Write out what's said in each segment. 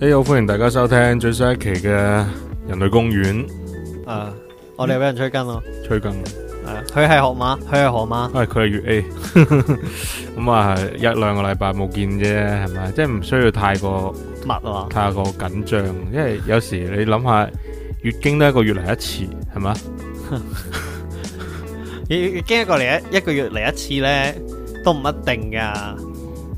誒，好歡迎大家收聽最新一期嘅《人類公園》。啊，我哋俾人吹筋咯～最近，係佢係河馬，佢係河馬，喂佢係月 A，咁 啊一兩個禮拜冇見啫，係咪？即係唔需要太過密啊吧，太過緊張，因為有時你諗下月經都一個月嚟一次，係咪？月月經一個嚟一 一，個一個月嚟一次咧，都唔一定噶。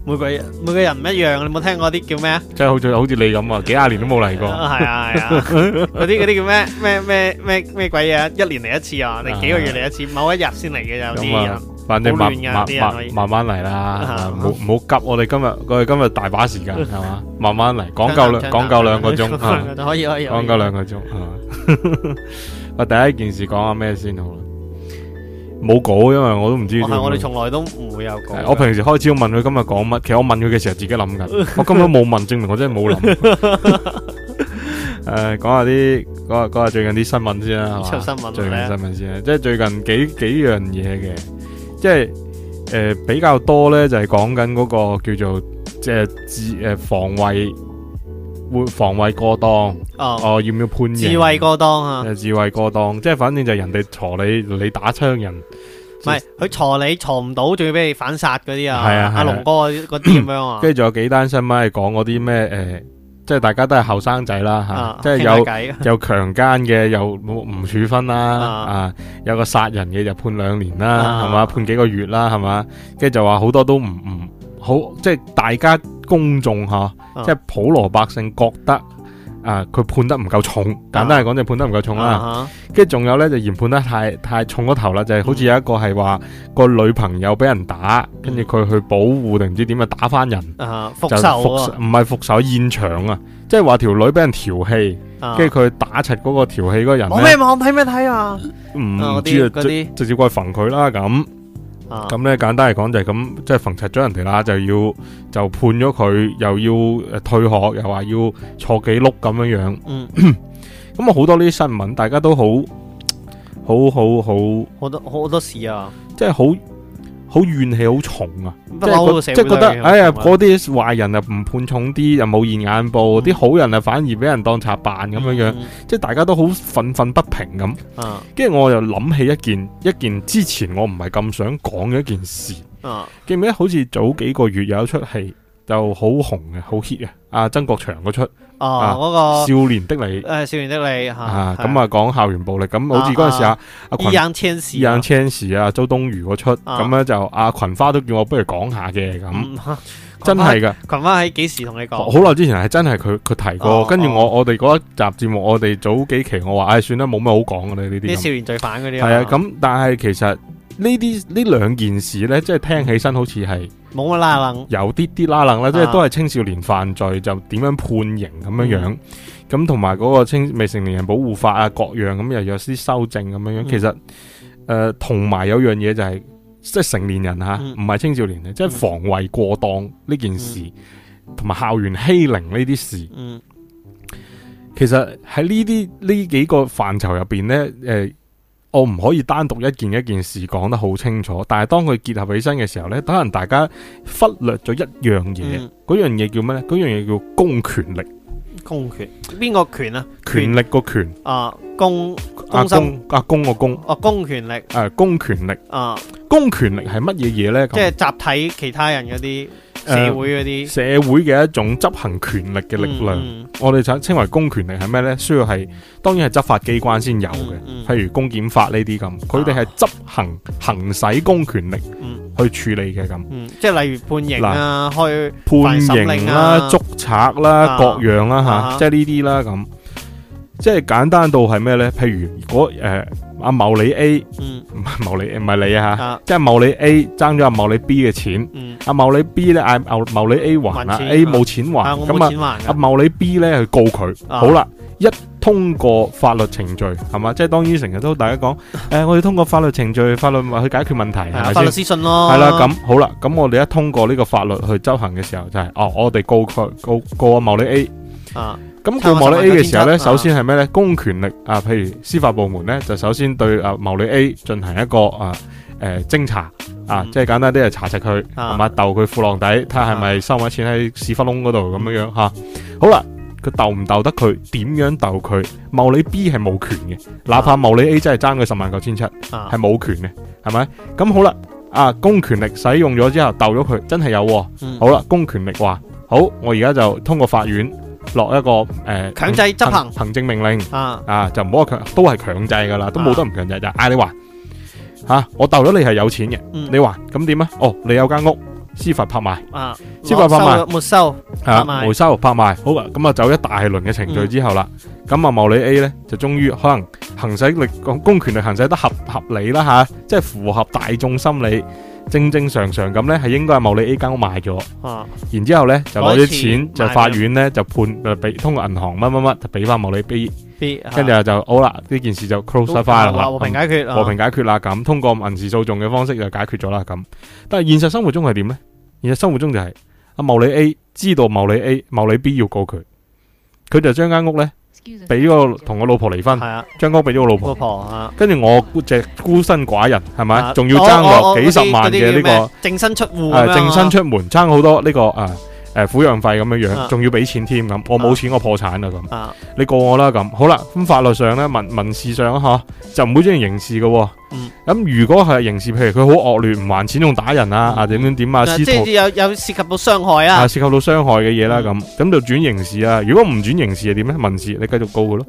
每個人每個人唔一樣，你冇聽過啲叫咩啊？即係好似好似你咁啊，幾廿年都冇嚟過。係啊係啊，嗰啲嗰啲叫咩咩咩咩咩鬼嘢啊？一年嚟一次啊，你幾個月嚟一次？某一日先嚟嘅有啲人，反正慢慢慢慢嚟啦，唔好唔好急。我哋今日我哋今日大把時間係嘛，慢慢嚟，講夠兩講夠兩個鐘啊，可以可以，講夠兩個鐘啊。我第一件事講下咩先好啦。冇稿，因為我都唔知。但、哦、我哋從來都唔會有講、啊。我平時開始要問佢今日講乜，其實我問佢嘅時候自己諗緊。 我今日冇問，證明我真係冇諗。誒、 呃，講下啲，講下講下最近啲新聞先啦，新聞最近新聞先，即係最近幾幾樣嘢嘅，即係誒、呃、比較多咧，就係講緊嗰個叫做即係自誒、呃、防衛。會防衛過當、oh, 哦，要唔要判刑？自衛過當啊！自衛過當，即係反正就人哋鋤你，你打槍人，唔係佢鋤你鋤唔到，仲要俾你反殺嗰啲啊！係啊，阿龍哥嗰啲咁樣啊！跟住仲有幾單新聞係講嗰啲咩誒，即係大家都係後生仔啦吓，啊啊、即係有有強姦嘅又唔處分啦 啊，啊，有個殺人嘅就判兩年啦，係嘛、啊、判幾個月啦，係嘛，跟住就話好多都唔唔好，即係大家。公眾吓，啊、即係普羅百姓覺得啊，佢、呃、判得唔夠重，簡單嚟講就判得唔夠重啦。跟住仲有咧就嫌判得太太重咗頭啦，就係、是、好似有一個係話、嗯、個女朋友俾人打，跟住佢去保護定唔知點啊打翻人啊，復仇唔係復仇現場啊，即係話條女俾人調戲，跟住佢打柒嗰個調戲嗰人。冇咩冇睇咩睇啊？唔、嗯、知啊，啲些，直接過去焚佢啦咁。咁咧、啊、簡單嚟講就係咁，即係縫拆咗人哋啦，就要就判咗佢，又要誒退學，又話要坐幾碌咁樣樣。嗯，咁啊好多呢啲新聞，大家都好，好，好，好，好，好多好多事啊，即係好。好怨氣好重啊！即係覺得哎呀，嗰啲壞人啊唔判重啲，又冇現眼報；啲、嗯、好人啊反而俾人當賊辦咁樣樣，嗯、即係大家都好憤憤不平咁。跟住，嗯、我又諗起一件一件之前我唔係咁想講嘅一件事。嗯啊、記唔記得好似早幾個月有一出戲就好紅嘅，好 hit 嘅，阿、啊、曾國祥嗰出。哦，嗰個少年的你，誒，少年的你吓，咁啊，講校園暴力，咁好似嗰陣時阿阿易烊千璽、易烊千璽啊，周冬雨嗰出，咁咧就阿群花都叫我不如講下嘅咁，真係噶，群花喺幾時同你講？好耐之前係真係佢佢提過，跟住我我哋嗰一集節目，我哋早幾期我話，唉，算啦，冇乜好講嘅啦呢啲，啲少年罪犯嗰啲，係啊，咁但係其實。呢啲呢兩件事呢，即係聽起身好似係冇乜拉楞，有啲啲拉楞咧，即係都係青少年犯罪、啊、就點樣判刑咁樣樣，咁同埋嗰個青未成年人保護法啊各樣咁又有啲修正咁樣樣。其實誒，同埋、嗯呃、有樣嘢就係、是、即係成年人吓，唔係、嗯、青少年咧，嗯、即係防衛過當呢件事，同埋、嗯、校園欺凌呢啲事。嗯，其實喺呢啲呢幾個範疇入邊呢。誒、呃。我唔可以單獨一件一件事講得好清楚，但係當佢結合起身嘅時候呢，可能大家忽略咗一樣嘢，嗰樣嘢叫咩咧？嗰樣嘢叫公權力。公權邊個權啊？權力個權啊？公阿公阿公個公啊？公權力誒？公權力啊？公權力係乜嘢嘢呢？即係集體其他人嗰啲。社會啲社會嘅一種執行權力嘅力量，我哋想稱為公權力係咩呢？需要係當然係執法機關先有嘅，譬如公檢法呢啲咁，佢哋係執行行使公權力去處理嘅，咁，即係例如判刑啊，去判刑啦、捉賊啦、各樣啦吓，即係呢啲啦咁，即係簡單到係咩呢？譬如如果誒。阿茂利 A，茂利唔係你啊吓，即係茂利 A 爭咗阿茂利 B 嘅錢，阿茂利 B 咧嗌茂茂利 A 還啦，A 冇錢還，咁啊，阿茂利 B 咧去告佢，好啦，一通過法律程序係嘛，即係當然成日都大家講，誒，我哋通過法律程序、法律去解決問題，法律私信咯，係啦，咁好啦，咁我哋一通過呢個法律去執行嘅時候就係，哦，我哋告佢，告告阿茂利 A 啊。咁告牟利 A 嘅時候咧，9, 7, 首先係咩咧？公權力啊，譬如司法部門咧，就首先對啊牟利 A 進行一個啊誒偵查啊，嗯、即係簡單啲係查實佢，係咪逗佢褲浪底，睇下係咪收埋錢喺屎窟窿嗰度咁樣樣吓。好啦，佢逗唔逗得佢？點樣逗佢？牟利 B 係冇權嘅，哪怕牟利 A 真係爭佢十萬九千七，係冇權嘅，係咪？咁好啦，啊公權力使用咗之後逗咗佢，真係有、啊。嗯、好啦，公權力話：好，我而家就通過法院。落一個誒強、呃、制執行行，行政命令啊啊就唔好強都係強制㗎喇，都冇得唔強制就嗌、啊啊、你還吓、啊，我斗咗你係有錢嘅，嗯、你還咁點啊？哦，你有間屋司法拍賣啊，司法拍賣沒收係啊沒收拍賣好啊，咁啊走一大輪嘅程序之後啦，咁啊茂里 A 咧就終於可能行使力公公權力行使得合合理啦吓、啊，即係符合大眾心理。正正常常咁咧，係應該係茂利 A，間屋賣咗，然之後咧就攞啲錢，就法院咧就判就俾通過銀行乜乜乜就俾翻茂利 B，跟住就好啦，呢件事就 close 翻啦，和平解決，和平解決啦，咁通過民事訴訟嘅方式就解決咗啦，咁。但係現實生活中係點咧？現實生活中就係阿茂利 A 知道茂利 A 茂利 B 要告佢，佢就將間屋咧。俾個同我老婆離婚，係啊，張哥俾咗我老婆，老婆啊、跟住我只孤身寡人，係咪？仲、啊、要爭個幾十萬嘅，呢、這個，淨身出戶、啊，淨身出門，爭好多呢、這個啊！誒，撫養費咁樣樣，仲要俾錢添咁，我冇錢，啊、我破產啦咁。啊、你告我啦咁。好啦，咁法律上咧，民民事上吓就唔會轉係刑事噶、啊。咁、嗯、如果係刑事，譬如佢好惡劣，唔還錢仲打人啊，啊點點點啊，即、啊就是、有有涉及到傷害啊，啊，涉及到傷害嘅嘢啦咁，咁、嗯、就轉刑事啊。如果唔轉刑事係點咧？民事你繼續告佢咯。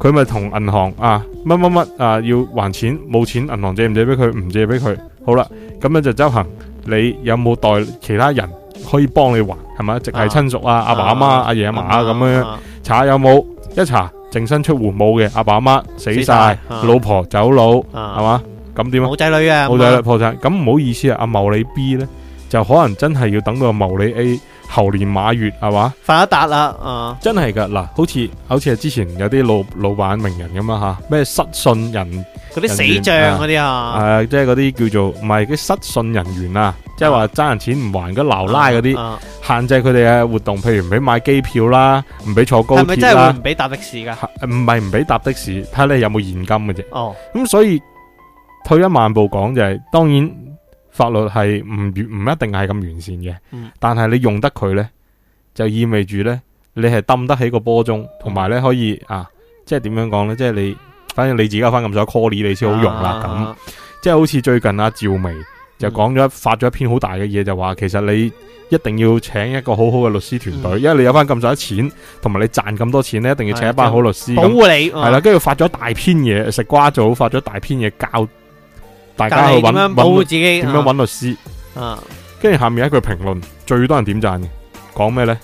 佢咪同銀行啊乜乜乜啊要還錢，冇錢銀行借唔借俾佢？唔借俾佢。好啦，咁樣就執行。你有冇代其他人？可以幫你還係咪啊？直係親屬啊，阿爸阿媽、阿爺阿嫲，啊，咁樣查下、啊啊、有冇一查淨身出戶，冇嘅阿爸阿媽死晒，死了啊、老婆走佬係嘛？咁點啊？冇仔女啊，冇仔女破！破產，咁唔好意思啊，阿茂你 B 咧就可能真係要等到茂你 A。猴年馬月係嘛，發一笪啦，啊，嗯、真係噶嗱，好似好似係之前有啲老老闆、名人咁嘛，吓，咩失信人，嗰啲死賬嗰啲啊，誒、啊，即係嗰啲叫做唔係啲失信人員啦、啊，即係話爭人錢唔還嘅流拉嗰啲，娜娜嗯嗯嗯、限制佢哋嘅活動，譬如唔俾買機票啦，唔俾坐高鐵啦，係咪真係會唔俾搭的士噶？唔係唔俾搭的士，睇下你有冇現金嘅啫。哦、嗯，咁所以退一萬步講，就係、是、當然。法律係唔唔一定係咁完善嘅，嗯、但係你用得佢呢，就意味住呢，你係抌得起個波鐘，同埋呢可以啊，即係點樣講呢？即係你，反正你自己有翻咁多 call 你先好用啦咁、啊啊啊。即係好似最近阿、啊、趙薇就講咗、嗯、發咗一篇好大嘅嘢，就話其實你一定要請一個好好嘅律師團隊，嗯、因為你有翻咁多錢，同埋你賺咁多錢呢，一定要請一班好律師保護你。係、啊、啦，跟住發咗大篇嘢，食瓜組發咗大篇嘢教。大家去穩保護自己，點樣穩律師？嗯、啊，跟、啊、住下面一句評論，最多人點讚嘅，講咩咧？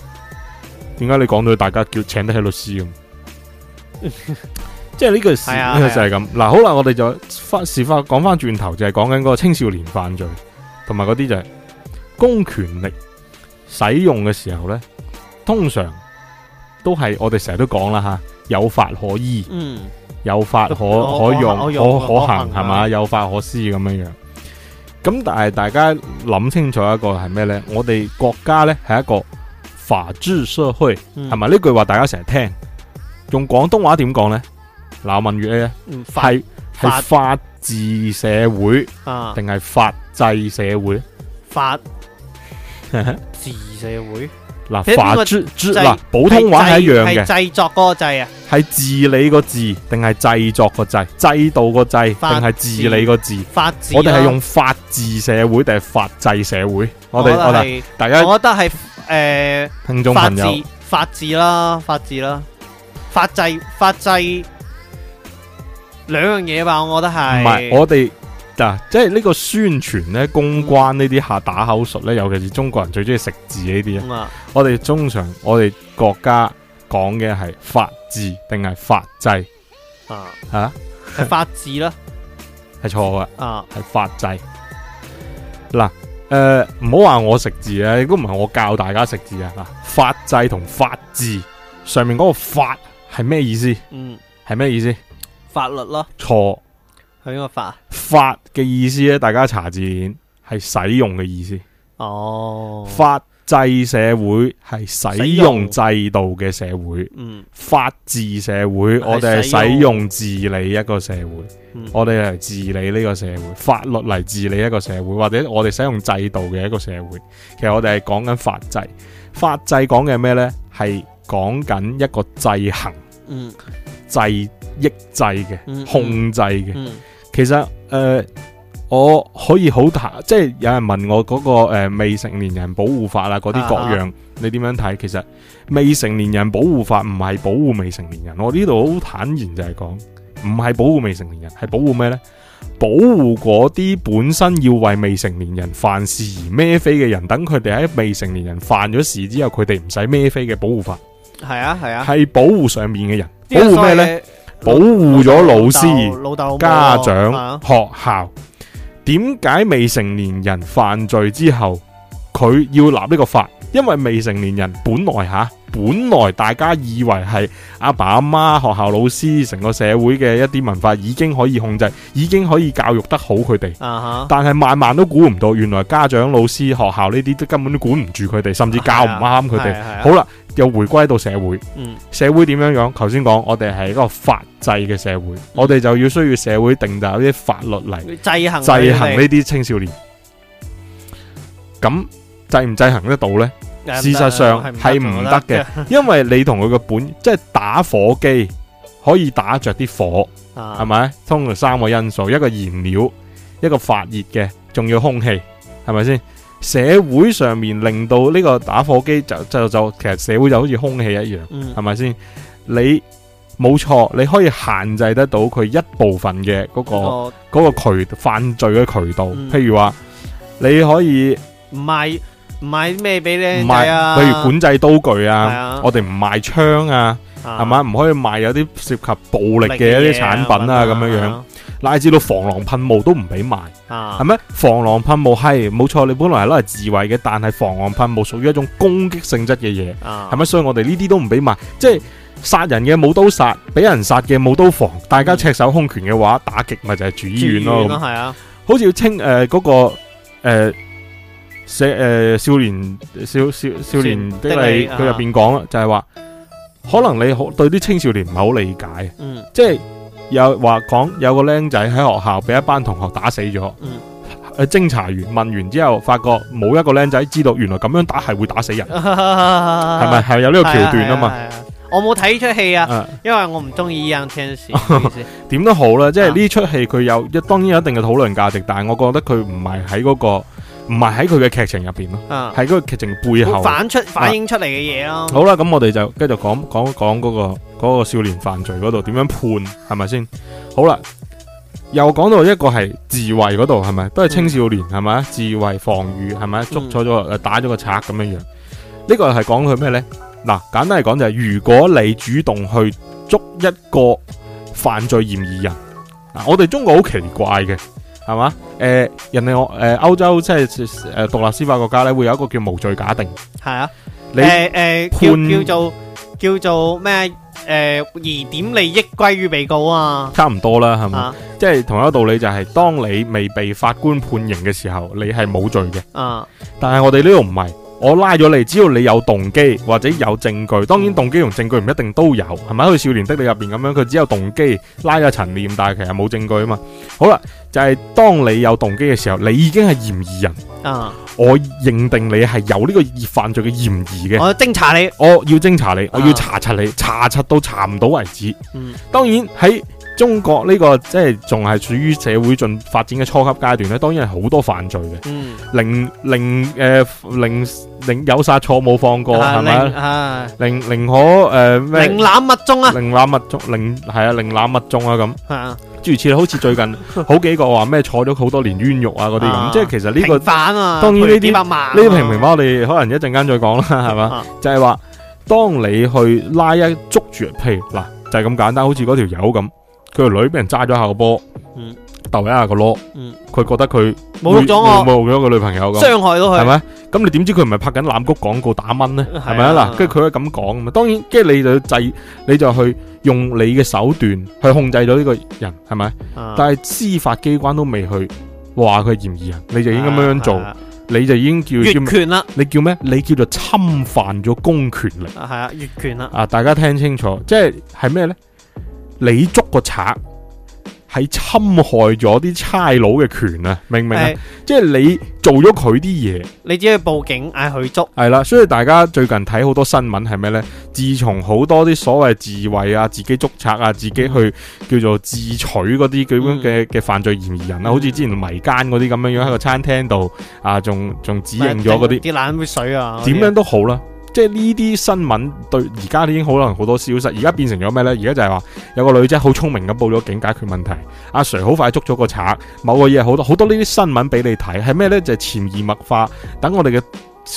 點解你講到大家叫請得起律師咁？即係呢句事呢，啊啊、就係咁。嗱，好啦，我哋就翻，事翻講翻轉頭，就係講緊嗰個青少年犯罪，同埋嗰啲就係公權力使用嘅時候咧，通常都係我哋成日都講啦，吓有法可依。嗯。有法可可用可可行，係嘛？吧有法可施咁樣樣。咁但係大家諗清楚一個係咩呢？我哋國家呢，係一個法治社會，係咪呢句話大家成日聽？用廣東話點講呢？嗱，我問月呢：嗯法係係法治社會定係、啊、法制社會？法治社會。 嗱，法制制，嗱，普通話係一樣嘅，係製作嗰個制啊，係治理個治，定係製作個制，制度個制，定係治理個治。法治，我哋係用法治社會定係法制社會？我哋我哋大家，我覺得係誒，聽眾朋友，法治啦，法治啦，法制法制兩樣嘢吧，我覺得係。唔係，我哋。啊、即係呢個宣傳咧、公關呢啲下打口術咧，嗯、尤其是中國人最中意食字呢啲、嗯、啊。我哋通常我哋國家講嘅係法治定係法制啊？吓，係法治啦，係錯噶，係法制。嗱、啊，誒、啊，唔好話我食字啊，亦都唔係我教大家食字啊。法制同法治上面嗰個法係咩意思？嗯，係咩意思？法律咯，錯。喺邊個法？法嘅意思咧，大家查字典係使用嘅意思。哦，法制社會係使用制度嘅社會。嗯，法治社會，我哋係使用治理一個社會。嗯、我哋係治理呢個社會，法律嚟治理一個社會，或者我哋使用制度嘅一個社會。其實我哋係講緊法制。法制講嘅咩呢？係講緊一個制衡、嗯，制抑制嘅、嗯、控制嘅。嗯其實誒、呃，我可以好坦，即係有人問我嗰、那個誒、呃、未成年人保護法啦，嗰啲各樣，啊啊、你點樣睇？其實未成年人保護法唔係保護未成年人，我呢度好坦然就係講，唔係保護未成年人，係保護咩呢？保護嗰啲本身要為未成年人犯事而孭飛嘅人，等佢哋喺未成年人犯咗事之後，佢哋唔使孭飛嘅保護法。係啊係啊，係、啊、保護上面嘅人，保護咩呢？保護咗老師、老豆、老豆、老豆、家長、學校，點解未成年人犯罪之後佢要立呢個法？因為未成年人本來吓。本來大家以為係阿爸阿媽、學校老師、成個社會嘅一啲文化已經可以控制，已經可以教育得好佢哋。Uh huh. 但係慢慢都估唔到，原來家長、老師、學校呢啲都根本都管唔住佢哋，甚至教唔啱佢哋。Uh huh. 好啦，又回歸到社會。Uh huh. 社會點樣樣？頭先講，我哋係一個法制嘅社會，我哋就要需要社會定立一啲法律嚟制衡、制衡呢啲青少年。咁制唔制衡得到呢？事實上係唔得嘅，因為你同佢嘅本即係打火機可以打着啲火，係咪？通常三個因素，一個燃料，一個發熱嘅，仲要空氣，係咪先？社會上面令到呢個打火機就就就，其實社會就好似空氣一樣，係咪先？你冇錯，你可以限制得到佢一部分嘅嗰個、嗰個、哦、嗰個渠犯罪嘅渠道，譬如話你可以賣。唔買咩俾你？唔買啊！例如管制刀具啊，我哋唔賣槍啊，係嘛？唔可以賣有啲涉及暴力嘅一啲產品啊，咁樣樣，乃至到防狼噴霧都唔俾賣，係咪？防狼噴霧係冇錯，你本來係攞嚟自衛嘅，但係防狼噴霧屬於一種攻擊性質嘅嘢，係咪？所以我哋呢啲都唔俾賣，即係殺人嘅冇刀殺，俾人殺嘅冇刀防，大家赤手空拳嘅話打極咪就係住醫院咯，啊，好似要清誒嗰個誒。誒、呃、少年少少少年的你佢入邊講啦，就係話可能你好對啲青少年唔係好理解，嗯，即係有話講有個僆仔喺學校俾一班同學打死咗，嗯，誒，偵查員問完之後，發覺冇一個僆仔知道原來咁樣打係會打死人，係咪係有呢個橋段啊嘛？我冇睇呢出戲啊，因為我唔中意 y o 天使，點 都好啦，即係呢出戲佢有一，啊、當然有一定嘅討論價值，但係我覺得佢唔係喺嗰個。唔係喺佢嘅劇情入邊咯，喺嗰、啊、個劇情背後反出反映出嚟嘅嘢咯。好啦，咁我哋就繼續講講講嗰個、嗰個少年犯罪嗰度點樣判係咪先？好啦，又講到一個係自衛嗰度係咪？都係青少年係咪啊？自衛防御係咪？捉錯咗誒，嗯、打咗個賊咁樣樣。呢、這個係講佢咩呢？嗱、啊，簡單嚟講就係如果你主動去捉一個犯罪嫌疑人，嗱，我哋中國好奇怪嘅。係嘛？誒、呃，人哋我誒，歐、呃、洲即係誒，獨、呃、立司法國家咧，會有一個叫無罪假定。係啊，你誒、呃呃、判叫,叫做叫做咩？誒、呃，疑點利益歸於被告啊。差唔多啦，係嘛？啊、即係同一個道理、就是，就係當你未被法官判刑嘅時候，你係冇罪嘅。啊！但係我哋呢度唔係。我拉咗你，只要你有動機或者有證據，當然動機同證據唔一定都有，係咪喺《少年的你》入邊咁樣？佢只有動機拉咗陳念，但係其實冇證據啊嘛。好啦，就係當你有動機嘅時候，你已經係嫌疑人啊！我認定你係有呢個犯罪嘅嫌疑嘅。我要偵查你，我要偵查你，我要查察你，啊、查察到查唔到為止。嗯，當然喺。中國呢個即係仲係屬於社會進發展嘅初級階段咧，當然係好多犯罪嘅，寧寧誒寧寧有殺錯冇放過，係咪啊？寧可誒咩？寧枉勿縱啊！寧枉勿縱，寧係啊，寧枉勿縱啊！咁啊，諸如此類，好似最近好幾個話咩坐咗好多年冤獄啊嗰啲咁，即係其實呢個平反啊。當然呢啲呢啲平平包，我哋可能一陣間再講啦，係嘛？就係話，當你去拉一捉住譬如，嗱，就係咁簡單，好似嗰條友咁。佢個女俾人揸咗下個波，逗一下個咯，嗯，佢覺得佢冇咗個女朋友，傷害到佢，係咪？咁你點知佢唔係拍緊欖菊廣告打蚊呢？係咪啊？嗱，跟住佢係咁講，㗎嘛，當然，跟住你就制，你就去用你嘅手段去控制咗呢個人，係咪？但係司法機關都未去話佢係嫌疑人，你就已經咁樣樣做，你就已經叫越權啦。你叫咩？你叫做侵犯咗公權力啊？係啊，越權啦！啊，大家聽清楚，即係係咩咧？你捉個賊係侵害咗啲差佬嘅權啊！明唔明啊？是即係你做咗佢啲嘢，你只係去報警嗌佢捉。係啦，所以大家最近睇好多新聞係咩呢？自從好多啲所謂自衛啊、自己捉賊啊、自己去叫做自取嗰啲咁樣嘅嘅犯罪嫌疑人啊，嗯、好似之前迷姦嗰啲咁樣樣喺個餐廳度啊，仲仲指認咗嗰啲啲冷水啊，點樣都好啦。即係呢啲新聞對而家已經可能好多消失，而家變成咗咩呢？而家就係話有個女仔好聰明咁報咗警解決問題，阿 Sir 好快捉咗個賊，某個嘢，好多好多呢啲新聞俾你睇，係咩呢？就係潛移默化等我哋嘅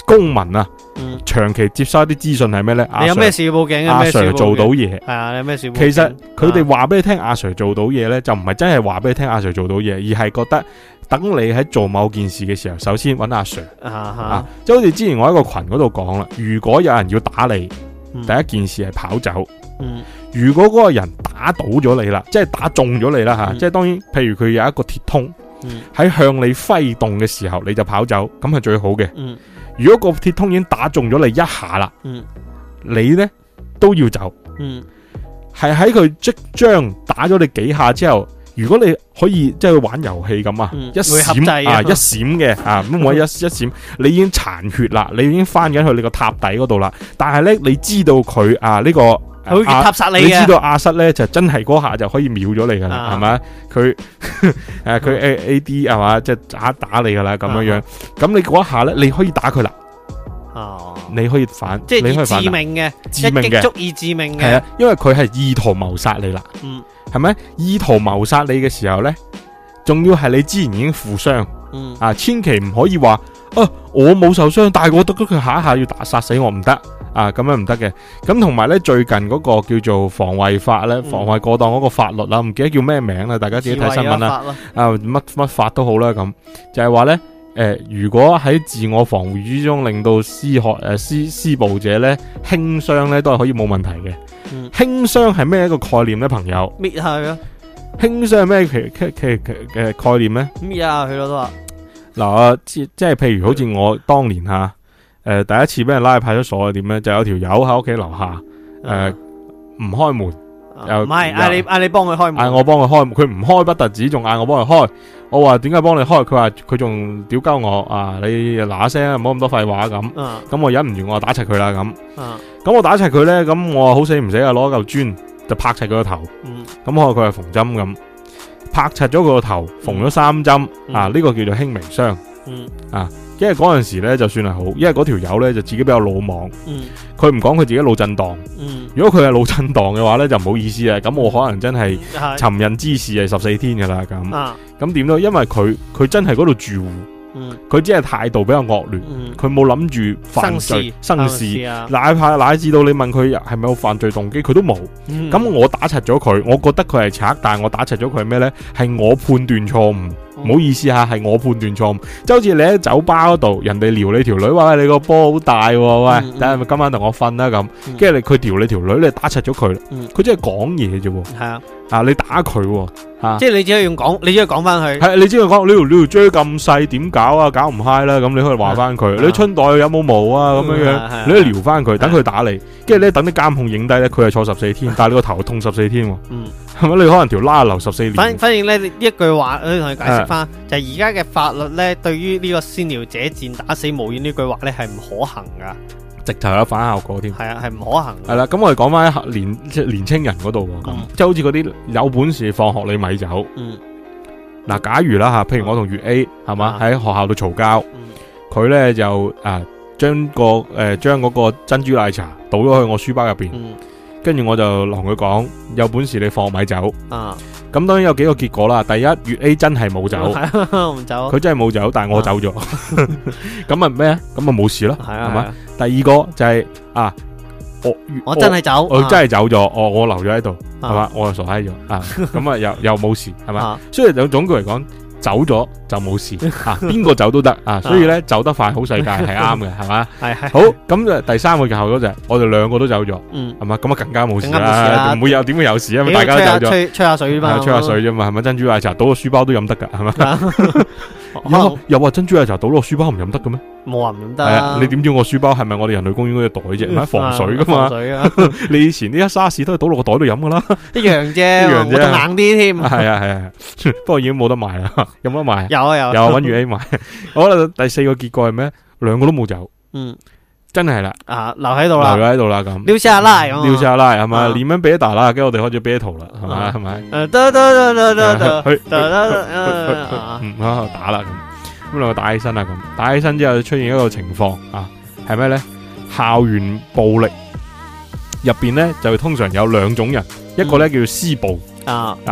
公民啊，嗯、長期接收一啲資訊係咩呢？阿 Sir，你有咩事要報警？阿 Sir 做到嘢係啊？你有咩事要報警？其實佢哋話俾你聽阿 Sir 做到嘢呢，啊、就唔係真係話俾你聽阿 Sir 做到嘢，而係覺得。等你喺做某件事嘅時候，首先揾阿 Sir，即、uh huh. 啊、好似之前我喺個群嗰度講啦。如果有人要打你，嗯、第一件事係跑走。嗯、如果嗰個人打倒咗你啦，即係打中咗你啦吓、嗯啊，即係當然，譬如佢有一個鐵通喺、嗯、向你揮動嘅時候，你就跑走，咁係最好嘅。嗯、如果個鐵通已經打中咗你一下啦，嗯、你呢都要走。係喺佢即將打咗你幾下之後。如果你可以即係去玩遊戲咁啊，一閃啊一閃嘅啊，咁我 一一閃，你已經殘血啦，你已經翻緊去你個塔底嗰度啦。但係咧，你知道佢啊呢、這個佢、啊、越塔殺你嘅、啊，你知道阿瑟咧就真係嗰下就可以秒咗你噶啦，係咪、啊？佢誒佢 A A D 係嘛，即、啊、係、嗯就是、打打你噶啦咁樣樣。咁、啊、你嗰一下咧，你可以打佢啦。哦，你可以反，即係致命嘅，一擊足以致命嘅。係啊，因為佢係意圖謀殺你啦。嗯，係咪意圖謀殺你嘅時候咧，仲要係你之前已經負傷。嗯啊，啊，千祈唔可以話啊，我冇受傷，但係我得佢下一下要打殺死我唔得啊，咁樣唔得嘅。咁同埋咧，最近嗰個叫做防衛法咧，防衛過當嗰個法律啦，嗯，唔記得叫咩名啦，大家自己睇新聞啦。啊，乜乜法都好啦，咁就係話咧。誒、呃，如果喺自我防御之中令到施害誒，施施，暴者，咧輕傷咧都係可以冇問題嘅。輕傷係咩一個概念咧，朋友？咩係啊？輕傷係咩嘅概念咧？咩啊？佢都話嗱啊，即係譬如好似我當年吓誒、呃，第一次俾人拉去派出所係點咧？就有條友喺屋企樓下誒，唔、呃嗯呃、開門。唔係，嗌你嗌你幫佢開，門幫開門，嗌我幫佢開，佢唔開不特止，仲嗌我幫佢開。我話點解幫你開？佢話佢仲屌鳩我啊！你嗱一聲，唔好咁多廢話咁。咁、啊、我忍唔住，我就打柒佢啦咁。咁、啊、我打柒佢咧，咁我好死唔死啊！攞嚿磚就拍柒佢個頭。咁可能佢係縫針咁，拍柒咗佢個頭，縫咗三針啊！呢個叫做輕微傷、嗯、啊。因為嗰陣時咧，就算係好，因為嗰條友咧就自己比較魯莽，佢唔講佢自己腦震盪。嗯、如果佢係腦震盪嘅話咧，就唔好意思啊。咁我可能真係尋人之事係十四天噶啦咁。咁點、啊、都因為佢佢真係嗰度住戶，佢、嗯、只係態度比較惡劣，佢冇諗住犯罪生事，哪怕乃至到你問佢係咪有犯罪動機，佢都冇。咁、嗯、我打柒咗佢，我覺得佢係賊，但係我打柒咗佢係咩呢？係我判斷錯誤。唔好意思吓，係我判斷錯誤。就好似你喺酒吧嗰度，人哋撩你條女，話你個波好大，喂，等下咪今晚同我瞓啦咁。跟住你佢撩你條女，你打柒咗佢。佢真係講嘢啫。係啊，你打佢，喎，即係你只係用講，你只係講翻佢。係，你只係講你條 J 咁細，點搞啊？搞唔嗨啦，咁你可以話翻佢。你春袋有冇毛啊？咁樣樣，你都撩翻佢，等佢打你。跟住咧，等啲監控影低咧，佢係坐十四天，但係你個頭痛十四天。喎。係咪你可能條拉流十四年反？反反正咧呢一句話，我同你解釋翻，的就係而家嘅法律咧，對於呢個先撩者戰打死無怨呢句話咧，係唔可行噶，直頭有反效果添。係啊，係唔可行。係啦，咁我哋講翻年年青人嗰度，咁即係好似嗰啲有本事放學你咪走。嗯，嗱，假如啦吓，譬如我同月 A 係嘛喺學校度嘈交，佢咧、嗯、就誒將、啊、個誒將嗰個珍珠奶茶倒咗去我書包入邊。嗯跟住我就同佢講：有本事你放米走啊！咁當然有幾個結果啦。第一，粵 A 真係冇走，佢真係冇走，但係我走咗。咁啊咩啊？咁咪冇事咯，係咪？第二個就係啊，我我真係走，我真係走咗。我我留咗喺度，係嘛？我又傻喺咗啊！咁啊又又冇事，係咪？所以就總結嚟講。走咗就冇事吓，邊個走都得啊。所以咧，走得快好世界係啱嘅，係嘛？係係好。咁第三個嘅後咗就，我哋兩個都走咗，係嘛？咁啊更加冇事啦，唔會有點會有事啊？因為大家都走咗，吹下水吹下水啫嘛，係咪珍珠奶茶倒個書包都飲得噶，係嘛？有話，珍珠奶茶倒落書包唔飲得嘅咩？冇話，唔飲得。係啊，你點知我書包係咪我哋人類公園嗰隻袋啫？唔係防水噶嘛。防水啊！你以前呢阿沙士都係倒落個袋度飲噶啦，一樣啫，一樣硬啲添。係啊係啊，不過已經冇得賣啦。有冇得賣？有啊有，有揾月 A 買。好啦，第四個結果係咩？兩個都冇走。嗯。真係啦，啊，留喺度啦，留喺度啦，咁，撩下拉，撩下拉，係咪？你、啊、們別打啦，跟住我哋開始 battle 啦，係咪？係咪、啊？得得得得得，打啦，咁，咁兩個打起身啦，咁，打起身之後就出現一個情況，啊，係咩咧？校園暴力入邊咧，就通常有兩種人。一個咧叫施暴，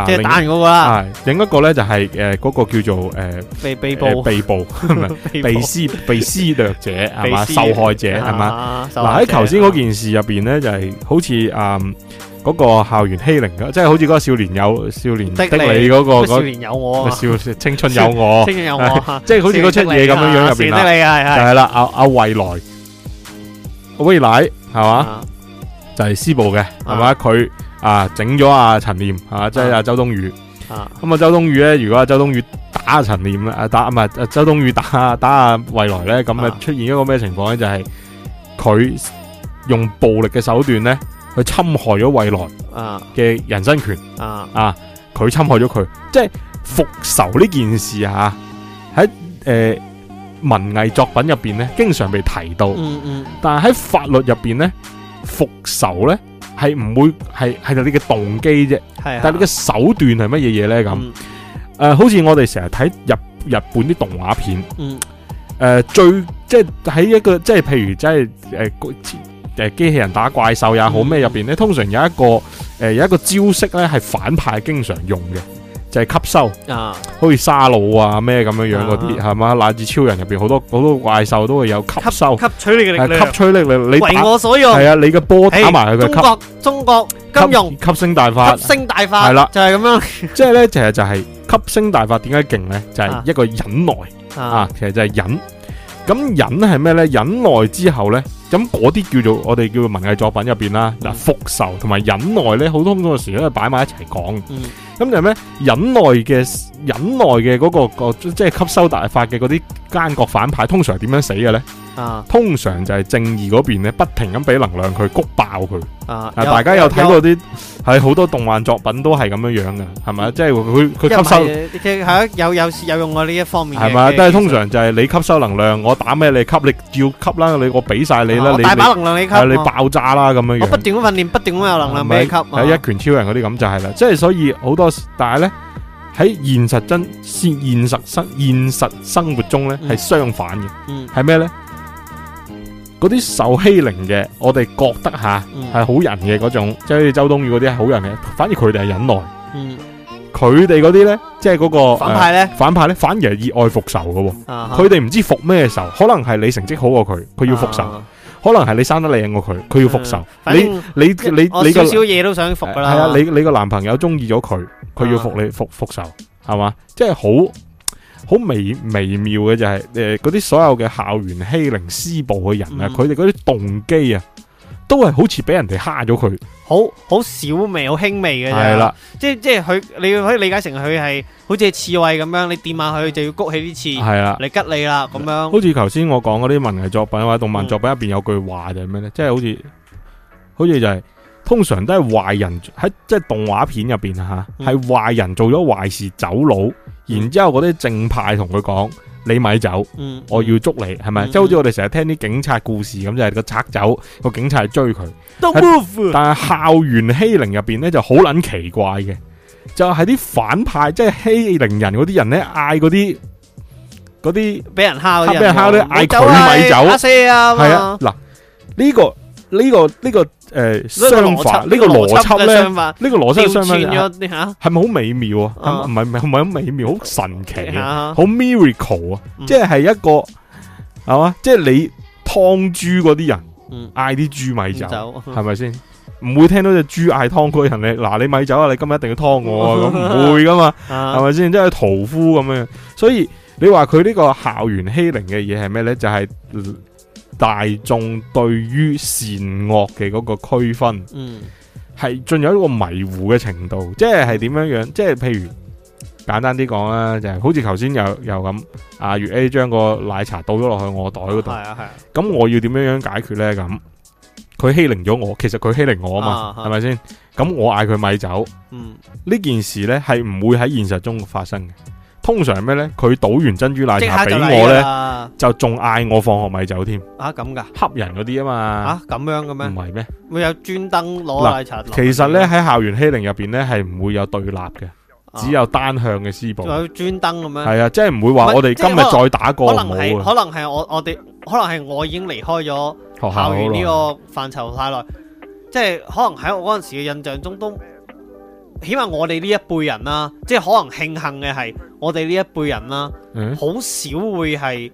即係打人嗰個啦。係，另一個咧就係誒嗰個叫做誒被被暴被暴，係咪？被施被施虐者係嘛？受害者係嘛？嗱，喺頭先嗰件事入邊咧，就係好似誒嗰個校園欺凌嘅，即係好似嗰個少年有少年的你嗰個，少年有我，少青春有我，青春有我，即係好似嗰出嘢咁樣樣入邊啦。就係啦，阿阿魏萊，魏萊係嘛，就係施暴嘅係嘛，佢。啊，整咗啊陳念啊即係啊周冬雨。咁啊，周周啊，周冬雨咧，如果阿周冬雨打陳念啊打，唔係啊周冬雨打，啊打魏萊咧，咁啊出現一個咩情況咧？啊、就係佢用暴力嘅手段咧，去侵害咗魏萊嘅人身權。啊啊，佢、啊、侵害咗佢，即係復仇呢件事吓、啊，喺誒、呃、文藝作品入邊咧，經常被提到。嗯嗯。嗯，但係喺法律入邊咧，復仇咧。係唔會係係你嘅動機啫，是啊、但係你嘅手段係乜嘢嘢咧咁？誒、嗯呃，好似我哋成日睇日日本啲動畫片，誒、嗯呃，最即係喺一個即係譬如即係誒，誒、呃，機器人打怪獸也好咩，入邊咧通常有一個誒、呃，有一個招式咧係反派經常用嘅。就係吸收，啊，好似沙魯啊咩咁樣樣嗰啲，係嘛？乃至超人入邊好多好多怪獸都會有吸收、吸取你嘅力量，吸取力嚟為我所用，係啊！你嘅波打埋佢吸，中國金融吸星大法，吸星大法係啦，就係咁樣。即係咧，就係就係吸星大法，點解勁咧？就係一個忍耐啊，其實就係忍。咁忍係咩咧？忍耐之後咧？咁嗰啲叫做我哋叫做文藝作品入邊啦，嗱復仇同埋忍耐咧，好多好多嘅時候都係擺埋一齊講。咁、嗯、就咩？忍耐嘅忍耐嘅嗰、嗰個、嗰個即係、嗰個就係、吸收大法嘅嗰啲奸角反派通常係點樣死嘅咧？啊，通常，啊、通常就係正義嗰邊咧不停咁俾能量佢谷爆佢。啊，大家有睇過啲係好多動漫作品都係咁樣樣嘅，係咪啊？嗯、即係佢佢吸收，係有有有用過呢一方面係咪啊？都係吧通常就係你吸收能量，嗯、我打咩你吸，你要吸啦，你我俾晒你。嗯。大把能量你吸，你爆炸啦咁樣樣。我不斷咁訓練，不斷咁有能量俾你吸。係一拳超人嗰啲咁就係啦，即係所以好多。但係咧喺現實真現實生現實生活中咧係相反嘅，係咩咧？嗰啲受欺凌嘅，我哋覺得吓係好人嘅嗰種，即係好似周冬雨嗰啲係好人嘅。反而佢哋係忍耐，佢哋嗰啲咧，即係嗰個反派咧，反派咧反而係以愛復仇嘅。佢哋唔知復咩仇，可能係你成績好過佢，佢要復仇。可能係你生得靚過佢，佢要復仇。嗯、你你你你個少少嘢都想復噶啦。係啊的的，你你個男朋友中意咗佢，佢要復你復復、啊、仇，係嘛？即係好好微微妙嘅就係、是，誒，嗰啲所有嘅校園欺凌、施暴嘅人啊，佢哋嗰啲動機啊，都係好似俾人哋蝦咗佢。好好小微，好輕微嘅啫對了，即係即係佢，你可以理解成佢係好似刺猬咁樣，你掂下佢就要谷起啲刺，刺你，嚟吉你啦咁樣。好似頭先我講嗰啲文藝作品或者動漫作品入邊有句話就係咩咧？嗯、即係好似好似就係、是、通常都係壞人喺即係動畫片入邊吓，係、啊、壞、嗯、人做咗壞事走佬，然之後嗰啲正派同佢講。你咪走，嗯、我要捉你，係咪、嗯？即係、嗯、好似我哋成日聽啲警察故事咁，就係、是、個賊走，個警察追佢 't。但係校園欺凌入邊咧就好捻奇怪嘅，就係、是、啲反派即係欺凌人嗰啲人咧，嗌嗰啲嗰啲俾人蝦，俾人蝦咧嗌佢咪走，係啊嗱呢、啊呢個。呢個呢個誒，相反呢個邏輯咧，呢個邏輯相反，調轉咗係咪好美妙啊？唔係唔係，咁美妙，好神奇嘅，好 miracle 啊！即係一個係嘛？即係你湯豬嗰啲人嗌啲豬咪走，係咪先？唔會聽到隻豬嗌湯嗰個人嚟，嗱你咪走啊！你今日一定要湯我啊！咁唔會噶嘛？係咪先？即係屠夫咁樣。所以你話佢呢個校園欺凌嘅嘢係咩咧？就係。大眾對於善惡嘅嗰個區分，係、嗯、進入一個迷糊嘅程度，即係點樣樣？即係譬如簡單啲講啦，就係、是、好似頭先又又咁，阿、啊、月 A 將個奶茶倒咗落去我袋嗰度，係咁、啊啊、我要點樣樣解決呢？咁佢欺凌咗我，其實佢欺凌我啊嘛，係咪先？咁、啊、我嗌佢咪走，嗯，呢件事呢係唔會喺現實中發生嘅。通常咩呢？佢倒完珍珠奶茶俾我呢，就仲嗌我放學咪走添。啊咁噶？恰人嗰啲啊嘛。啊咁樣嘅咩？唔係咩？會有專登攞奶茶。其實呢，喺、嗯、校園欺凌入邊呢，係唔會有對立嘅，啊、只有單向嘅施暴。仲有專登咁樣？係啊，即係唔會話我哋今日、就是、再打過可。可能係可能係我我哋可能係我已經離開咗校園呢個範疇太耐，即係可能喺我嗰陣時嘅印象中都。起碼我哋呢一輩人啦，即係可能慶幸嘅係我哋呢一輩人啦，好、嗯、少會係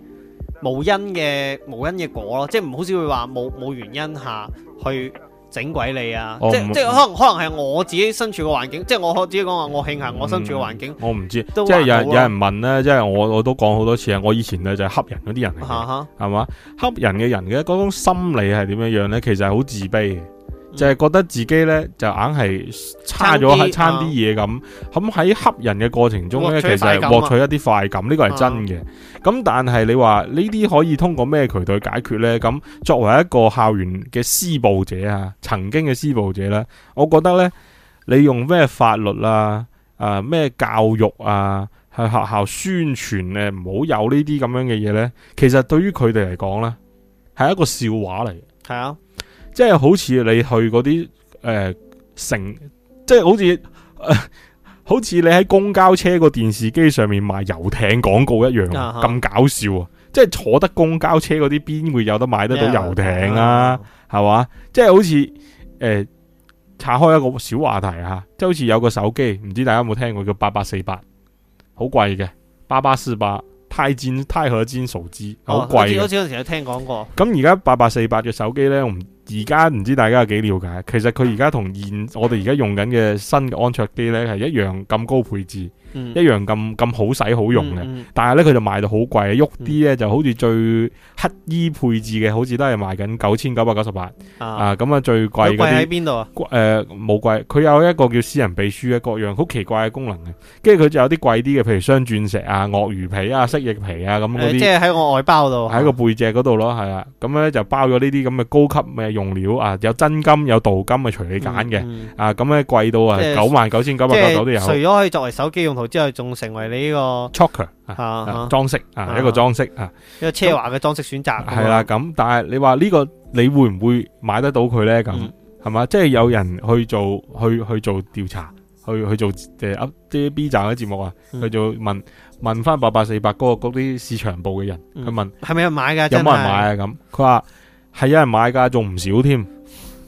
無因嘅無因嘅果咯，即係唔好少會話冇冇原因下去整鬼你啊！哦、即係不可能可能係我自己身處嘅環境，嗯、即係我自己接講話我慶幸我身處嘅環境。我唔知，即係有有人問咧，即係我我都講好多次啊！我以前咧就係恰人嗰啲人嚟，係嘛恰人嘅人嘅嗰種心理係點樣樣咧？其實係好自卑。就係覺得自己呢，就硬係差咗，差啲嘢咁。咁喺恰人嘅過程中呢，啊、其實係獲取一啲快感，呢、呢個係真嘅。咁、嗯、但係你話呢啲可以通過咩渠道解決呢？咁作為一個校園嘅施暴者啊，曾經嘅施暴者呢，我覺得呢，你用咩法律啊、咩、啊、教育啊去學校宣傳呢，唔好有呢啲咁樣嘅嘢呢。其實對於佢哋嚟講呢，係一個笑話嚟。係啊。即係好似你去嗰啲誒，城，即係好似好似你喺公交車個電視機上面賣遊艇廣告一樣，咁搞笑啊！即係坐得公交車嗰啲邊會有得買得到遊艇啊？係嘛？即係好似誒，拆開一個小話題啊，即係好似有個手機，唔知大家有冇聽過叫八八四八，好貴嘅八八四八鈦劍鈦合金手機，好貴。我小陣時有聽講過。咁而家八八四八嘅手機呢？我唔。而家唔知大家有幾了解，其實佢而家同現，現我哋而家用緊嘅新嘅安卓機咧，係一樣咁高配置。一樣咁咁好使好用嘅，嗯嗯、但係咧佢就賣到好貴，喐啲咧就好似最乞衣配置嘅，好似都係賣緊九千九百九十八啊，咁啊最貴嗰啲。貴喺邊度？誒、呃，冇貴，佢有一個叫私人秘書嘅各樣好奇怪嘅功能嘅，跟住佢就有啲貴啲嘅，譬如鑲鑽石啊、鱷魚皮啊、蜥蜴皮啊咁嗰啲。即係喺我外包度，喺個背脊嗰度咯，係啊，咁咧、啊、就包咗呢啲咁嘅高級嘅用料啊，有真金有鍍金隨你、嗯、啊，隨你揀嘅啊，咁咧貴到啊九萬九千九百九十九都有。除咗可以作為手機用途。之後仲成為你呢個 choker 啊，裝飾啊，一個裝飾啊，一個奢華嘅裝飾選擇係啦。咁但係你話呢個你會唔會買得到佢咧？咁係嘛，即係有人去做去去做調查，去去做誒，up 啲 B 站嘅節目啊，去做問問翻八百四百嗰嗰啲市場部嘅人，佢問係咪有人買噶？有冇人買啊？咁佢話係有人買噶，仲唔少添。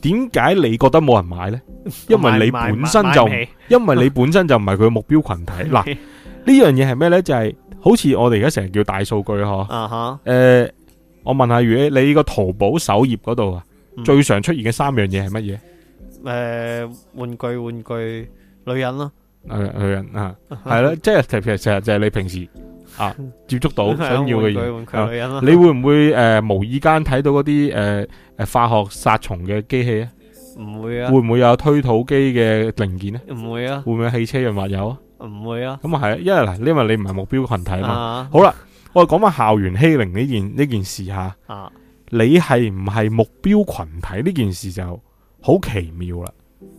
點解你覺得冇人買呢？因為你本身就，因為你本身就唔係佢目標群體。嗱、啊，呢 樣嘢係咩呢？就係、是、好似我哋而家成日叫大數據嗬。誒、uh huh。呃，我問下，如果你個淘寶首頁嗰度啊，最常出現嘅三樣嘢係乜嘢？誒，uh，玩具，玩具，女人咯、啊。女人啊，係咯、uh，即係其實就係、是就是、你平時。啊！接觸到 想要嘅嘢，你會唔會誒、呃、無意間睇到嗰啲、呃、化學殺蟲嘅機器啊？唔會啊！會唔會有推土機嘅零件咧？唔會啊！會唔會有汽車潤滑油啊？唔會啊！咁啊係，因為嗱，因為你唔係目標群體啊嘛。啊啊好啦，我哋講翻校園欺凌呢件呢件事、啊、啊啊你係唔係目標群體呢件事就好奇妙啦？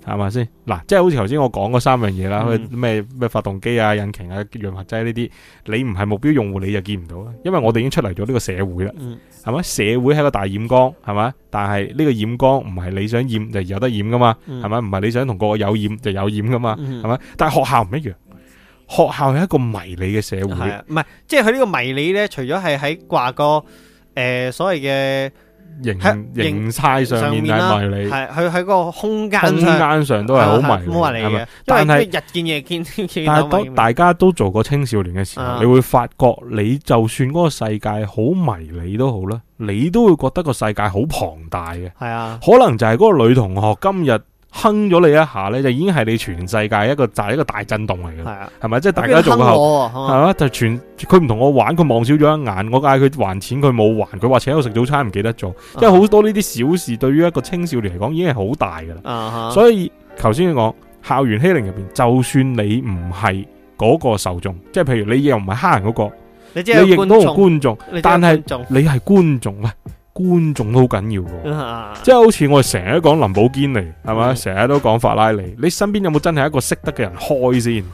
係咪先？嗱，即係好似頭先我講嗰三樣嘢啦，咩咩發動機啊、引擎啊、潤滑劑呢啲，你唔係目標用戶，你就見唔到啊。因為我哋已經出嚟咗呢個社會啦，係咪？社會係一個大染缸，係咪？但係呢個染缸唔係你想染就有得染噶嘛，係咪？唔係你想同個個有染就有染噶嘛，係咪？但係學校唔一樣，學校係一個迷你嘅社會，係啊，唔係，即係佢呢個迷你咧，除咗係喺掛個誒所謂嘅。形、啊、形態上，上面係、啊、迷你，係佢喺個空間上，上都係好迷你是、啊是啊、但係日見夜見，但係當大家都做過青少年嘅時候，啊、你會發覺你就算嗰個世界很迷好迷你都好啦，你都會覺得個世界好龐大嘅。係啊，可能就係嗰個女同學今日。哼咗你一下咧，就已經係你全世界一個就係一個大震動嚟嘅，係咪、啊？即係大家做校，係咪、啊？就全佢唔同我玩，佢望少咗一眼，我嗌佢還錢，佢冇還，佢話請我食早餐唔記得咗。即係好多呢啲小事，對於一個青少年嚟講，已經係好大噶啦。啊、哈所以頭先你講校園欺凌入邊，就算你唔係嗰個受眾，即係譬如你又唔係蝦人嗰、那個，你亦都觀眾，但係你係觀眾觀眾都好緊要嘅，即係好似我哋成日都講林寶堅尼，係咪？成日都講法拉利，你身邊有冇真係一個識得嘅人開先？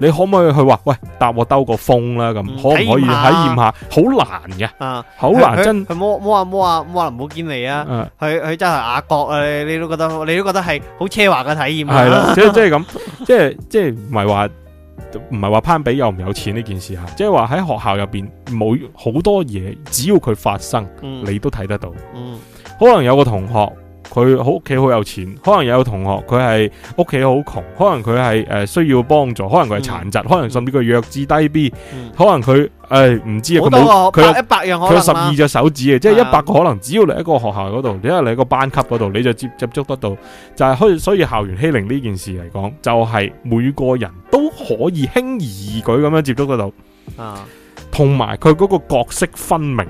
你可唔可以去話喂，搭我兜個風啦？咁可唔可以體驗下？好難嘅，好難真去摸摸下摸下摸下林寶堅尼啊？佢佢真係雅閣啊？你都覺得你都覺得係好奢華嘅體驗係啦，即係即係咁，即係即係唔係話。唔係話攀比有唔有錢呢件事吓，即係話喺學校入邊冇好多嘢，只要佢發生，嗯、你都睇得到。嗯、可能有個同學。佢好屋企好有錢，可能有同學佢係屋企好窮，可能佢係誒需要幫助，可能佢係殘疾，嗯、可能甚至佢弱智低 B，、嗯、可能佢誒唔知。佢多佢百一百樣可能佢有十二隻手指嘅，即係一百個可能、啊，嗯、可能只要你喺個學校嗰度，因為你喺個班級嗰度，你就接接觸得到。就係、是、所以校園欺凌呢件事嚟講，就係、是、每個人都可以輕而易舉咁樣接觸得到。啊，同埋佢嗰個角色分明，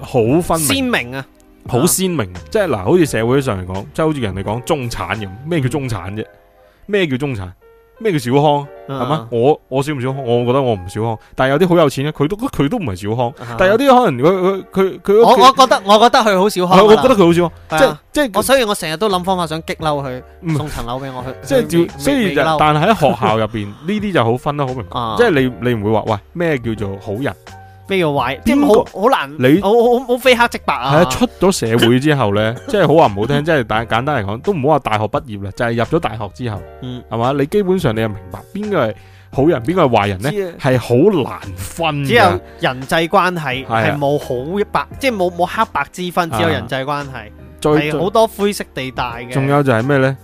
好、嗯、分鮮明,明啊。好鮮明，即係嗱，好似社會上嚟講，即係好似人哋講中產咁。咩叫中產啫？咩叫中產？咩叫小康？係嘛？我我小唔小康？我覺得我唔小康。但係有啲好有錢咧，佢都佢都唔係小康。但係有啲可能佢佢佢我我覺得我覺得佢好小康。我覺得佢好小康。即係即係我所以我成日都諗方法想激嬲佢，送層樓俾我去。即係照雖然，但係喺學校入邊呢啲就好分得好明，即係你你唔會話，喂，咩叫做好人？邊個壞？壞即係好，好誰難。你好好非黑即白啊！係啊，出咗社會之後呢， 即係好話唔好聽，即係簡簡單嚟講，都唔好話大學畢業啦，就係，是，入咗大學之後，係嘛，嗯？你基本上你又明白邊個係好人，邊個係壞人呢，係好是難分。只有人際關係係冇好白，是啊，即係冇冇黑白之分，只有人際關係係好多灰色地帶嘅。仲有就係咩呢？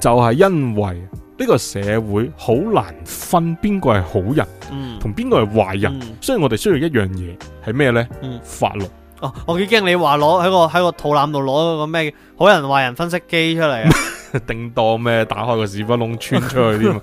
就係，是，因為。呢個社會好難分邊個係好人，同邊個係壞人，所以、嗯、我哋需要一樣嘢係咩呢？嗯、法律。哦，我幾驚你話攞喺個喺個肚腩度攞嗰個咩好人壞人分析機出嚟啊！ 叮噹咩？打開個屎窟窿穿出去添，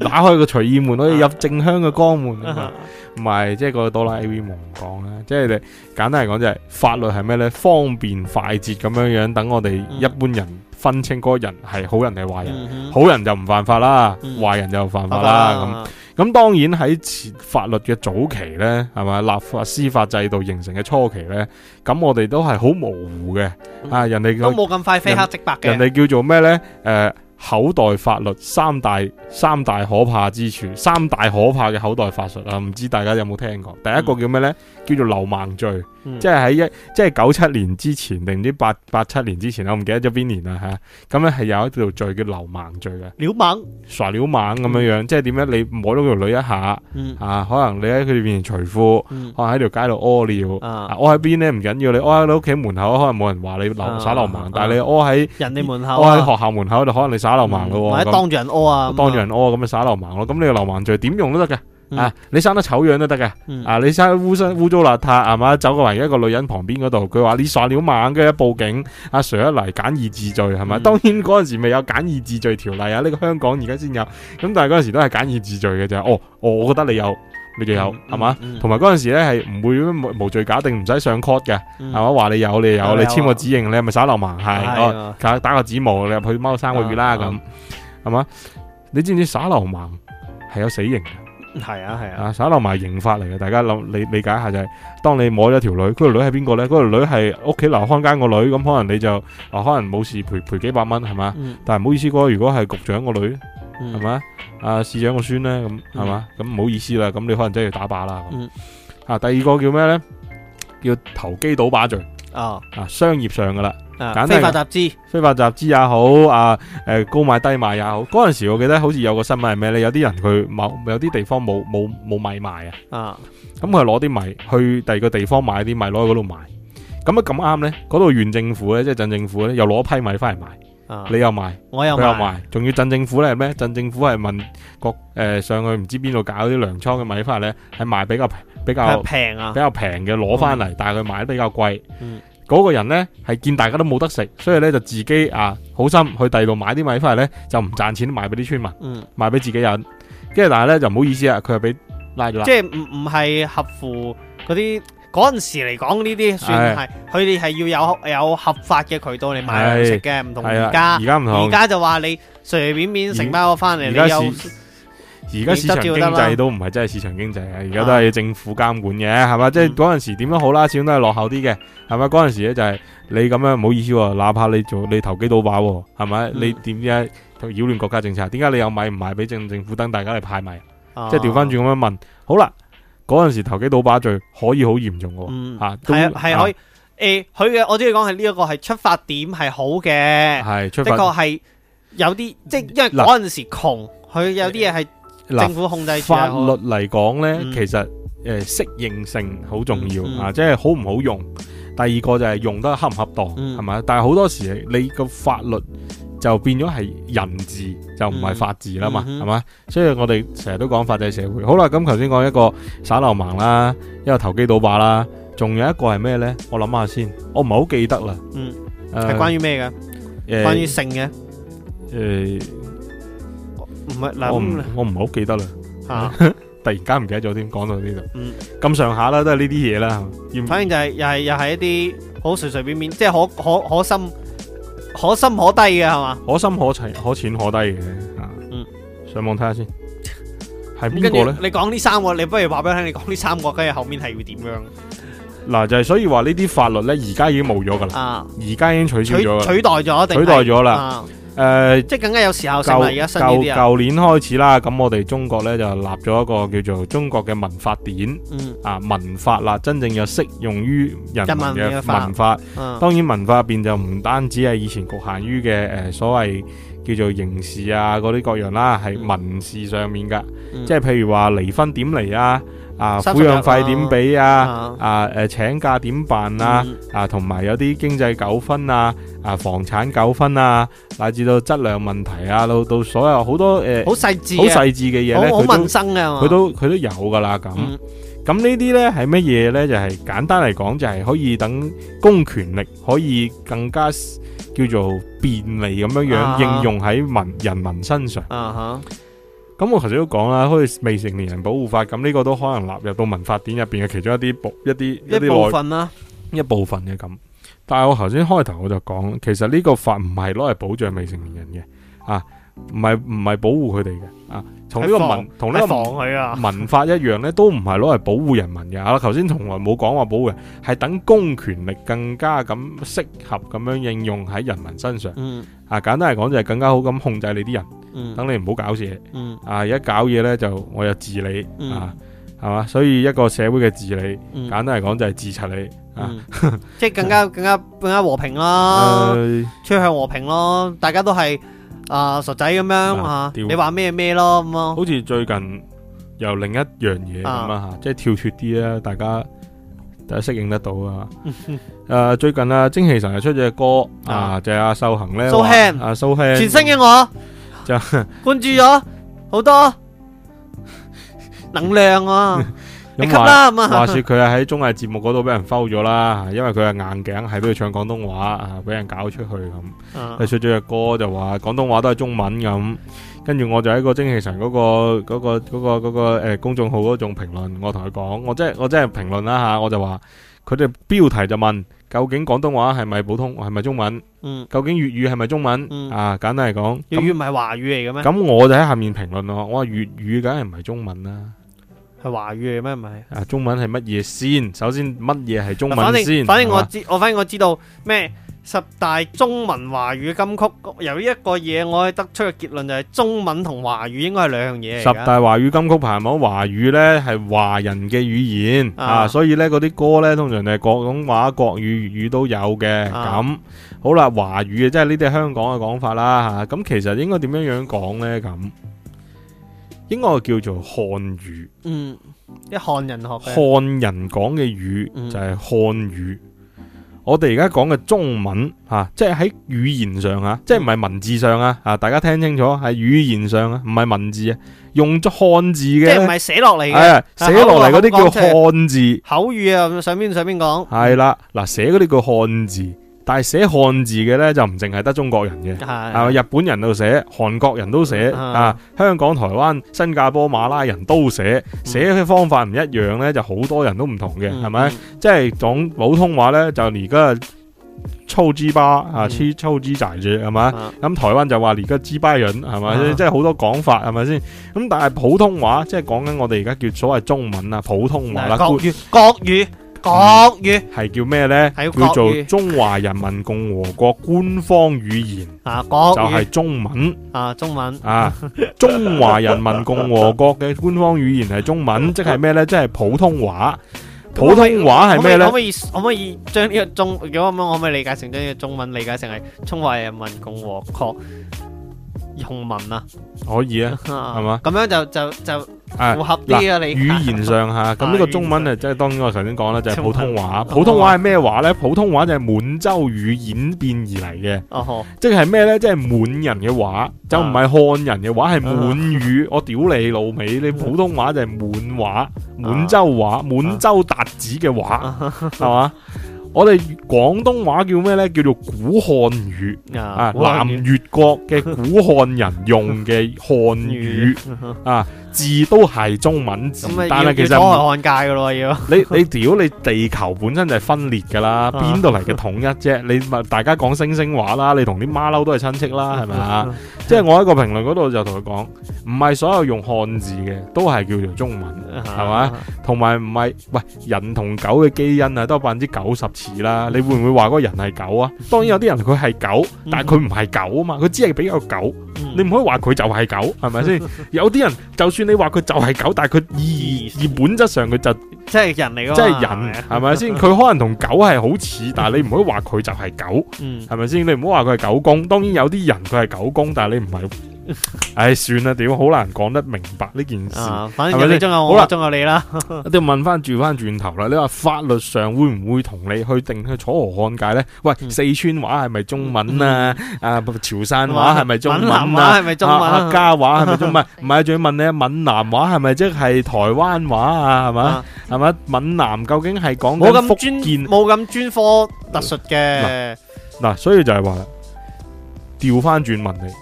打開個隨意門可以入正香嘅光門唔係，即係個哆啦 A 夢唔講啦，即、就、係、是、簡單嚟講、就是，就係法律係咩呢？方便快捷咁樣樣，等我哋一般人。嗯分清嗰人係好人定係壞人，嗯、好人就唔犯法啦，嗯、壞人就犯法啦。咁咁、嗯、當然喺法律嘅早期呢係咪，立法司法制度形成嘅初期呢，咁我哋都係好模糊嘅。嗯、啊，人哋都冇咁快非黑即白嘅。人哋叫做咩呢？誒、呃，口袋法律三大三大可怕之處，三大可怕嘅口袋法術啊！唔知大家有冇聽過？第一個叫咩呢？嗯叫做流氓罪，即係喺一即係九七年之前定唔知八八七年之前我唔記得咗邊年啦吓。咁咧係有一條罪叫流氓罪嘅。流猛？傻流猛？咁樣樣，即係點咧？你摸到條女一下，啊，可能你喺佢哋面前除褲，可能喺條街度屙尿。屙喺邊咧唔緊要，你屙喺你屋企門口，可能冇人話你流耍流氓，但係你屙喺人哋門口，屙喺學校門口，就可能你耍流氓咯。或者當住人屙啊！當住人屙咁咪耍流氓咯。咁你個流氓罪點用都得嘅。啊！你生得醜樣都得嘅，嗯、啊！你生得污污糟邋遢係嘛？走過嚟一個女人旁邊嗰度，佢話你耍流氓，跟住報警，阿、啊、Sir 一嚟，簡易治罪係嘛？嗯、當然嗰陣時未有簡易治罪條例啊，呢、這個香港而家先有，咁但係嗰陣時候都係簡易治罪嘅就、哦，哦，我覺得你有，你就有係嘛？同埋嗰陣時咧係唔會無罪假定，唔使上 court 嘅，係嘛、嗯？話你有你有，你簽、哎、呀個指認，你係咪耍流氓？係、哎呀哦，打個指模，你入去踎三個月啦咁，係嘛？你知唔知道耍流氓係有死刑的？係啊係啊，耍落埋刑法嚟嘅，大家諗理理解下就係、是，當你摸咗條女，嗰條女係邊個咧？嗰條女係屋企留看間個女，咁、那個、可能你就，啊可能冇事賠賠幾百蚊係嘛，嗯、但係唔好意思哥，如果係局長個女，係嘛、嗯，啊市長個孫咧，咁係嘛，咁唔、嗯、好意思啦，咁你可能真係要打靶啦。嗯、啊，第二個叫咩咧？叫投機倒把罪。哦，啊，商業上噶啦，啊、簡單非法集資，非法集資也好，啊，誒高買低賣也好，嗰陣時候我記得好似有個新聞係咩咧？有啲人佢某有啲地方冇冇冇米賣啊，啊，咁佢攞啲米去第二個地方買啲米攞去嗰度賣，咁啊咁啱呢？嗰度縣政府呢，即係鎮政府、呃、呢，又攞批米翻嚟賣，你又賣，我又賣，仲要鎮政府呢？係咩？鎮政府係問國誒上去唔知邊度搞啲糧倉嘅米翻嚟呢？係賣比較平。比較平啊，比較平嘅攞翻嚟，嗯、但係佢買得比較貴。嗰、嗯、個人咧係見大家都冇得食，所以咧就自己啊好心去第二度買啲米翻嚟咧，就唔賺錢賣俾啲村民。嗯，賣俾自己人，跟住但係咧就唔好意思啊，佢係俾拉咗。即係唔唔係合乎嗰啲嗰陣時嚟講呢啲算係，佢哋係要有有合法嘅渠道嚟買嚟食嘅，唔同而家，而家唔同，而家就話你隨隨便便成包翻嚟，你有。而家市場經濟都唔係真係市場經濟啊！而家、嗯、都係政府監管嘅，係嘛？嗯、即係嗰陣時點樣好啦，始終都係落後啲嘅，係咪？嗰陣時咧就係你咁樣唔好意思喎、哦，哪怕你做你投機倒把喎、哦，係咪？嗯、你點解擾亂國家政策？點解你有米唔賣俾政政府等大家嚟派米？啊、即係調翻轉咁樣問。好啦，嗰陣時投機倒把罪可以好嚴重嘅嚇，係係、嗯啊、可以。佢嘅、啊欸、我只係講係呢一個係出發點係好嘅，係的確係有啲即係因為嗰陣時窮，佢那有啲嘢係。政府控制。法律嚟講呢，嗯、其實誒適應性好重要啊，嗯嗯、即係好唔好用。第二個就係用得恰唔恰當，係咪？但係好多時你個法律就變咗係人治，就唔係法治啦嘛，係嘛？所以我哋成日都講法制社會。好啦，咁頭先講一個耍流氓啦，一個投機倒把啦，仲有一個係咩呢？我諗下先，我唔係好記得啦、嗯呃。嗯、欸，誒，關於咩嘅？關於性嘅。誒。唔係，嗱我唔我唔係好記得啦吓，突然間唔記得咗添，講到呢度，嗯，咁上下啦，都係呢啲嘢啦，要，反正就係又係又係一啲好隨隨便便，即係可可可深可深可低嘅係嘛，可深可淺可淺可低嘅啊，嗯，上網睇下先，係邊個咧？你講呢三個，你不如話俾我聽，你講呢三個，跟住後面係會點樣？嗱就係所以話呢啲法律咧，而家已經冇咗噶啦，而家已經取消咗，取代咗定，取代咗啦。誒，呃、即係更加有時候，新舊舊年開始啦。咁我哋中國咧就立咗一個叫做中國嘅民法典。嗯、啊，民法啦，真正又適用於人民嘅民法。當、嗯、當然，民法典就唔單止係以前局限於嘅、呃、所謂叫做刑事啊嗰啲各樣啦，係民事上面㗎。嗯、即係譬如話離婚點離啊。啊，撫養費點俾啊？啊，誒、啊啊，請假點辦啊？嗯、啊，同埋有啲經濟糾紛啊，啊，房產糾紛啊，乃至到質量問題啊，到到所有好多誒，好細緻、好細緻嘅嘢咧，好民生啊，佢很都佢都佢都有噶啦。咁咁、嗯、呢啲咧係乜嘢咧？就係、是、簡單嚟講，就係可以等公權力可以更加叫做便利咁樣樣應用喺民、啊、人民身上。啊，啊咁我頭先都講啦，好似未成年人保護法咁，呢個都可能納入到民法典入邊嘅其中一啲部一啲一,一部分啦、啊，一部分嘅咁。但係我頭先開頭我就講，其實呢個法唔係攞嚟保障未成年人嘅，啊，唔係唔係保護佢哋嘅，啊，同呢個民同呢個法，民、啊、法一樣呢都唔係攞嚟保護人民嘅。啊，頭先從來冇講話保護人，係等公權力更加咁適合咁樣應用喺人民身上。嗯、啊，簡單嚟講就係更加好咁控制你啲人。等你唔好搞事，啊而家搞嘢咧就我又治理，啊係嘛，所以一個社會嘅治理，簡單嚟講就係自察你，即係更加更加更加和平咯，趨向和平咯，大家都係啊傻仔咁樣啊，你話咩咩咯咁咯，好似最近又另一樣嘢咁啊，即係跳脫啲啊，大家大家適應得到啊，誒最近啊精氣神又出咗隻歌啊，就係阿秀恒咧，阿秀全新嘅我。就關注咗好多能量喎、啊， 嗯、你吸啦咁啊！話，吧話說佢係喺綜藝節目嗰度俾人封咗啦，因為佢係硬頸，係都要唱廣東話啊，俾人搞出去咁。佢出咗隻歌就話廣東話都係中文咁，跟住我就喺個精氣神嗰、嗰個、嗰個、嗰個、嗰個誒、嗰個嗰個欸、公眾號嗰種評論，我同佢講，我即係我即係評論啦吓，我就話佢哋標題就問。究竟廣東話係咪普通？係咪中文？嗯。究竟粵語係咪中文？嗯、啊，簡單嚟講，粵語唔係華語嚟嘅咩？咁我就喺下面評論喎，我話粵語梗係唔係中文啦、啊？係華語嚟咩？唔係、啊。啊，中文係乜嘢先？首先乜嘢係中文先？反正，反正我知，係吧？我反正我知道咩？十大中文華語金曲，由於一個嘢，我得出嘅結論就係中文同華語應該係兩樣嘢。十大華語金曲排行榜，華語呢係華人嘅語言啊，啊，所以呢嗰啲歌呢，通常就係各種話、國，國語、粵語都有嘅。咁、啊、好啦，華語就啊，即係呢啲香港嘅講法啦吓。咁其實應該點樣樣講呢？咁應該叫做漢語。嗯，啲漢人學，漢人講嘅語就係漢語。嗯我哋而家講嘅中文吓、啊，即係喺語言上吓，即係唔係文字上啊，吓大家聽清楚，係語言上啊，唔係文字啊，用咗漢字嘅，即係唔係寫落嚟嘅，係啊，寫落嚟嗰啲叫漢字，口語啊，上邊上邊講係啦，嗱、啊、寫嗰啲叫漢字。但係寫漢字嘅咧，就唔淨係得中國人嘅，係日本人度寫，韓國人都寫啊，香港、台灣、新加坡、馬拉人都寫，寫嘅方法唔一樣咧，就好多人都唔同嘅，係咪？即係講普通話咧，就而家粗支巴啊，粗支宅住，係咪？咁台灣就話而家支巴人，係咪？即係好多講法係咪先？咁但係普通話即係講緊我哋而家叫所謂中文啊，普通話啦，國語，國語。國語係、嗯、叫咩呢？叫，叫做中華人民共和國官方語言啊，就係中文啊，中文啊， 中華人民共和國嘅官方語言係中文， 即係咩呢？即係普通話，普通話係咩呢？我可唔可以？可唔可以將呢個中？可唔可可唔可以理解成將呢個中文理解成係中華人民共和國用文啊？可以啊，係嘛 嗎？咁樣就就就。就啊，符合啲啊！你語言上吓，咁呢個中文啊，即係當然我頭先講啦，就係普通話。普通話係咩話咧？普通話就係滿洲語演變而嚟嘅。哦，即係咩咧？即係滿人嘅話，就唔係漢人嘅話，係滿語。我屌你老味，你普通話就係滿話、滿洲話、滿洲達子嘅話，係嘛？我哋廣東話叫咩咧？叫做古漢語啊，南越國嘅古漢人用嘅漢語啊。字都係中文字，但係其實要跨越漢界噶咯，要你你屌你地球本身就係分裂噶啦，邊度嚟嘅統一啫？你咪大家講星星話啦，你同啲馬騮都係親戚啦，係咪啊？ 即係我喺個評論嗰度就同佢講，唔係所有用漢字嘅都係叫做中文，係嘛？同埋唔係喂，人同狗嘅基因啊，都有百分之九十似啦。你會唔會話個人係狗啊？嗯、當然有啲人佢係狗，嗯、但係佢唔係狗啊嘛，佢只係比較狗。嗯、你唔可以話佢就係狗，係咪先？ 有啲人就算。你話佢就係狗，但係佢意義而本質上佢就即係人嚟噶，啊，即係人係咪先？佢 可能同狗係好似，但係你唔可以話佢就係狗，係咪先？你唔好話佢係狗公，當然有啲人佢係狗公，但係你唔係。唉，算啦，點好難講得明白呢件事。反正有你中有我，好啦，中有你啦。都要問翻轉翻轉頭啦。你話法律上會唔會同你去定去楚河漢界咧？喂，四川話係咪中文啊？啊，潮汕話係咪中文啊？閩南話係咪中文？客家話係咪中文？唔係，仲要問你啊？閩南話係咪即係台灣話啊？係嘛？係咪？閩南究竟係講冇咁專，福建，冇咁專科特術嘅嗱。所以就係話調翻轉問你。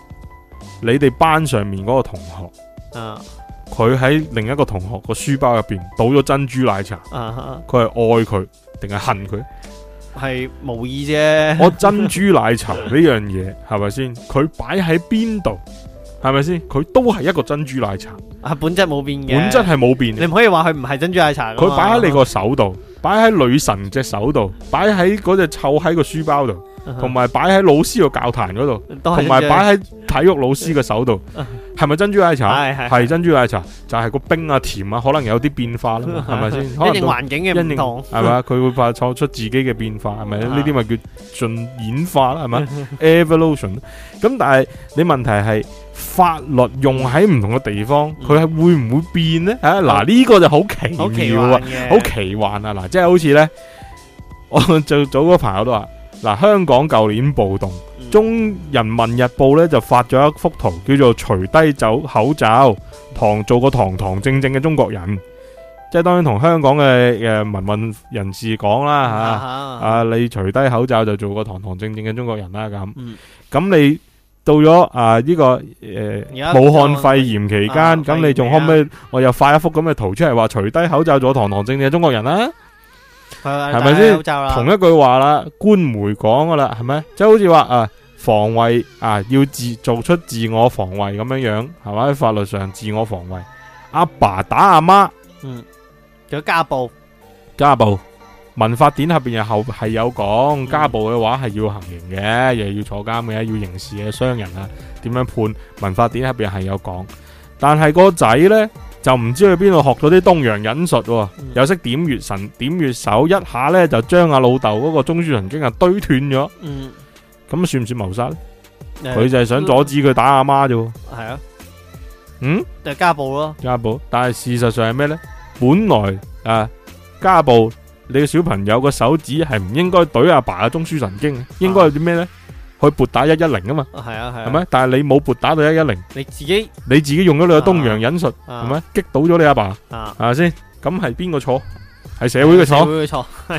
你哋班上面嗰個同學，佢喺、啊、另一個同學個書包入邊倒咗珍珠奶茶，佢係、啊、哈愛佢定係恨佢？係無意啫。我珍珠奶茶呢樣嘢係咪先？佢擺喺邊度？係咪先？佢都係一個珍珠奶茶，係本質冇變嘅，本質係冇變。變，你唔可以話佢唔係珍珠奶茶。佢擺喺你個手度，擺喺、啊、哈女神隻手度，擺喺嗰隻臭喺個書包度。同埋擺喺老師個教壇嗰度，同埋擺喺體育老師嘅手度，係咪珍珠奶茶？係珍珠奶茶，就係個冰啊、甜啊，可能有啲變化啦，係咪先？因應環境嘅唔同，係咪？佢會發錯出自己嘅變化，係咪？呢啲咪叫進演化啦，係咪？Evolution。咁但係你問題係法律用喺唔同嘅地方，佢係會唔會變呢？啊，嗱，呢個就好奇妙啊，好奇幻啊！嗱，即係好似呢，我最早個朋友都話。嗱，香港舊年暴動，中《人民日報》咧就發咗一幅圖，叫做除低走口罩，堂做個堂堂正正嘅中國人。即係當然同香港嘅民運人士講啦啊，啊，啊，啊你除低口罩就做個堂堂正正嘅中國人啦咁。咁、嗯、你到咗啊呢、這個誒、呃、武漢肺炎期間，咁、啊、你仲可唔可以我又發一幅咁嘅圖出嚟，話除低口罩做堂堂正正嘅中國人啦、啊？係咪先？是是同一句話啦，官媒講噶啦，係咪？即係好似話啊，防衛啊，要自做出自我防衛咁樣樣，係咪？法律上自我防衛，阿爸打阿媽，嗯，叫家暴。家暴，民法典下邊又後係有講家暴嘅話係要行刑嘅，又要坐監嘅，要刑事嘅傷人啊，點樣判？民法典下邊係有講，但係個仔呢？就唔知去邊度學咗啲東洋忍術、啊，又、嗯、識點穴神點穴手，一下、嗯、算算呢，嗯、就將阿老豆嗰個中樞神經啊堆斷咗。咁算唔算謀殺呢？佢就係想阻止佢打阿媽啫。係是啊，嗯，就家暴咯、啊，家暴。但係事實上係咩呢？本來啊，家暴你嘅小朋友個手指係唔應該懟阿爸嘅中樞神經，應該係啲咩呢？啊去撥打一一零啊嘛，係啊係，係咪？但係你冇撥打到一一零，你自己你自己用咗你嘅東洋忍術，係咪？擊倒咗你阿爸，係咪先？咁係邊個錯？係社會嘅錯，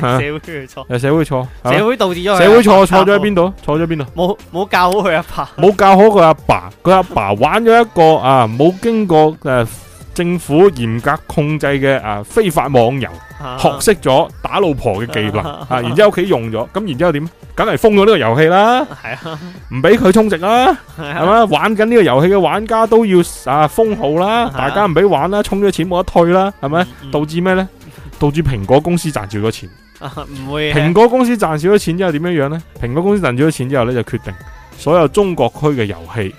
社會嘅錯，係社會嘅錯，係社會嘅錯，社會導致咗，社會錯錯咗喺邊度？錯咗邊度？冇冇教好佢阿爸，冇教好佢阿爸，佢阿爸玩咗一個啊，冇經過誒。政府嚴格控制嘅啊非法網遊，啊、學識咗打老婆嘅技能啊，啊，然之後屋企用咗，咁、啊、然之後點？梗係封咗呢個遊戲啦，唔俾佢充值啦，係嘛、啊？吧玩緊呢個遊戲嘅玩家都要啊封號啦，啊、大家唔俾玩啦，充咗錢冇得退啦，係咪？嗯嗯。導致咩呢？導致蘋果公司賺少咗錢，唔、啊、會、啊。蘋果公司賺少咗錢之後點樣樣呢？蘋果公司賺少咗錢之後呢，就決定所有中國區嘅遊戲。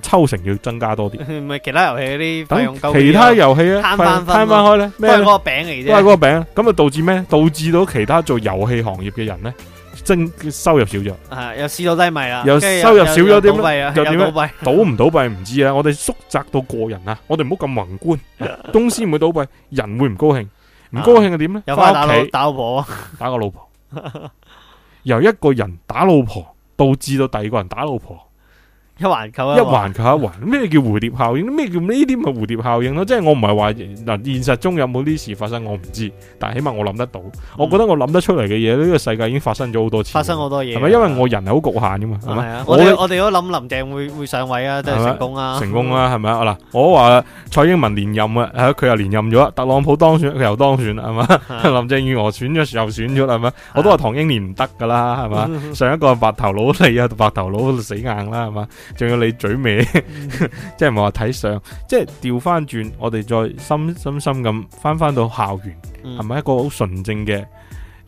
抽成要增加多啲，唔係其他遊戲啲，費用高其他遊戲啊，攤翻攤翻開咧，都係嗰個餅嚟啫，都係嗰個餅。咁啊，導致咩？導致到其他做遊戲行業嘅人咧，收入少咗、啊，又試到低迷啦，又收入少咗啲，又點咧？倒唔倒閉唔知啊！我哋縮窄到個人啊！我哋唔好咁宏觀，公司唔會倒閉，人會唔高興，唔高興呢啊點咧？翻屋企打老婆，打個老婆，由一個人打老婆導致到第二個人打老婆。一環扣、啊、一環、啊，咩叫蝴蝶效應？咩叫呢啲咪蝴蝶效應咯？即係、就是、我唔係話嗱，現實中有冇呢事發生我唔知道，但起碼我諗得到，嗯、我覺得我諗得出嚟嘅嘢，呢、這個世界已經發生咗好多次了，發生好多嘢，係咪？因為我人係好局限噶嘛，係咪？我哋都諗林鄭會會上位啊，即係成功啊，成功啦，係咪啊？嗱，我話蔡英文連任啊，佢又連任咗，特朗普當選，佢又當選啦，係嘛？啊、林鄭月娥選咗時候選咗，係咪？我都話唐英年唔得噶啦，係嘛？嗯、哼上一個白頭佬嚟啊，白頭佬死硬啦，係嘛？仲有你嘴尾， 即係唔係話睇相，即係調翻轉，我哋再深深深咁翻翻到校園，係咪一個好純正嘅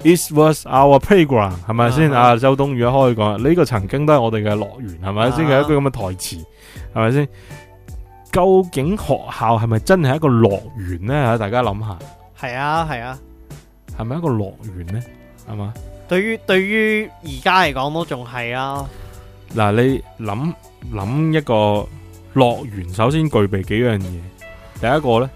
？It was our playground，係咪先？是是啊，周冬雨開講，呢個曾經都係我哋嘅樂園，係咪先？係一句咁嘅台詞，係咪先？究竟學校係咪真係一個樂園呢？大家諗下。係啊，係啊，係咪一個樂園呢？係嘛？是是對於對於而家嚟講都仲係啊。嗱，你諗諗一個樂園，首先具備幾樣嘢。第一個呢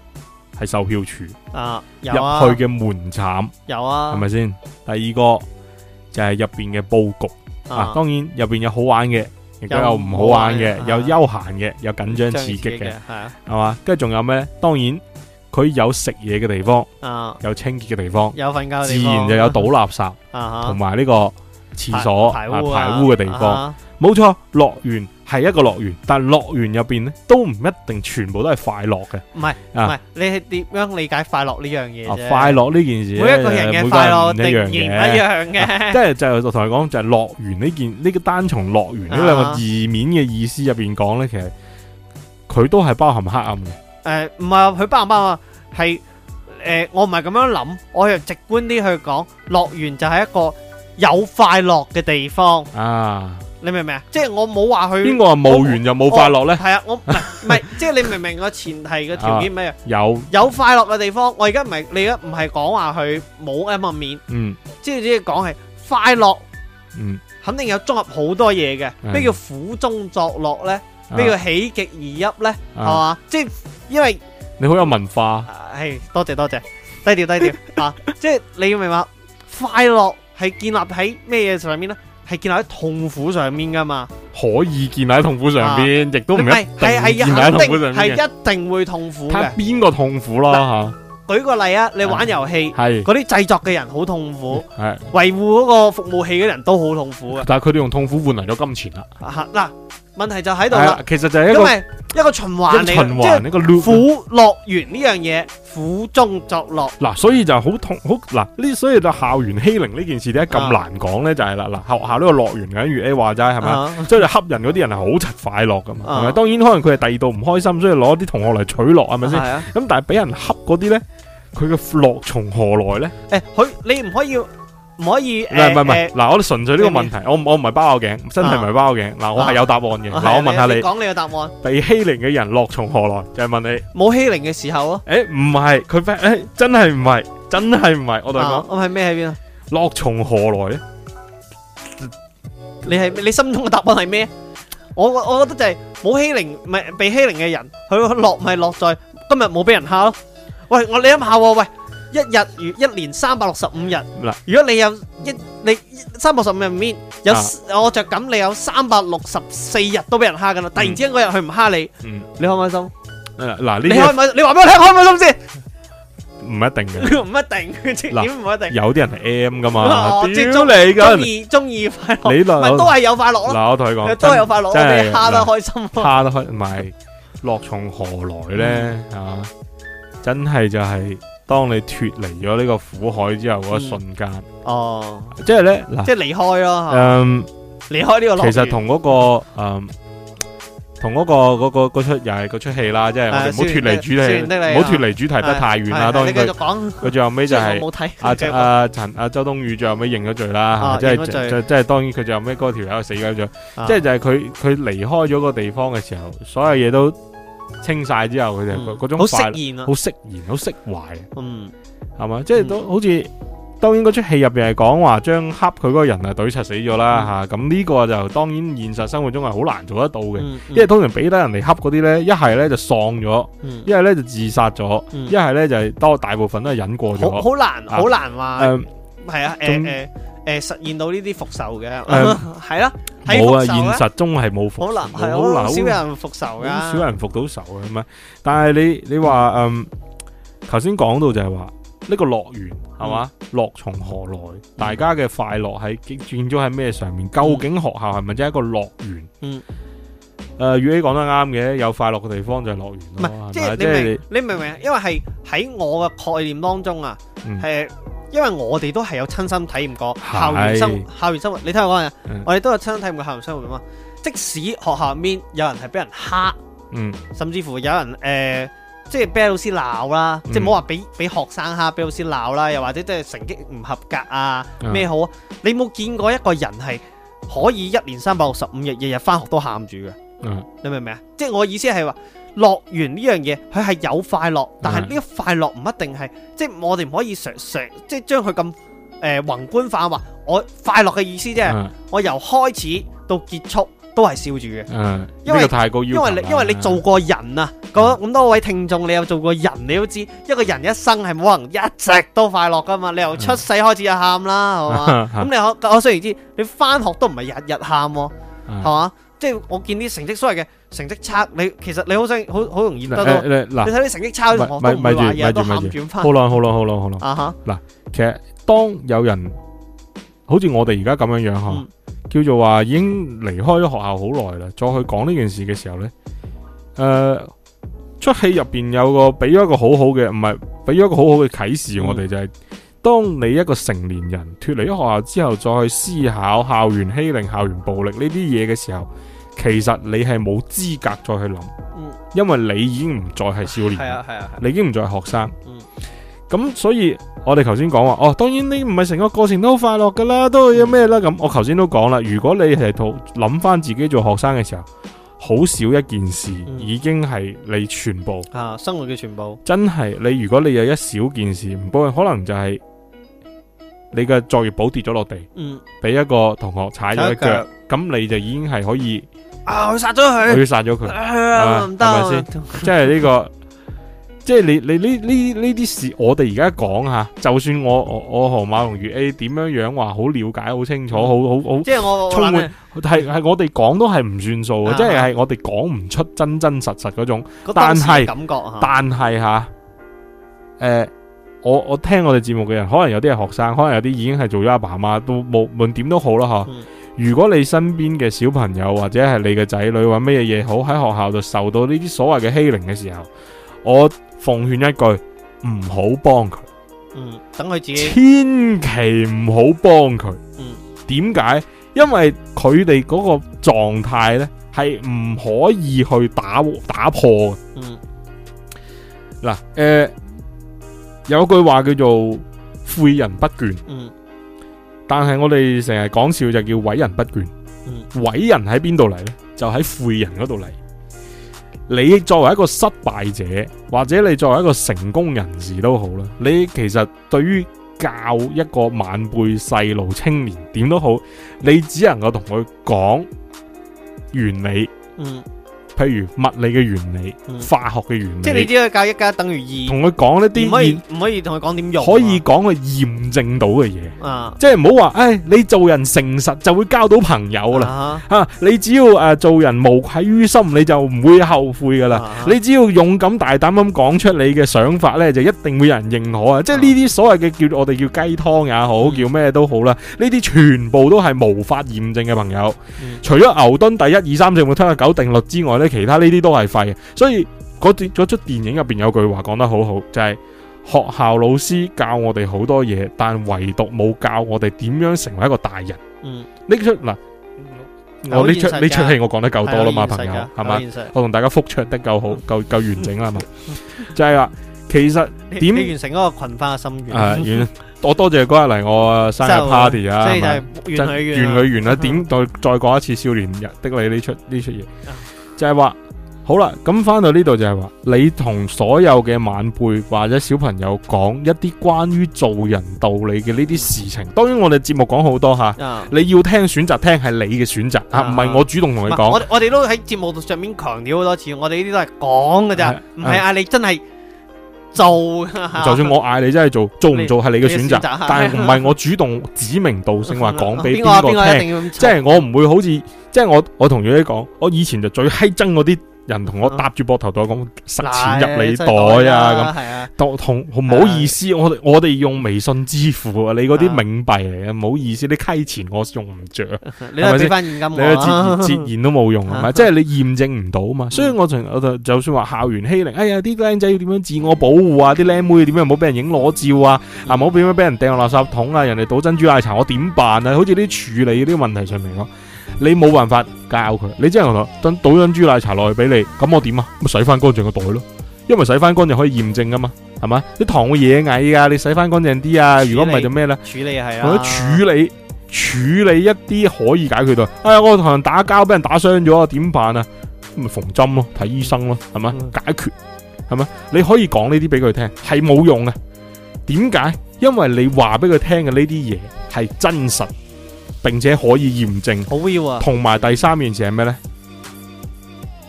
係售票處，啊，入去嘅門檻，有啊，係咪先？第二個就係入邊嘅佈局。啊，當然入邊有好玩嘅，亦都有唔好玩嘅，有休閒嘅，有緊張刺激嘅，係啊，係嘛。跟住仲有咩？當然佢有食嘢嘅地方，啊，有清潔嘅地方，有瞓覺自然就有倒垃圾，啊，同埋呢個。廁所排污嘅地方，冇錯。樂園係一個樂園，但係樂園入邊咧，都唔一定全部都係快樂嘅。唔係唔係，你係點樣理解快樂呢樣嘢？快樂呢件事，每一個人嘅快樂定然一樣嘅。即係就同你講，就係樂園呢件呢個單從樂園呢兩個字面嘅意思入邊講咧，其實佢都係包含黑暗嘅。誒，唔係，佢包唔包啊？係誒，我唔係咁樣諗，我係直觀啲去講，樂園就係一個。有快樂嘅地方啊，你明唔明啊？即係我冇話佢邊個話冇緣又冇快樂咧？係啊，我唔係即係你明唔明個前提嘅條件咩啊？有有快樂嘅地方，我而家唔係你而家唔係講話佢冇一面，嗯，即係只係講係快樂，嗯，肯定有綜合好多嘢嘅，咩叫苦中作樂咧？咩叫喜極而泣咧？係嘛？即係因為你好有文化，係多謝多謝，低調低調啊！即係你要明白快樂。係建立喺咩嘢上面咧？係建立喺痛苦上面噶嘛？可以建立喺痛苦上面，亦都唔一定建立喺痛苦上面。係一,一定會痛苦嘅。邊個痛苦咯？吓、啊，啊、舉個例啊，你玩遊戲，係嗰啲製作嘅人好痛苦，係維護嗰個服務器嘅人都好痛苦嘅。但係佢哋用痛苦換嚟咗金錢啦、啊。啊吓，嗱。問題就喺度啦，其實就係一個因為一個循環嚟，即係苦樂園呢樣嘢，苦中作樂。嗱、啊，所以就好痛，好嗱呢，所以就校園欺凌呢件事點解咁難講咧，啊、就係啦，嗱學校呢個樂園嘅，如 A 話齋係咪？即係恰人嗰啲人係好疾快樂噶嘛，係咪、啊？當然可能佢係第二度唔開心，所以攞啲同學嚟取樂係咪先？咁、啊是啊、但係俾人恰嗰啲咧，佢嘅樂從何來咧？誒、欸，佢你唔可以要。唔可以，唔係唔係，嗱，我純粹呢個問題，我我唔係包我頸，真係唔係包我頸，嗱，我係有答案嘅，嗱，我問下你，你講你嘅答案，被欺凌嘅人落從何來？就係問你，冇欺凌嘅時候咯，誒，唔係，佢，誒，真係唔係，真係唔係，我同你講，我係咩喺邊啊？落從何來咧？你係你心中嘅答案係咩？我我覺得就係冇欺凌，唔係被欺凌嘅人，佢落咪落在今日冇俾人蝦咯？喂，我你諗下，喂。一日如一年三百六十五日。如果你有一你三百六十五日入面有我着緊，你有三百六十四日都俾人蝦噶啦。突然之間，嗰日佢唔蝦你，你開唔開心？嗱，你開唔你話俾我聽，開唔開心先？唔一定嘅，唔一定嗱，唔一定有啲人係 M 噶嘛，接觸你噶中意快樂，咪都係有快樂咯。嗱，我同你講，都有快樂，蝦得開心，蝦得開，唔係樂從何來咧？啊，真係就係。當你脫離咗呢個苦海之後嗰一瞬間，哦，即係咧，即係離開咯，嗯，離開呢個，其實同嗰個，同嗰個嗰個出又係嗰出戲啦，即係我哋唔好脫離主題，唔好脫離主題得太遠啦。當然，你繼續講，佢佢最後尾就係阿阿陳阿周冬雨最後尾認咗罪啦，即係即係當然佢最後尾嗰條友死咗咗，即係就係佢佢離開咗個地方嘅時候，所有嘢都。清晒之後佢哋嗰種好釋然，好釋然，好釋懷。嗯，係嘛？即係都好似當然嗰出戲入邊係講話將恰佢嗰個人啊懟柒死咗啦吓，咁呢個就當然現實生活中係好難做得到嘅，因為通常俾得人哋恰嗰啲咧，一係咧就喪咗，一係咧就自殺咗，一係咧就係多大部分都係忍過咗。好難，好難話。誒，係啊，誒。誒，實現到呢啲復仇嘅係咯，冇啊！現實中係冇可能，係好少人復仇噶，少人復到仇噶嘛？但係你你話，嗯，頭先講到就係話呢個樂園係嘛？樂從何來？大家嘅快樂係建建咗喺咩上面？究竟學校係咪真係一個樂園？嗯，誒，宇熙講得啱嘅，有快樂嘅地方就係樂園咯。唔係，即係即係你明唔明？因為係喺我嘅概念當中啊，係。因為我哋都係有親身體驗過校園生是校園生活，你聽我講啊，我哋都有親身體驗過校園生活噶嘛。即使學校入面有人係俾人蝦，嗯、甚至乎有人誒、呃，即係俾老師鬧啦，嗯、即係冇話俾俾學生蝦，俾老師鬧啦，又或者即係成績唔合格啊，咩、嗯、好啊？你冇見過一個人係可以一年三百六十五日日日翻學都喊住嘅，嗯、你明唔明啊？即係我意思係話。樂園呢樣嘢，佢係有快樂，但係呢個快樂唔一定係，嗯、即係我哋唔可以常常，即係將佢咁誒宏觀化話，我快樂嘅意思即係、嗯、我由開始到結束都係笑住嘅。嗯，呢為個太高要求。因為你因為你做過人啊，咁、嗯、多位聽眾，你有做過人，你都知道一個人一生係冇可能一直都快樂噶嘛？你由出世開始就喊啦，係嘛？咁你可我雖然知你返學都唔係日日喊，係嘛、嗯？好即係我見啲成績衰嘅，成績差你其實你好想好好容易得到。你睇啲成績差咪啲學生都話嘢轉翻。好啦，好啦，好啦，好啦。嗱，其實當有人好似我哋而家咁樣樣吓，叫做話已經離開咗學校好耐啦，再去講呢件事嘅時候咧，誒，出戲入邊有個俾咗一個好好嘅，唔係俾咗一個好好嘅啟示我哋就係，當你一個成年人脫離咗學校之後，再去思考校園欺凌、校園暴力呢啲嘢嘅時候。其實你係冇資格再去諗，嗯、因為你已經唔再係少年，你已經唔再係學生。咁、嗯、所以我哋頭先講話，哦，當然你唔係成個過程都快樂噶啦，都有咩啦。咁、嗯、我頭先都講啦，如果你係讀諗翻自己做學生嘅時候，好少一件事已經係你全部、嗯、啊生活嘅全部。真係你如果你有一小件事，不過可能就係你嘅作業簿跌咗落地，嗯，俾一個同學踩咗一腳，咁你就已經係可以。啊！我殺咗佢，佢要殺咗佢，唔得、啊，係咪先？即係呢、這個，即係你你呢呢呢啲事，我哋而家講吓，就算我我我河馬龍魚 A 點、欸、樣樣話好了解好清楚，好好好，即係我，我充滿係係我哋講都係唔算數嘅，的即係係我哋講唔出真真實實嗰種。但係感覺，但係是吓，誒、啊呃，我我聽我哋節目嘅人，可能有啲係學生，可能有啲已經係做咗阿爸阿媽，都冇論點都好啦，嗬。嗯如果你身邊嘅小朋友或者係你嘅仔女或咩嘢嘢好喺學校就受到呢啲所謂嘅欺凌嘅時候，我奉勸一句，唔好幫佢。嗯，等佢自己。千祈唔好幫佢。嗯。點解？因為佢哋嗰個狀態呢，係唔可以去打打破。嗯。嗱，呃，有句話叫做誨人不倦。嗯。但係我哋成日講笑就叫毀人不倦、嗯人，毀人喺邊度嚟呢就喺誨人嗰度嚟。你作為一個失敗者，或者你作為一個成功人士都好啦，你其實對於教一個晚輩、細路、青年點都好，你只能夠同佢講原理。嗯。譬如物理嘅原理、嗯、化學嘅原理，即係你只要教一加一等於二，同佢講一啲，唔可以唔可以同佢講點用、啊，可以講佢驗證到嘅嘢。啊，即係唔好話，唉，你做人誠實就會交到朋友啦。吓、啊啊，你只要誒、啊、做人無愧於心，你就唔會後悔噶啦。啊、你只要勇敢大膽咁講出你嘅想法咧，就一定會有人認可啊！即係呢啲所謂嘅叫我哋叫雞湯也好，嗯、叫咩都好啦，呢啲全部都係無法驗證嘅朋友。嗯、除咗牛頓第一、二、三、四、五、六、七、九定律之外咧。其他呢啲都係廢嘅，所以嗰段出電影入邊有句話講得好好，就係學校老師教我哋好多嘢，但唯獨冇教我哋點樣成為一個大人。嗯，呢出嗱，我呢出呢出戲我講得夠多啦嘛，朋友係嘛，我同大家復出得夠好，夠夠完整啦嘛，就係話，其實點完成嗰個群花嘅心願？我多謝嗰日嚟我生日 party 啊，即係完佢完啦，點再再過一次少年日的你呢出呢出嘢。就係話，好啦，咁翻到呢度就係話，你同所有嘅晚輩或者小朋友講一啲關於做人道理嘅呢啲事情。嗯、當然我哋節目講好多吓，嗯、你要聽選擇聽係你嘅選擇、嗯、啊，唔係我主動同你講。我哋都喺節目上面強調好多次，我哋呢啲都係講㗎咋，唔係、嗯、啊你真係。做、啊、就算我嗌你真係做，做唔做係你嘅選擇，選但係唔係我主動指名道姓話講俾邊個聽，啊、即係我唔會好似，即係我我同瑞姐講，我以前就最閪憎嗰啲。人同我搭住膊頭袋咁塞錢入你袋啊，咁，當同唔好意思，我我哋用微信支付啊，你嗰啲冥幣嚟嘅，唔好意思，你溪錢我用唔着。你係俾翻現金，你係折言都冇用係咪？即係你驗證唔到嘛，所以我就就算話校園欺凌，哎呀，啲靚仔要點樣自我保護啊，啲靚妹點樣唔好俾人影裸照啊，啊，唔好點俾人掟落垃圾桶啊，人哋倒珍珠奶茶我點辦啊？好似啲處理啲問題上面咯。你冇辦法教佢，你即係話等倒樽豬奶茶落去俾你，咁我點啊？咪洗翻乾淨個袋咯，因為洗翻乾淨可以驗證噶嘛，係嘛？啲糖會惹蟻噶，你洗翻乾淨啲啊！如果唔係就咩咧？處理係啊，處理處理一啲可以解決到。哎呀，我同人打交俾人打傷咗啊，點辦啊？咪縫針咯，睇醫生咯，啊，係嘛？嗯、解決係嘛？你可以講呢啲俾佢聽，係冇用啊。點解？因為你話俾佢聽嘅呢啲嘢係真實。並且可以驗證，好要啊！同埋第三件事係咩呢？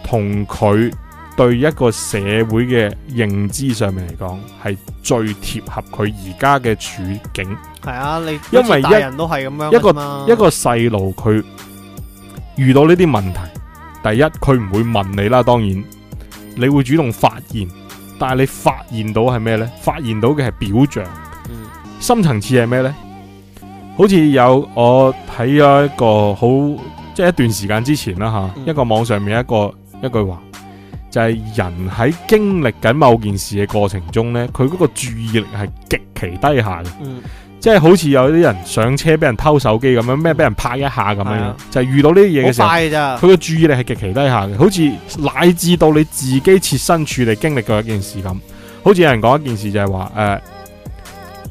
同佢對一個社會嘅認知上面嚟講，係最貼合佢而家嘅處境。嗯、啊，你因為大人都係咁樣一個一個細路，佢遇到呢啲問題，第一佢唔會問你啦，當然你會主動發現，但係你發現到係咩呢？發現到嘅係表象，嗯、深層次係咩呢？好似有我睇咗一個好即係一段時間之前啦吓，一個網上面一個一句話就係、是、人喺經歷緊某件事嘅過程中呢，佢嗰個注意力係極其低下嘅，嗯、即係好似有啲人上車俾人偷手機咁樣，咩俾人拍一下咁樣，是啊、就係遇到呢啲嘢嘅時候，佢嘅注意力係極其低下嘅，好似乃至到你自己設身處地經歷過一件事咁，好似有人講一件事就係話誒。呃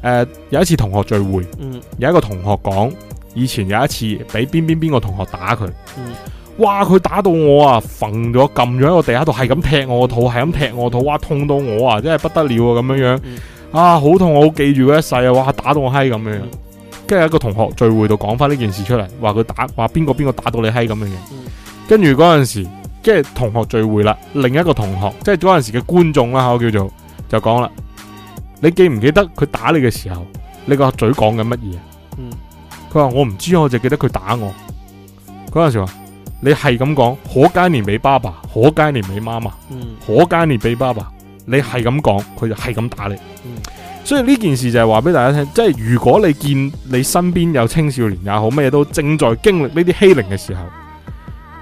誒、呃，有一次同學聚會，嗯、有一個同學講，以前有一次俾邊邊邊個同學打佢，嗯、哇佢打到我啊，瞓咗撳咗喺個地下度，係咁劈我肚，係咁劈我肚，哇痛到我啊，真係不得了啊咁樣樣，嗯、啊好痛，我好記住一世啊，哇打到我閪咁樣，跟住，嗯、一個同學聚會度講翻呢件事出嚟，話佢打話邊個邊個打到你閪咁樣樣，跟住嗰陣時即係同學聚會啦，另一個同學即係嗰陣時嘅觀眾啦，我叫做就講啦。你記唔記得佢打你嘅時候，你個嘴講緊乜嘢？嗯，佢話我唔知，我就記得佢打我嗰陣、嗯、時。話你係咁講，可嘉年俾爸爸，可嘉年俾媽媽，嗯、可嘉年俾爸爸。你係咁講，佢就係咁打你。嗯、所以呢件事就係話俾大家聽，即係如果你見你身邊有青少年也好，咩都正在經歷呢啲欺凌嘅時候，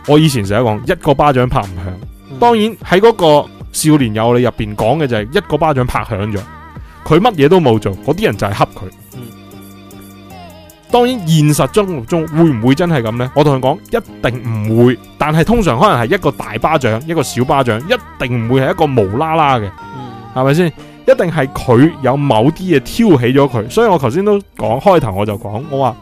我以前成日講一個巴掌拍唔響。嗯、當然喺嗰個少年有你入邊講嘅就係一個巴掌拍響咗。佢乜嘢都冇做，嗰啲人就係恰佢。當然現實生活中會唔會真係咁呢？我同佢講，一定唔會。但係通常可能係一個大巴掌，一個小巴掌，一定唔會係一個無啦啦嘅，係咪先？一定係佢有某啲嘢挑起咗佢。所以我頭先都講開頭，我就講我話。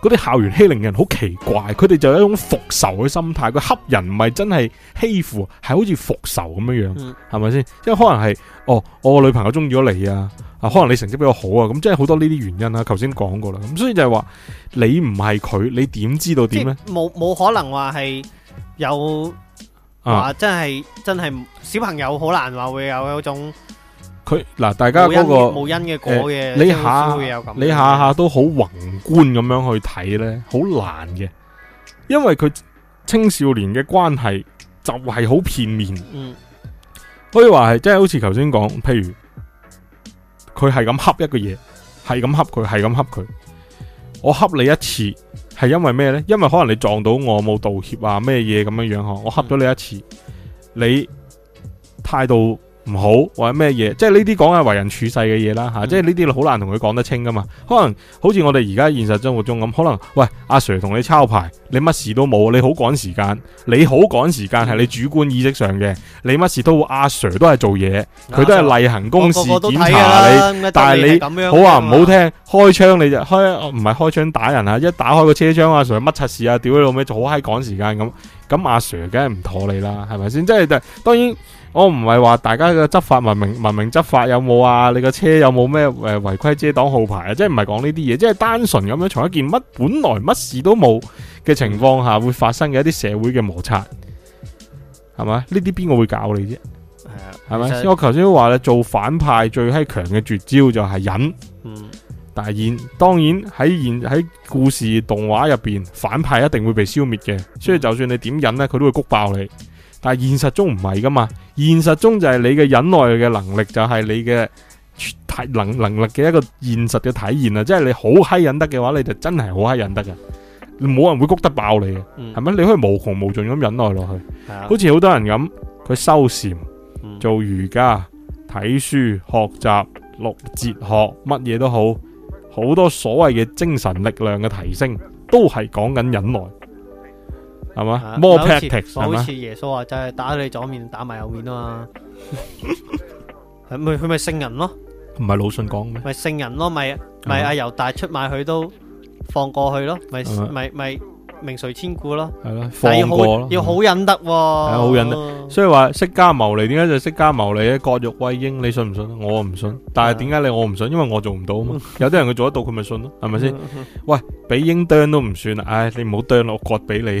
嗰啲校園欺凌嘅人好奇怪，佢哋就有一種復仇嘅心態。佢恰人唔係真係欺負，係好似復仇咁樣樣，係咪先？因為可能係哦，我個女朋友中意咗你啊，啊，可能你成績比較好啊，咁即係好多呢啲原因啊。頭先講過啦，咁所以就係話你唔係佢，你點知道點呢？冇冇可能話係有啊，真係真係小朋友好難話會有有種。佢嗱，大家嗰個冇因嘅果嘅，你下、欸、你下下都好宏觀咁樣去睇呢，好、嗯、難嘅，因為佢青少年嘅關係就係好片面。嗯、可以話係，即係好似頭先講，譬如佢係咁恰一個嘢，係咁恰佢，係咁恰佢，我恰你一次係因為咩呢？因為可能你撞到我冇道歉啊咩嘢咁樣樣嗬，我恰咗你一次，嗯、你態度唔好或者咩嘢，即係呢啲講係為人處世嘅嘢啦吓，即係呢啲好難同佢講得清噶嘛。可能好似我哋而家現實生活中咁，可能喂阿、啊、Sir 同你抄牌，你乜事都冇，你好趕時間，你好趕時間係你主觀意識上嘅，你乜事都阿、啊、Sir 都係做嘢，佢都係例行公事檢查你。啊啊、但係你好話唔好聽，個個個、啊、開槍你就開，唔係開槍打人啊！一打開個車窗阿, Sir, 事啊，仲要乜測試啊，屌你老味，就好閪趕時間咁。咁阿 Sir 梗係唔妥你啦，係咪先？即係當然。我唔係話大家嘅執法文明，文明執法有冇啊？你個車有冇咩違規遮擋號牌啊？即係唔係講呢啲嘢，即係單純咁樣從一件乜本來乜事都冇嘅情況下會發生嘅一啲社會嘅摩擦，係嘛？呢啲邊個會搞你啫？係咪？其實我頭先都話咧，做反派最閪強嘅絕招就係忍。嗯，但係現當然喺現喺故事動畫入邊，反派一定會被消滅嘅。所以就算你點忍呢，佢都會谷爆你。但係現實中唔係噶嘛。現實中就係你嘅忍耐嘅能力，就係、是、你嘅體能能力嘅一個現實嘅體現啊！即係你好閪忍得嘅話，你就真係好閪忍得嘅，冇人會谷得爆你嘅，係咪、嗯？你可以無窮無盡咁忍耐落去，好似好多人咁，佢修禪、做瑜伽、睇書、學習、讀哲學，乜嘢都好，好多所謂嘅精神力量嘅提升，都係講緊忍耐。係嘛？More tactics 係嘛？好似耶穌話就係打你左面打埋右面啊嘛，係咪佢咪聖人咯？唔係魯迅講咩？咪聖人咯，咪咪阿猶大出賣佢都放過去咯，咪咪咪名垂千古咯，係咯？但係要好要好忍得喎，係好忍得。所以話釋迦牟尼，點解就釋迦牟尼咧？割肉喂鷹，你信唔信？我唔信。但係點解你我唔信？因為我做唔到。有啲人佢做得到，佢咪信咯，係咪先？喂，俾鷹啄都唔算啊！唉，你唔好啄啦，我割俾你。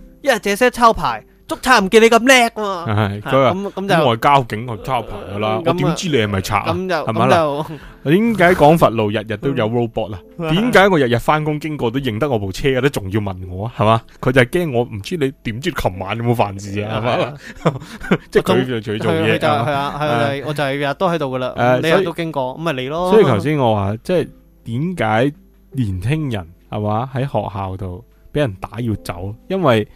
因為這些抄牌，捉賊唔見你咁叻嘛。咁咁就，我交警去抄牌噶啦。我點知你係咪賊？咁就，係咪點解廣佛路日日都有 robot 啊？點解我日日翻工經過都認得我部車，都仲要問我，係嘛？佢就係驚我唔知你點知琴晚有冇犯事啊？係嘛？即係佢就去做嘢。係啊，係，我就係日日都喺度噶啦。你日日都經過，咁咪你咯。所以頭先我話，即係點解年輕人係嘛喺學校度俾人打要走，因為。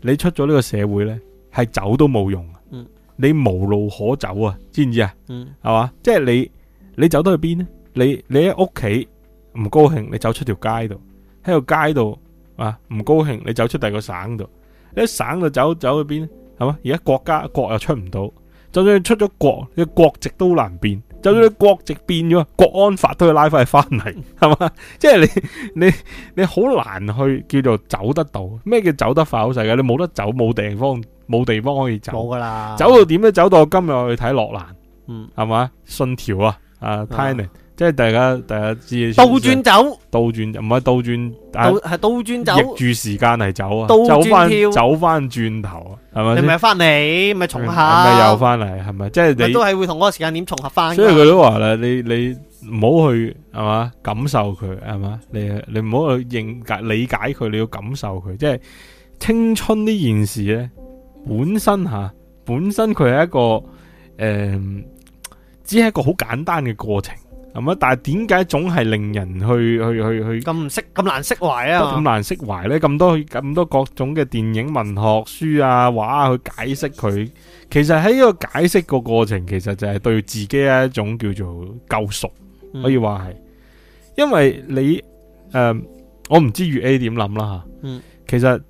你出咗呢個社會呢，係走都冇用，嗯、你無路可走啊，知唔知啊？係嘛、嗯，即係你你走到去邊呢？你你喺屋企唔高興，你走出條街度，喺個街度啊唔高興，你走出第二個省度，你喺省度走走去邊？係嘛？而家國家國又出唔到，就算你出咗國，你個國籍都難變。就算你國籍變咗，國安法都要拉翻佢翻嚟，係嘛？ 即係你你你好難去叫做走得到。咩叫走得快好世界，你冇得走，冇地方，冇地方可以走。冇噶啦，走到點都走到，今日去睇洛蘭，嗯，係嘛？信條啊，啊，Tenet、啊即係大家，大家知倒轉走，倒轉唔係倒轉，係倒轉、啊、走逆住時間嚟走啊，倒翻走翻轉頭啊，係咪？你咪翻嚟，咪重合，咪、嗯、又翻嚟，係咪？即、就、係、是、你都係會同嗰個時間點重合翻、啊。所以佢都話啦，你你唔好去係嘛感受佢係嘛，你你唔好去認解理解佢，你要感受佢，即、就、係、是、青春呢件事咧本身吓、啊、本身佢係一個誒、呃，只係一個好簡單嘅過程。係咪？但係點解總係令人去去去去咁唔識咁難釋懷啊？咁難釋懷咧？咁多咁多各種嘅電影、文學書啊、畫啊去解釋佢，其實喺呢個解釋個過程，其實就係對自己一種叫做救贖，可以話係，因為你誒，我唔知月 A 點諗啦吓。嗯，其實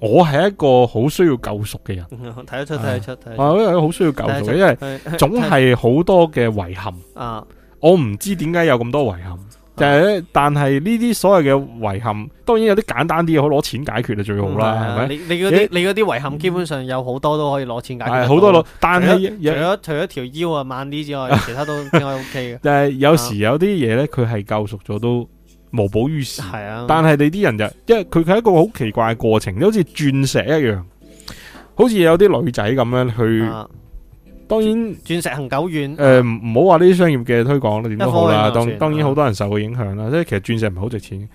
我係一個好需要救贖嘅人，睇得出，睇得出，啊，因為好需要救贖，因為總係好多嘅遺憾啊。我唔知點解有咁多遺憾，就是、但係呢啲所謂嘅遺憾，當然有啲簡單啲好攞錢解決就最好啦，係咪、嗯啊吧？你為你嗰啲你啲遺憾基本上有好多都可以攞錢解決，好、嗯、多攞。但係除咗了有除咗條腰啊慢啲之外，啊、其他都應該 OK 嘅。但係有時有啲嘢咧，佢係、啊、救贖咗都無補於事。係啊，但係你啲人就，因為佢係一個好奇怪嘅過程，就好似鑽石一樣，好似有啲女仔咁樣去。當然，鑽石恆久遠。誒、呃，唔好話呢啲商業嘅推廣，你點都好啦。當當然，好多人受佢影響啦。即係、嗯、其實鑽石唔係好值錢。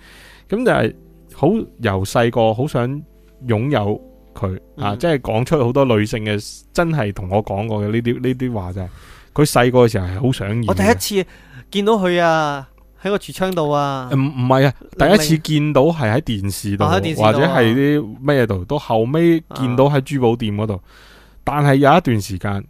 咁就係好由細個好想擁有佢、嗯、啊！即係講出好多女性嘅真係同我講過嘅呢啲呢啲話就係，佢細個嘅時候係好想。我第一次見到佢啊，喺個櫥窗度啊。唔唔係啊，第一次見到係喺電視度，呃、喺電視度啊、或者係啲咩度。到後尾見到喺珠寶店嗰度，啊、但係有一段時間。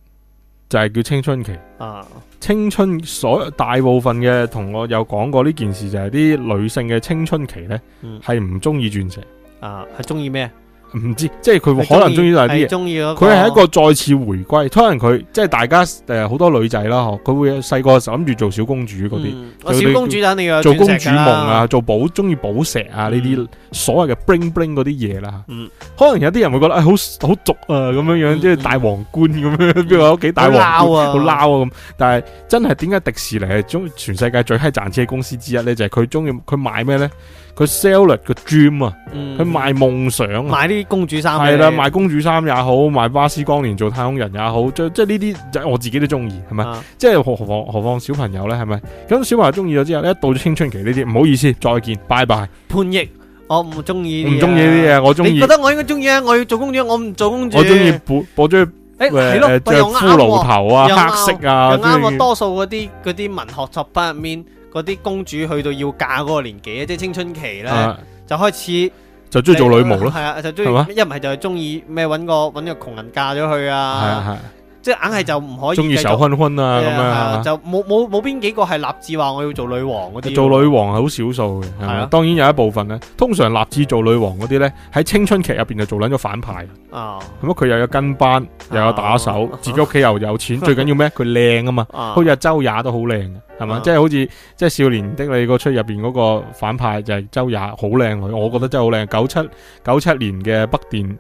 就係叫青春期啊！青春所大部分嘅同我有講過呢件事，就係啲女性嘅青春期咧、嗯，係唔中意鑽石啊，係中意咩？唔知，即係佢可能中意嗱啲嘢，佢係、那個、一個再次回歸。可能佢即係大家誒，好、呃、多女仔啦，佢會細個嘅時候諗住做小公主嗰啲，做公主夢啊，做寶中意寶石啊呢啲、嗯、所謂嘅 bling bling 嗰啲嘢啦。嗯，可能有啲人會覺得、哎、好好俗啊咁樣樣，嗯、即係大皇冠咁樣，邊個屋企大皇啊，好撈啊咁。但係真係點解迪士尼係中全世界最閪賺錢嘅公司之一呢？就係佢中意佢買咩呢？佢 sell 佢個 dream 啊，佢賣夢想，賣啲公主衫。係啦，賣公主衫也好，賣巴斯光年做太空人也好，即即呢啲，即係我自己都中意，係咪？即係何何何何況小朋友咧，係咪？咁小朋友中意咗之後咧，到咗青春期呢啲，唔好意思，再見，拜拜。叛逆，我唔中意，唔中意啲嘢，我中意。你覺得我應該中意啊？我要做公主，我唔做公主。我中意我中意誒，着骷髏頭啊，黑色啊，啱我。多數嗰啲嗰啲文學作品入面。嗰啲公主去到要嫁嗰個年紀，即係青春期咧，啊、就開始就中意做女巫咯。係啊，就中意一唔係就係中意咩搵個搵個窮人嫁咗去啊，係啊，係啊。即係硬係就唔可以，中意受困困啊咁啊，就冇冇冇邊幾個係立志話我要做女王啲，做女王係好少數嘅，係當然有一部分咧，通常立志做女王嗰啲咧，喺青春劇入邊就做捻咗反派啊。咁佢又有跟班，又有打手，自己屋企又有錢，最緊要咩？佢靚啊嘛，好似阿周也都好靚嘅，係嘛？即係好似即係少年的你嗰出入邊嗰個反派就係周也，好靚女，我覺得真係好靚。九七九七年嘅北電。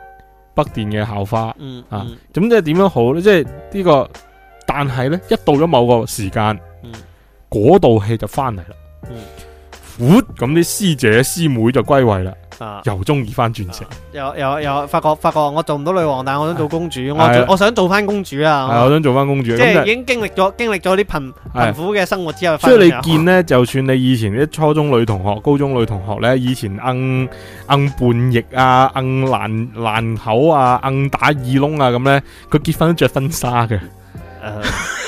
北電嘅校花，嗯啊，咁、嗯、即係點樣好咧？即係呢、呢個，但係咧，一到咗某個時間，嗰度戲就翻嚟啦，嗯咁啲師姐師妹就歸位啦。啊！又中意翻鑽成、啊，有，有，有，發覺發覺我做唔到女王，但係我想做公主，哎、我我想做翻公主啊！係，我想做翻公主，即係已經經歷咗經歷咗啲貧貧苦嘅生活之後，哎、所以你見呢，嗯、就算你以前啲初中女同學、高中女同學呢，以前硬硬叛逆啊、硬爛爛口啊、硬打耳窿啊咁呢，佢結婚都着婚紗嘅。啊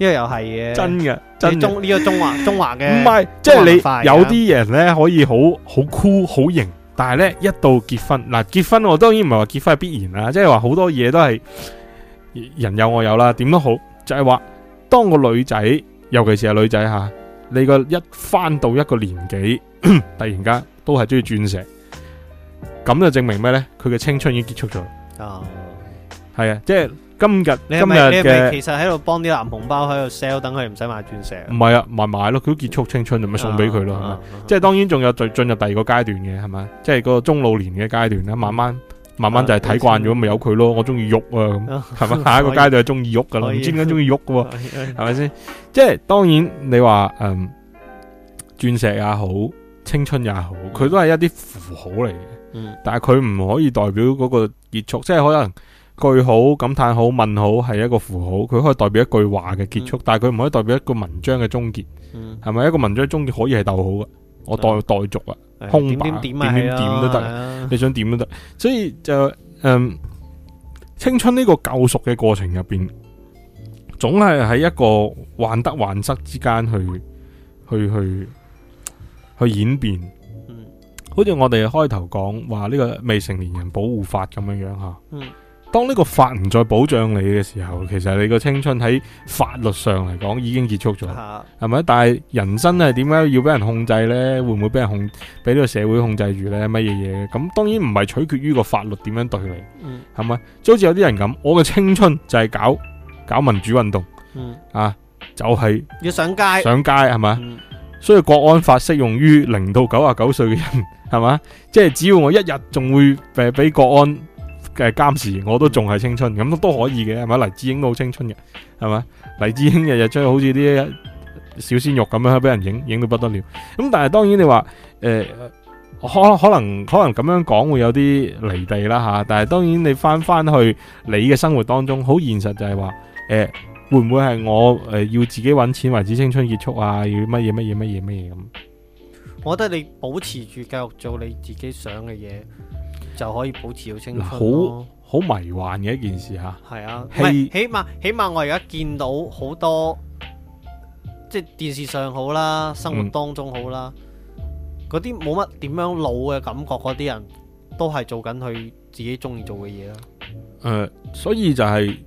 呢個又係嘅，真嘅，真中呢、這個中華中華嘅。唔係，即、就、係、是、你在有啲人咧可以好好酷、好型、cool，但係咧一到結婚，嗱、啊、結婚我當然唔係話結婚係必然啦、啊，即係話好多嘢都係人有我有啦，點都好就係、是、話當個女仔，尤其是係女仔吓，你個一翻到一個年紀，突然間都係中意鑽石，咁就證明咩咧？佢嘅青春已經結束咗啦。哦、oh，係、就、啊、是，即係。今日今日其實喺度幫啲藍紅包喺度 sell，等佢唔使買鑽石。唔係啊，買買咯，佢都結束青春，咪送俾佢咯。即係當然仲有進入第二個階段嘅，係咪？即係個中老年嘅階段咧，慢慢慢慢就係睇慣咗，咪有佢咯。我中意玉啊，咁係咪下一個階段係中意玉噶啦？唔知點解中意玉㗎喎？係咪先？即係當然你話嗯，鑽石也好，青春也好，佢都係一啲符號嚟嘅。但係佢唔可以代表嗰個結束，即係可能。句號、感嘆號、問號係一個符號，佢可以代表一句話嘅結束。嗯、但係佢唔可以代表一個文章嘅終結。係咪、嗯、一個文章嘅終結可以係逗號噶？我代代續啊，空白點點點都得，啊、你想點都得。所以就、嗯、青春呢個救贖嘅過程入邊，總係喺一個患得患失之間去去去去演變。好似、嗯、我哋開頭講話呢個未成年人保護法咁樣樣吓，嗯當呢個法唔再保障你嘅時候，其實你個青春喺法律上嚟講已經結束咗，係咪、啊？但係人生係點解要俾人控制呢？會唔會俾人控？俾呢個社會控制住呢？乜嘢嘢？咁當然唔係取決於個法律點樣對你，係咪、嗯？即好似有啲人咁，我嘅青春就係搞搞民主運動，嗯、啊，就係、是、要上街，上街係咪？是嗯、所以國安法適用於零到九十九歲嘅人，係咪？即、就、係、是、只要我一日仲會被國安。係監視，我都仲係青春，咁都都可以嘅。係咪黎智英都好青春嘅，係咪？黎智英日日出去好似啲小鮮肉咁樣，俾人影影到不得了。咁但係當然你話誒、呃，可可能可能咁樣講會有啲離地啦吓、啊。但係當然你翻翻去你嘅生活當中，好現實就係話誒，會唔會係我誒、呃、要自己揾錢為止青春結束啊？要乜嘢乜嘢乜嘢乜嘢咁？我覺得你保持住繼續做你自己想嘅嘢。就可以保持好青春好好迷幻嘅一件事吓。係啊，唔係，起碼起碼我而家見到好多，即係電視上好啦，生活當中好啦，嗰啲冇乜點樣老嘅感覺那些，嗰啲人都係做緊佢自己中意做嘅嘢啦。誒，所以就係、是。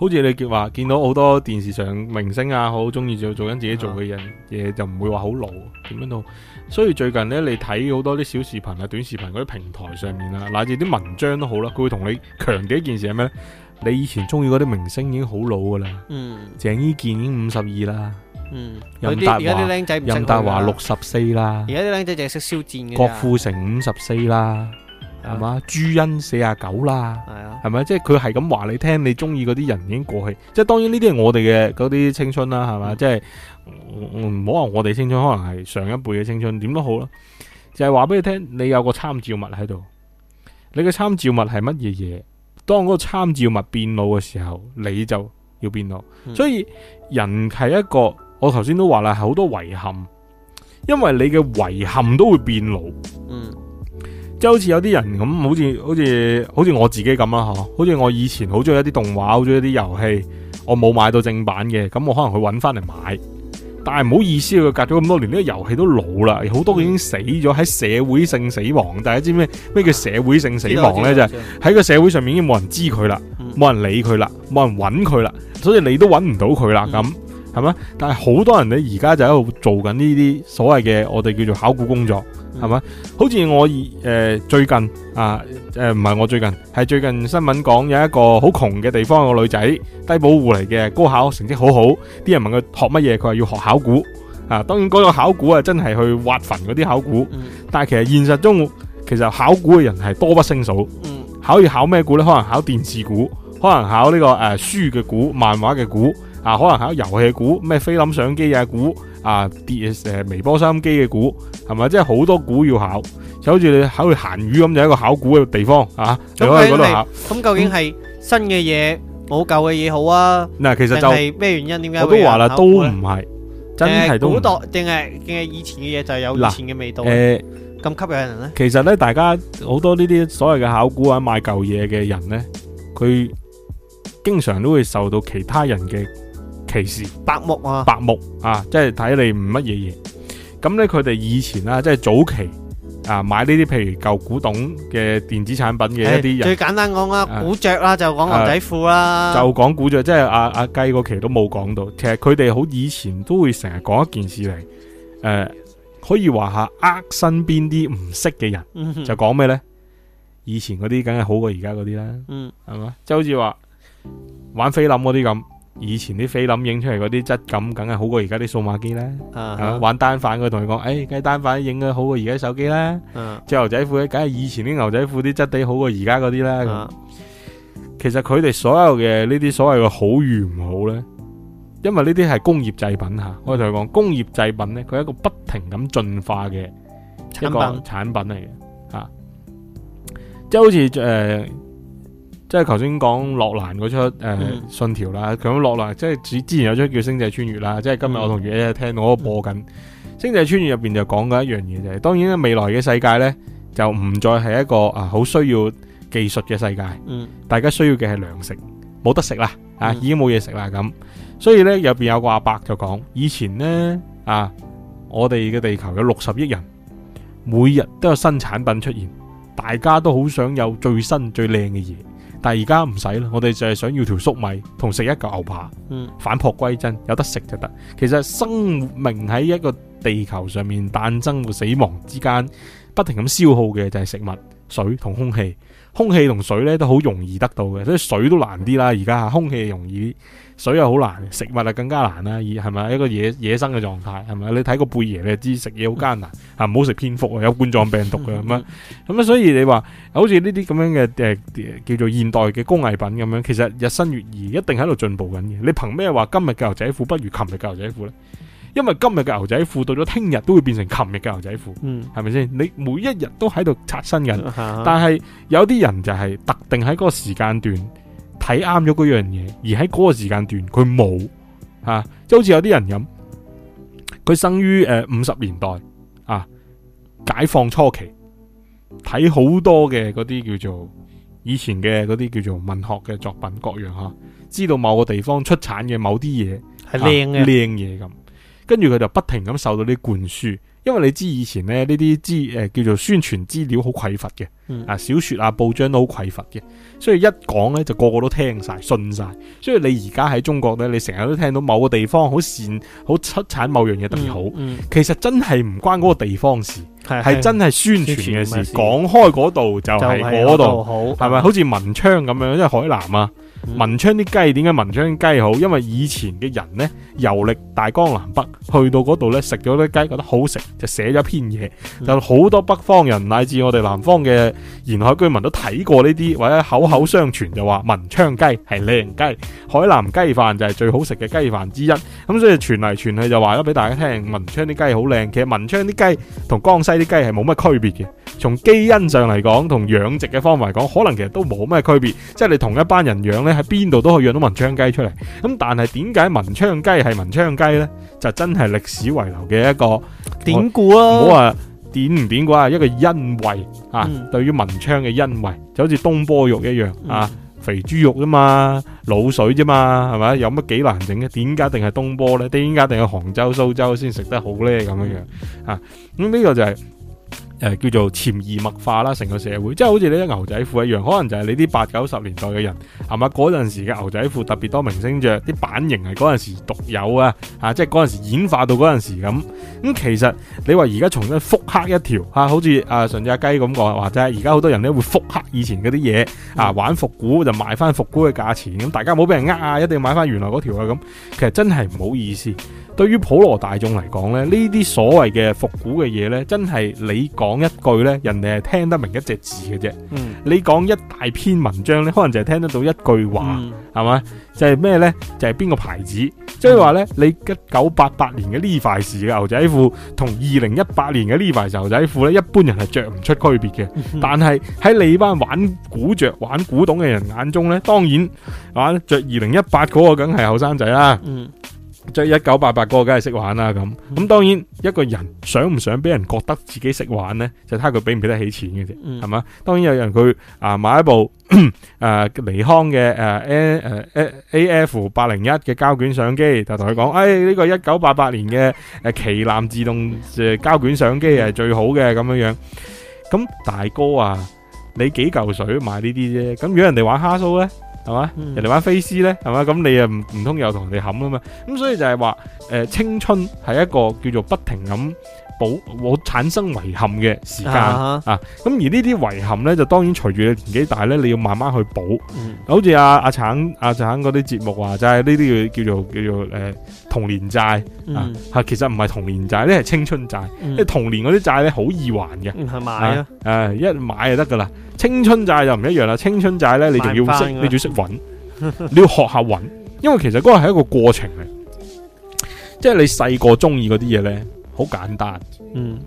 好似你話，見到好多電視上明星啊，好中意做做緊自己做嘅人嘢，啊、就唔會話好老，點樣都。所以最近呢，你睇好多啲小視頻啊、短視頻嗰啲平台上面啊，乃至啲文章都好啦，佢會同你強調一件事係咩呢？你以前中意嗰啲明星已經好老噶啦。嗯。鄭伊健已經五十二啦。嗯。任達華。仔任達華六十四啦。而家啲靚仔淨係識肖戰，郭富城五十四啦。係嘛？朱茵四啊九啦，係咪 Yeah.？即係佢係咁話你聽，你中意嗰啲人已經過去。即係當然呢啲係我哋嘅嗰啲青春啦，係嘛？Mm hmm. 即係唔好話我哋青春，可能係上一輩嘅青春，點都好啦。就係話俾你聽，你有個參照物喺度，你嘅參照物係乜嘢嘢？當嗰個參照物變老嘅時候，你就要變老。Mm hmm. 所以人係一個，我頭先都話啦，係好多遺憾，因為你嘅遺憾都會變老。嗯、mm。Hmm. 即係好似有啲人咁，好似好似好似我自己咁啦，吓！好似我以前好中意一啲動畫，好中意一啲遊戲，我冇買到正版嘅，咁我可能去搵翻嚟買。但係唔好意思，佢隔咗咁多年，呢個遊戲都老啦，好多已經死咗，喺社會性死亡。大家知咩咩叫社會性死亡呢？就係喺個社會上面已經冇人知佢啦，冇、嗯、人理佢啦，冇人揾佢啦，所以你都揾唔到佢啦，咁係咪？但係好多人呢，而家就喺度做緊呢啲所謂嘅我哋叫做考古工作。係嘛？好似我誒、呃、最近啊誒唔係我最近，係最近新聞講有一個好窮嘅地方個女仔，低保戶嚟嘅，高考成績好好。啲人問佢學乜嘢，佢話要學考古。啊，當然嗰個考古啊，真係去挖墳嗰啲考古，考古嗯、，但係其實現實中，其實考古嘅人係多不勝數。嗯、考要考咩古呢？可能考電視古，可能考呢、這個誒、呃、書嘅古、漫畫嘅古，啊，可能考遊戲古，咩菲林相機嘅古，啊，微波收音機嘅古。係咪？即係好多股要考，就好似你考去閒魚咁，就有一個考古嘅地方啊！喺度、嗯、考。咁究竟係新嘅嘢，冇舊嘅嘢好啊？嗱，其實就係咩原因？點解我都話啦，都唔係，欸、真係都唔係好多定係嘅以前嘅嘢就係有以前嘅味道誒，咁、欸、吸引人咧？其實咧，大家好多呢啲所謂嘅考古啊、賣舊嘢嘅人咧，佢經常都會受到其他人嘅歧視、白目啊、白目啊，即係睇你唔乜嘢嘢。咁咧，佢哋以前啦、啊，即係早期啊，買呢啲譬如舊古董嘅電子產品嘅一啲人、哎，最簡單講啊，古着啦、啊啊啊，就講牛仔褲啦，就講古着，即係阿阿雞個期都冇講到。其實佢哋好以前都會成日講一件事嚟，誒、啊，可以話下呃身邊啲唔識嘅人，嗯、哼就講咩咧？以前嗰啲梗係好過而家嗰啲啦，係嘛、嗯？即係好似話玩菲林嗰啲咁。以前啲菲林影出嚟嗰啲質感，梗係好過而家啲數碼機啦。Uh huh. 玩單反，佢同佢講，誒、哎，梗係單反影嘅好過而家手機啦。之後、uh huh. 牛仔褲咧，梗係以前啲牛仔褲啲質地好過而家嗰啲啦。Uh huh. 其實佢哋所有嘅呢啲所謂嘅好與唔好咧，因為呢啲係工業製品吓。Uh huh. 我同佢講，工業製品咧，佢係一個不停咁進化嘅一個產品嚟嘅，吓品。即係、啊、好似誒。呃即係頭先講諾蘭嗰出誒、呃嗯、信條啦。咁諾蘭即係之之前有出叫《星際穿越》啦。嗯、即係今日我同爺爺聽到嗰個播緊《嗯、星際穿越》入邊就講緊一樣嘢就係。當然咧，未來嘅世界咧就唔再係一個啊好需要技術嘅世界。嗯，大家需要嘅係糧食，冇得食啦啊，已經冇嘢食啦咁。所以咧，入邊有個阿伯就講，以前咧啊，我哋嘅地球有六十億人，每日都有新產品出現，大家都好想有最新最靚嘅嘢。但係而家唔使啦，我哋就係想要條粟米，同食一個牛扒，返璞歸真，有得食就得。其實生命喺一個地球上面誕生和死亡之間，不停咁消耗嘅就係食物、水同空氣。空氣同水呢都好容易得到嘅，所以水都難啲啦。而家空氣容易，水又好難，食物啊更加難啦，係咪一個野野生嘅狀態？係咪？你睇個貝爺，你知食嘢好艱難，吓，唔好食蝙蝠啊，有冠狀病毒嘅，咁樣，咁樣，嗯嗯、所以你話好似呢啲咁樣嘅誒、呃、叫做現代嘅工藝品咁樣，其實日新月異，一定喺度進步緊嘅。你憑咩話今日嘅牛仔褲不如琴日嘅牛仔褲呢？因為今日嘅牛仔褲到咗聽日都會變成琴日嘅牛仔褲，嗯，係咪先？你每一日都喺度刷新緊，但係有啲人就係特定喺嗰個時間段，睇啱咗嗰樣嘢，而喺嗰個時間段佢冇，吓、啊、就好似有啲人咁，佢生於誒五十年代啊，解放初期，睇好多嘅，嗰啲叫做以前嘅嗰啲叫做文學嘅作品各樣吓、啊，知道某個地方出產嘅某啲嘢係靚嘅靚嘢咁，跟住佢就不停咁受到啲灌輸。因為你知以前咧呢啲資誒叫做宣傳資料好匱乏嘅，嗯、啊小說啊報章都好匱乏嘅，所以一講咧就個個都聽晒信晒。所以你而家喺中國咧，你成日都聽到某個地方好善好出產某樣嘢，特別好，嗯嗯、其實真係唔關嗰個地方事，係、嗯、真係宣傳嘅事。講開嗰度就係嗰度好，係咪、嗯？好似文昌咁樣，因為海南啊。文昌啲雞，點解文昌雞好？因為以前嘅人呢，遊歷大江南北，去到嗰度呢，食咗啲雞，覺得好食就寫咗篇嘢。就好多北方人，mm. 乃至我哋南方嘅沿海居民都睇過呢啲，或者口口相傳就話文昌雞係靚雞。海南雞飯就係最好食嘅雞飯之一。咁所以傳嚟傳去就話咗俾大家聽，文昌啲雞好靚。其實文昌啲雞同江西啲雞係冇乜區別嘅。從基因上嚟講，同養殖嘅方法嚟講，可能其實都冇乜區別。即係你同一班人養喺邊度都可以養到文昌雞出嚟，咁但係點解文昌雞係文昌雞呢？就真係歷史遺留嘅一個典故啊！唔好話典唔典故，啩，一個恩惠、嗯、啊。對於文昌嘅恩惠就好似東坡肉一樣、嗯、啊，肥豬肉啫嘛，卤水啫嘛，係咪？有乜幾難整嘅？點解定係東坡呢？點解定係杭州、蘇州先食得好呢？咁樣樣啊？咁、嗯、呢、這個就係、是。誒叫做潛移默化啦，成個社會即係好似你啲牛仔褲一樣，可能就係你啲八九十年代嘅人係嘛？嗰陣時嘅牛仔褲特別多明星着，啲版型係嗰陣時獨有啊，即係嗰陣時演化到嗰陣時咁。咁其實你話而家重新復刻一條好似啊，上次阿雞咁講，或者而家好多人咧會復刻以前嗰啲嘢啊，玩復古就賣翻復古嘅價錢，咁大家冇畀俾人呃啊，一定要買翻原來嗰條啊咁。其實真係唔好意思。對於普羅大眾嚟講咧，呢啲所謂嘅復古嘅嘢咧，真係你講一句咧，人哋係聽得明一隻字嘅啫。嗯、你講一大篇文章咧，可能就係聽得到一句話，係嘛、嗯？就係、是、咩呢？就係、是、邊個牌子？嗯、即係話呢，你一九八八年嘅呢塊 Levi's 嘅牛仔褲，同二零一八年嘅呢塊牛仔褲咧，一般人係着唔出區別嘅。嗯、但係喺你班玩古着、玩古董嘅人眼中咧，當然係着二零一八嗰個梗係後生仔啦。嗯即係一九八八個，梗係識玩啦咁。咁當然，當然一個人想唔想俾人覺得自己識玩呢，就睇下佢俾唔俾得起錢嘅啫，係嘛？嗯、當然有人佢啊買一部誒、啊、尼康嘅誒 N 誒 A A F 八零一嘅膠卷相機，就同佢講：，誒、哎、呢、這個一九八八年嘅誒、啊、旗艦自動誒膠卷相機係最好嘅咁樣樣。咁大哥啊，你幾嚿水買呢啲啫？咁如果人哋玩哈蘇呢？係嘛，是嗯、人哋玩飛師咧，係嘛，咁你又唔唔通又同人哋冚啊嘛，咁所以就係話，誒、呃、青春係一個叫做不停咁補，我產生遺憾嘅時間啊，咁、啊、而呢啲遺憾咧，就當然隨住你年紀大咧，你要慢慢去補。嗯、好似、啊、阿橙阿橙阿橙嗰啲節目話齋，呢啲叫叫做叫做誒童年債啊，嚇其實唔係童年債，呢係、嗯啊、青春債。嗯、因為童年嗰啲債咧好易還嘅，係買、嗯、啊，誒、啊、一買就得噶啦，青春債就唔一樣啦，青春債咧你仲要你仲要識。慢慢揾你要學下揾，因為其實嗰個係一個過程嚟。即係你細個中意嗰啲嘢呢，好簡單。嗯，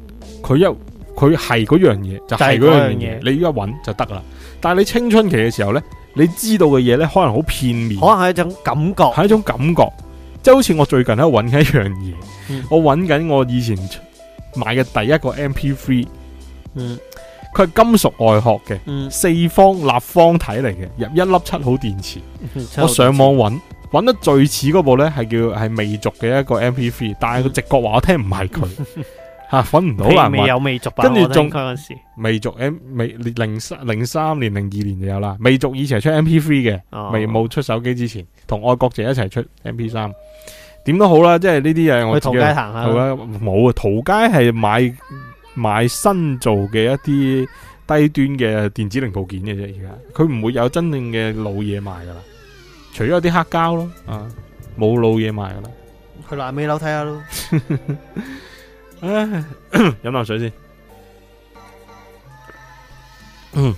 佢一佢係嗰樣嘢就係、是、嗰樣嘢，樣你依家揾就得啦。但係你青春期嘅時候呢，你知道嘅嘢呢，可能好片面，可能係一種感覺，係一種感覺，即係好似我最近喺度揾嘅一樣嘢，嗯、我揾緊我以前買嘅第一個 MP3。嗯。佢係金屬外殼嘅，嗯、四方立方體嚟嘅，入一粒七號電池。電池我上網搵，搵得最似嗰部咧，係叫係魅族嘅一個 M P three，但係佢直覺話我聽唔係佢吓，搵唔、嗯啊、到啦，未有魅族，跟住仲魅族 M 魅零三零,零,零三年零二年就有啦，魅族以前出 M P three 嘅，微冇、哦、出手機之前，同愛國者一齊出 M P 三，點都好啦，即係呢啲嘢我，去淘街行下街，冇啊，淘街係買。買新造嘅一啲低端嘅電子零部件嘅啫，而家佢唔會有真正嘅老嘢賣噶啦，除咗有啲黑膠咯。啊，冇老嘢賣噶啦，去爛尾樓睇下咯，唉，飲啖水先，嗯，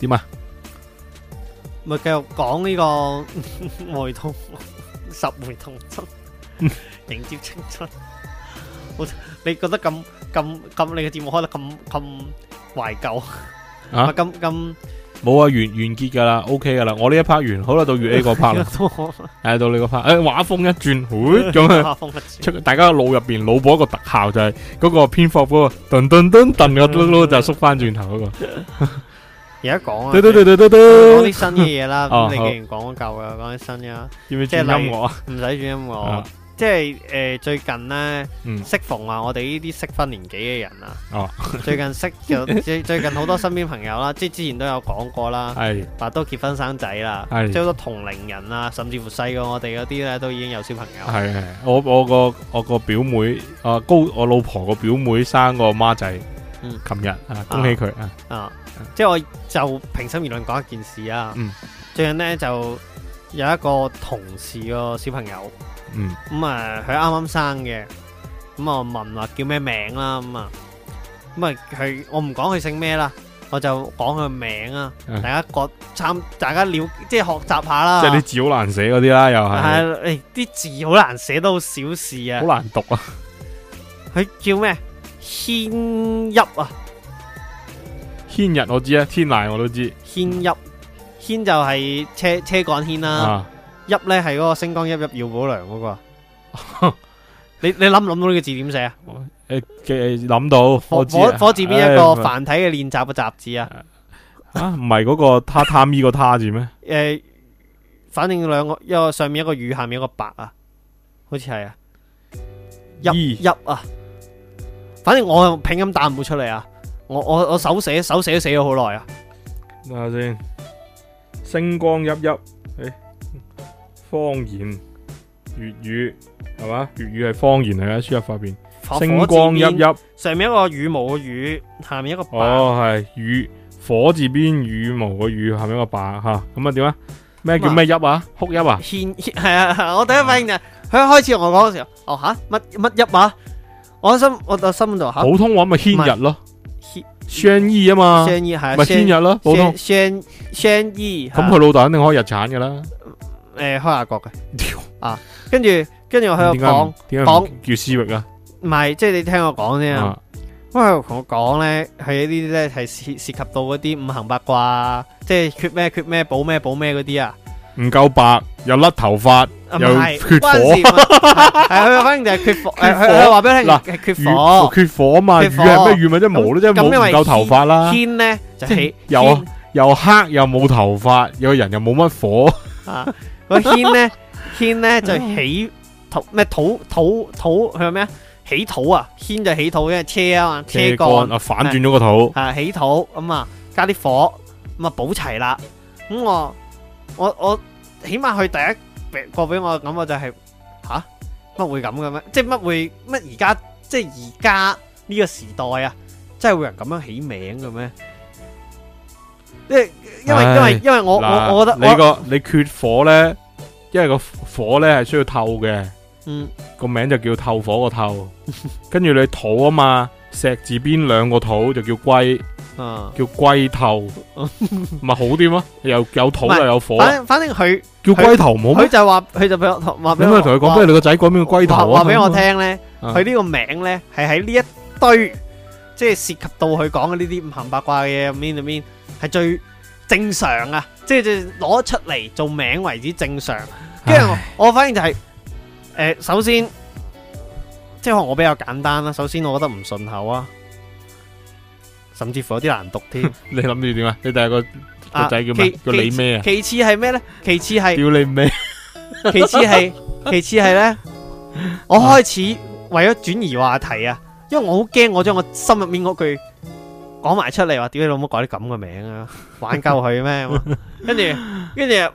點啊？咪繼續講呢個回童十回童真，迎接青春。你覺得咁咁咁？你嘅節目開得咁咁懷舊啊？咁咁冇啊，完完結噶啦，OK 噶啦，我呢一 part 完，好啦，到粵 A 個 part 啦，係到你個 part，誒，畫風一轉，咁啊，出大家嘅腦入邊腦補一個特效就係嗰個蝙蝠波，噔噔噔噔，就縮翻轉頭嗰個。而家講啊，講啲新嘅嘢啦，咁你既然講舊噶，講啲新嘅，要唔要轉音樂？唔使轉音樂。即係誒，最近呢，適逢啊，我哋呢啲適婚年紀嘅人啊，最近識有最近好多身邊朋友啦，即係之前都有講過啦，大多結婚生仔啦，即係好多同齡人啊，甚至乎細過我哋嗰啲咧，都已經有小朋友。係我我個我個表妹啊，高我老婆個表妹生個孖仔，琴日啊，恭喜佢啊！啊，即係我就平心而論講一件事啊，最近呢，就有一個同事個小朋友。嗯，嗯，咁、嗯、啊，佢啱啱生嘅，咁啊問話叫咩名啦，咁啊，咁啊佢，我唔講佢姓咩啦，我就講佢個名啊，嗯、大家各參，大家了即係學習下啦，即係啲字好難寫嗰啲啦，又係，係、哎，啲字好難寫都小事啊，好難讀啊，佢叫咩？軒邑啊，軒日我知，我知啊，天賴我都知，軒邑，軒就係車車趕軒啦。入咧係嗰個星光熠熠耀寶良嗰個，你你諗唔諗到呢個字點寫啊？誒，諗到，我知。火字火字邊一個繁體嘅練習嘅雜字啊，啊，唔係嗰個他他咪個他字咩？誒，反正兩個一個上面一個雨下面一個白啊，好似係啊，入入啊，反正我拼音打唔出嚟啊，我我我手寫手寫寫咗好耐啊，等下先，星光熠熠。方言粵語係嘛？粵語係方言嚟嘅，輸入法邊？星光熠熠，上面一個羽毛嘅羽，下面一個白，哦，係羽火字邊羽毛嘅羽，下面一個白，吓。咁啊，點啊？咩叫咩泣啊？哭泣啊？軒係啊！我第一反應就佢一開始同我講嘅時候，哦吓乜乜泣啊？我心我我心度吓。普通話咪軒逸咯，雙義啊嘛，雙義係咪軒逸咯？普通雙雙義咁，佢老豆肯定開日產嘅啦。誒，開下角嘅啊，跟住跟住我喺度講講叫思域啊，唔係，即係你聽我講先啊。我喺度同我講咧，係呢啲咧係涉涉及到嗰啲五行八卦，即係缺咩缺咩補咩補咩嗰啲啊。唔夠白又甩頭髮又缺火，係啊，反正就係缺火誒，話俾你聽缺火缺火啊嘛，魚係咩魚咪即係毛咯，即係毛唔夠頭髮啦。天咧就起又又黑又冇頭髮，有人又冇乜火啊。個軒咧，軒咧 就是、起土咩土土土佢咩啊？起土啊，軒就起土，因為車啊嘛，車干啊，反轉咗個土，係起土咁、就是、啊，加啲火咁啊，補齊啦。咁我我我起碼佢第一個俾我嘅感覺就係吓乜會咁嘅咩？即係乜會乜而家即係而家呢個時代啊，真係會有人咁樣起名嘅咩？即係因為因為因為我我我覺得你個你缺火咧，因為個火咧係需要透嘅。嗯，個名就叫透火個透。跟住你土啊嘛，石字邊兩個土就叫龜，叫龜透，咪好啲咯？又有土又有火。反正佢叫龜頭唔好咩？就話佢就俾我話俾我。同佢講不如你個仔講邊個龜頭啊？話俾我聽咧，佢呢個名咧係喺呢一堆，即係涉及到佢講嘅呢啲五行八卦嘅嘢面裏面。係最正常啊，即係就攞出嚟做名為止正常。跟住我，就是，我反應就係誒，首先即係可能我比較簡單啦。首先我覺得唔順口啊，甚至乎有啲難讀添。你諗住點啊？你第二個個仔叫咩？叫你咩啊？其次係咩咧？其次係屌你咩？ 其次係其次係咧，我開始為咗轉移話題啊，因為我好驚我將我心入面嗰句。講埋出嚟，話屌你老母改啲咁嘅名啊，玩夠佢咩？ 跟住跟住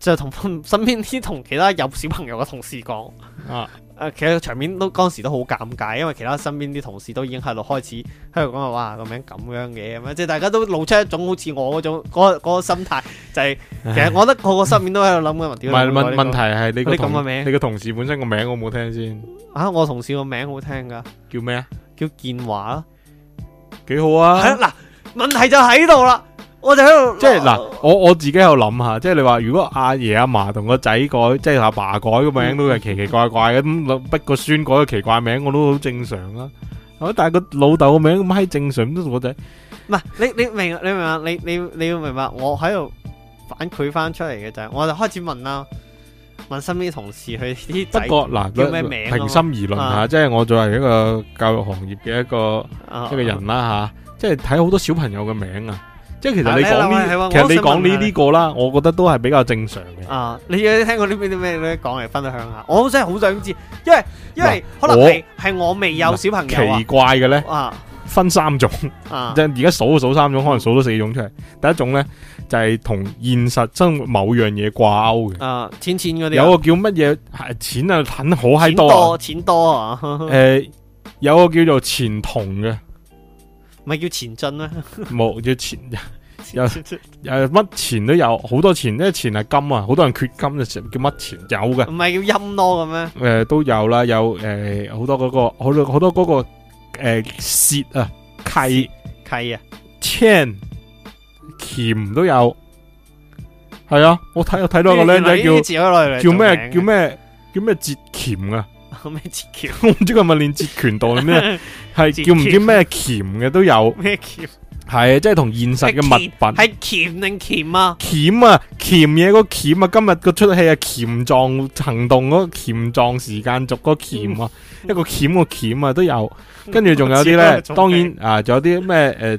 就同身邊啲同其他有小朋友嘅同事講啊。誒， 其實場面都當時都好尷尬，因為其他身邊啲同事都已經喺度開始喺度講啊，哇，個名咁樣嘅。咁，即係大家都露出一種好似我嗰種嗰嗰、嗰個心態，就係、是、其實我覺得個身、 個個心面都喺度諗嘅，話屌你老母改啲咁嘅名。你個同，你同事本身個名我冇聽先啊，我同事個名好聽噶，叫咩啊？叫建華啦。幾好啊，啊！係啦，嗱，問題就喺度啦，我就喺度即係嗱，我我自己喺度諗下，即係你話如果阿爺阿嫲同個仔改，即係阿爸，爸改個名都係奇奇怪怪嘅，咁逼、嗯、個孫改個奇怪名我都好正常啦、啊。但係個老豆個名咁閪正常，都做我仔。唔係，你你明，你明啊？你明白你你，你要明白，我喺度反佢翻出嚟嘅就係，我就開始問啦。問身邊同事佢啲仔叫咩名？不過平心而論吓，即係我作為一個教育行業嘅一個一個人啦吓，即係睇好多小朋友嘅名啊！即係其實你講呢，其實你講呢呢個啦，我覺得都係比較正常嘅。啊，你有冇聽過啲咩啲咩咧講嚟分享下？我真係好想知，因為因為可能未係我未有小朋友奇怪嘅咧啊！分三種啊，即係而家數數三種，可能數到四種出嚟。第一種咧就係、是、同現實生活某樣嘢掛鈎嘅啊，錢錢嗰啲，有個叫乜嘢係錢啊，很好喺多。多錢多啊，誒多、啊 呃，有個叫做錢銅嘅，唔係叫錢進咩？冇，叫錢有誒，乜錢都有，好多錢因為，錢係金啊，好多人缺金就是、叫乜錢有嘅，唔係叫陰咯咁咩？誒、呃，都有啦，有誒，好、呃、多嗰個好多好多個。誒，涉、欸、啊，契契啊，謙謙都有，係啊，我睇我睇到嗰個靚仔叫類類叫咩叫咩叫咩節謙啊，咩節謙， 我唔知佢係咪練截拳道定咩，係叫唔叫咩謙嘅都有咩謙。係，即係同現實嘅物品，係鉗定鉗啊！鉗啊！鉗嘢個鉗啊！今日個出戲啊！鉗狀行動嗰鉗狀時間軸個鉗啊！一個鉗個鉗啊都有，跟住仲有啲咧，當然啊，仲有啲咩誒。 呃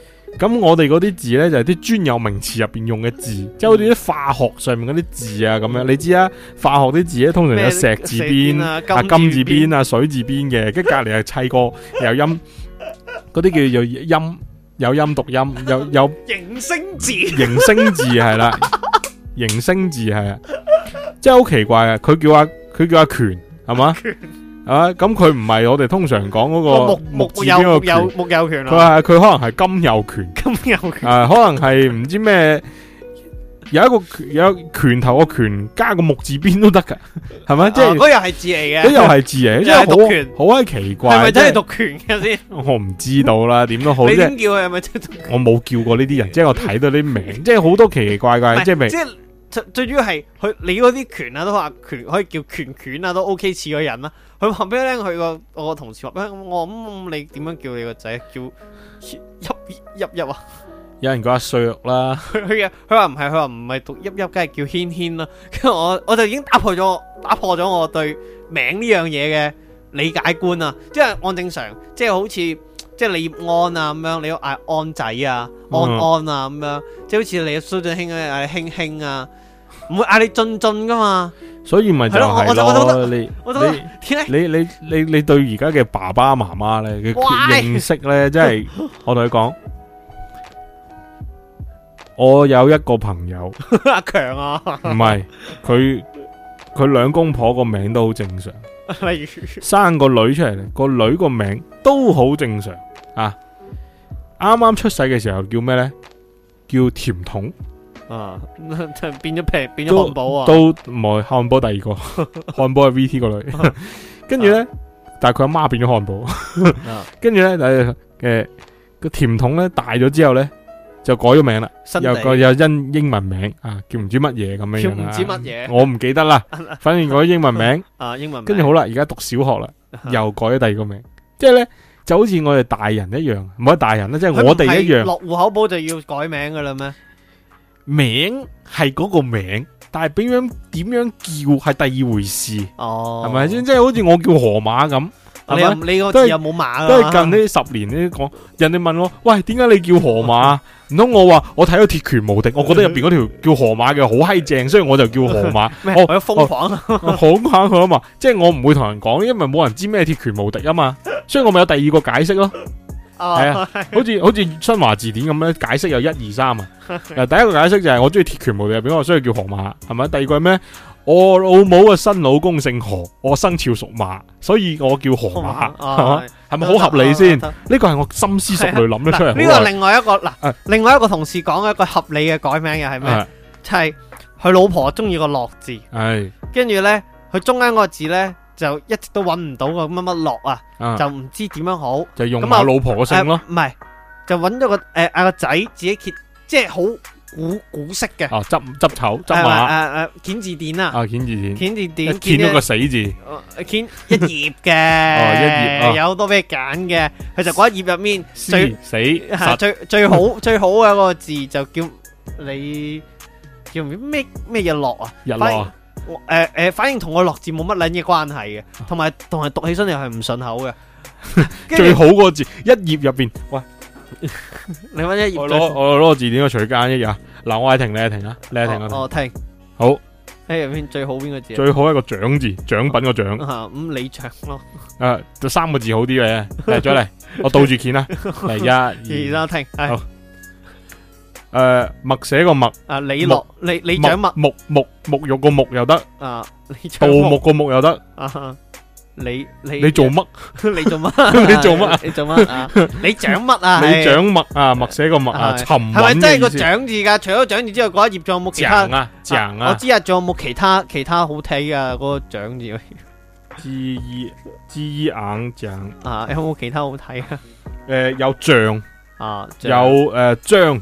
咁我哋嗰啲字咧就係啲專有名詞入邊用嘅字，即係好似啲化學上面嗰啲字啊咁樣，你知啊？化學啲字咧通常有石字邊，邊啊金字邊啊金字邊啊水字邊嘅，跟住隔籬係砌個，有音嗰啲 叫有音有音讀音有有形聲聲字， 形聲字係啦，形聲字係，真係好奇怪啊。佢叫阿佢叫阿權係嘛？啊，咁佢唔係我哋通常講嗰個木木有木有權，佢佢可能係金有權，金有權啊，可能係唔知咩有一個有拳頭個拳加個木字邊都得噶，係咪即係嗰又係字嚟嘅，嗰又係字嚟，即係讀拳好啊，奇怪係咪真係讀拳嘅先？我唔知道啦，點都好啫。你叫佢係咪真係？我冇叫過呢啲人，即係我睇到啲名，即係好多奇奇怪怪，即係名，即係最主要係佢你嗰啲拳啊，都話拳可以叫拳拳啊，都 O K 似個人啦。佢話俾你聽，佢個我個同事話俾我，我諗你點樣叫你個仔叫旭旭旭啊？有人講阿碩啦，佢佢話唔係，佢話唔係讀旭旭，梗係叫軒軒啦。跟 住我我就已經打破咗，打破咗我對名呢樣嘢嘅理解觀啊。即係按正常，即係好似即係你安啊咁樣，你要嗌安仔啊，安安、嗯嗯、啊咁樣、嗯啊，即係好似你蘇俊興啊，嗌興興啊。唔會嗌你進進噶嘛，所以咪就係我，就我，就我，就我就你我就你我就你你，你，你，你對而家嘅爸爸媽媽咧嘅認識咧，即係乖我同你講，我有一個朋友 阿強啊，唔係佢佢兩公婆個名都好正常， 生個女出嚟，個女個名都好正常啊。啱啱出世嘅時候叫咩咧？叫甜筒。啊，變咗皮，變咗漢堡啊，都唔係漢堡，第二個漢堡係 V T 個女，跟住咧，但係佢阿媽變咗漢堡，跟住咧，誒誒個甜筒咧大咗之後咧就改咗名啦，又改又因英文名啊，叫唔知乜嘢咁樣，叫唔知乜嘢，我唔記得啦，反正改英文名啊英文，跟住好啦，而家讀小學啦，又改咗第二個名，即係咧就好似我哋大人一樣，唔係大人啦，即係我哋一樣，落戶口簿就要改名噶啦咩？名係嗰個名，但係點樣點樣叫係第二回事，係咪先？即係好似我叫河馬咁，你有吧你個字是有冇馬，啊？都係近呢十年呢講，人哋問我：喂，點解你叫河馬？唔通。 我話我睇到《鐵拳無敵》，我覺得入邊嗰條叫河馬嘅好閪正，所以我就叫河馬。 我瘋狂我，瘋狂佢啊嘛！即係我唔會同人講，因為冇人知咩《鐵拳無敵》啊嘛，所以我咪有第二個解釋咯。係啊，好似好似新華字典咁咧，解釋有一二三啊。嗱，第一個解釋就係我中意鐵拳無力，入邊，我所以叫河馬，係咪？第二句咩？我老母嘅新老公姓何，我生肖屬馬，所以我叫河馬，係咪好合理先？呢個係我深思熟慮諗得出嚟。呢個另外一個嗱，另外一個同事講嘅一個合理嘅改名嘅係咩？就係佢老婆中意個樂字，係跟住咧，佢中間個字咧。就一直都揾唔到個乜乜落啊，就唔知點樣好，就用我老婆個姓咯，唔係就揾咗個誒啊個仔自己揭，即係好古古式嘅，哦執執丑執馬誒誒，揭字典啦，啊揭字典揭字典，揭咗個死字，揭一頁嘅，哦一頁，有好多咩揀嘅，佢就嗰一頁入面最死最最好最好嘅一個字就叫你叫咩咩日落啊日落。誒誒，反正同我落字冇乜卵嘢關係嘅，同埋同埋讀起身又係唔順口嘅。最好嗰個字，一頁入邊，喂，你搵一頁。我攞我攞個字典，我點樣揀一頁。嗱，我嗌停，你嗌停啦，你嗌停啦。哦，停。好。喺入邊最好邊個字？最好一個獎字，獎品個獎。吓，咁你唱咯。誒，就三個字好啲嘅。嚟，再嚟，我倒住件啦。嚟一。二三，停。誒，墨寫個墨，啊李樂，李李長墨，沐沐沐浴個沐又得，啊，木木個木又得，啊，李李你做乜？你做乜？你做乜？你做乜啊？你長乜啊？你長墨啊？墨寫個墨啊？沉係咪真係個長字噶？除咗長字之外，嗰一頁仲有冇其他啊？長啊！我知啊，仲有冇其他其他好睇噶？嗰個長字，字字硬淨啊？有冇其他好睇啊？誒，有象啊，有誒張。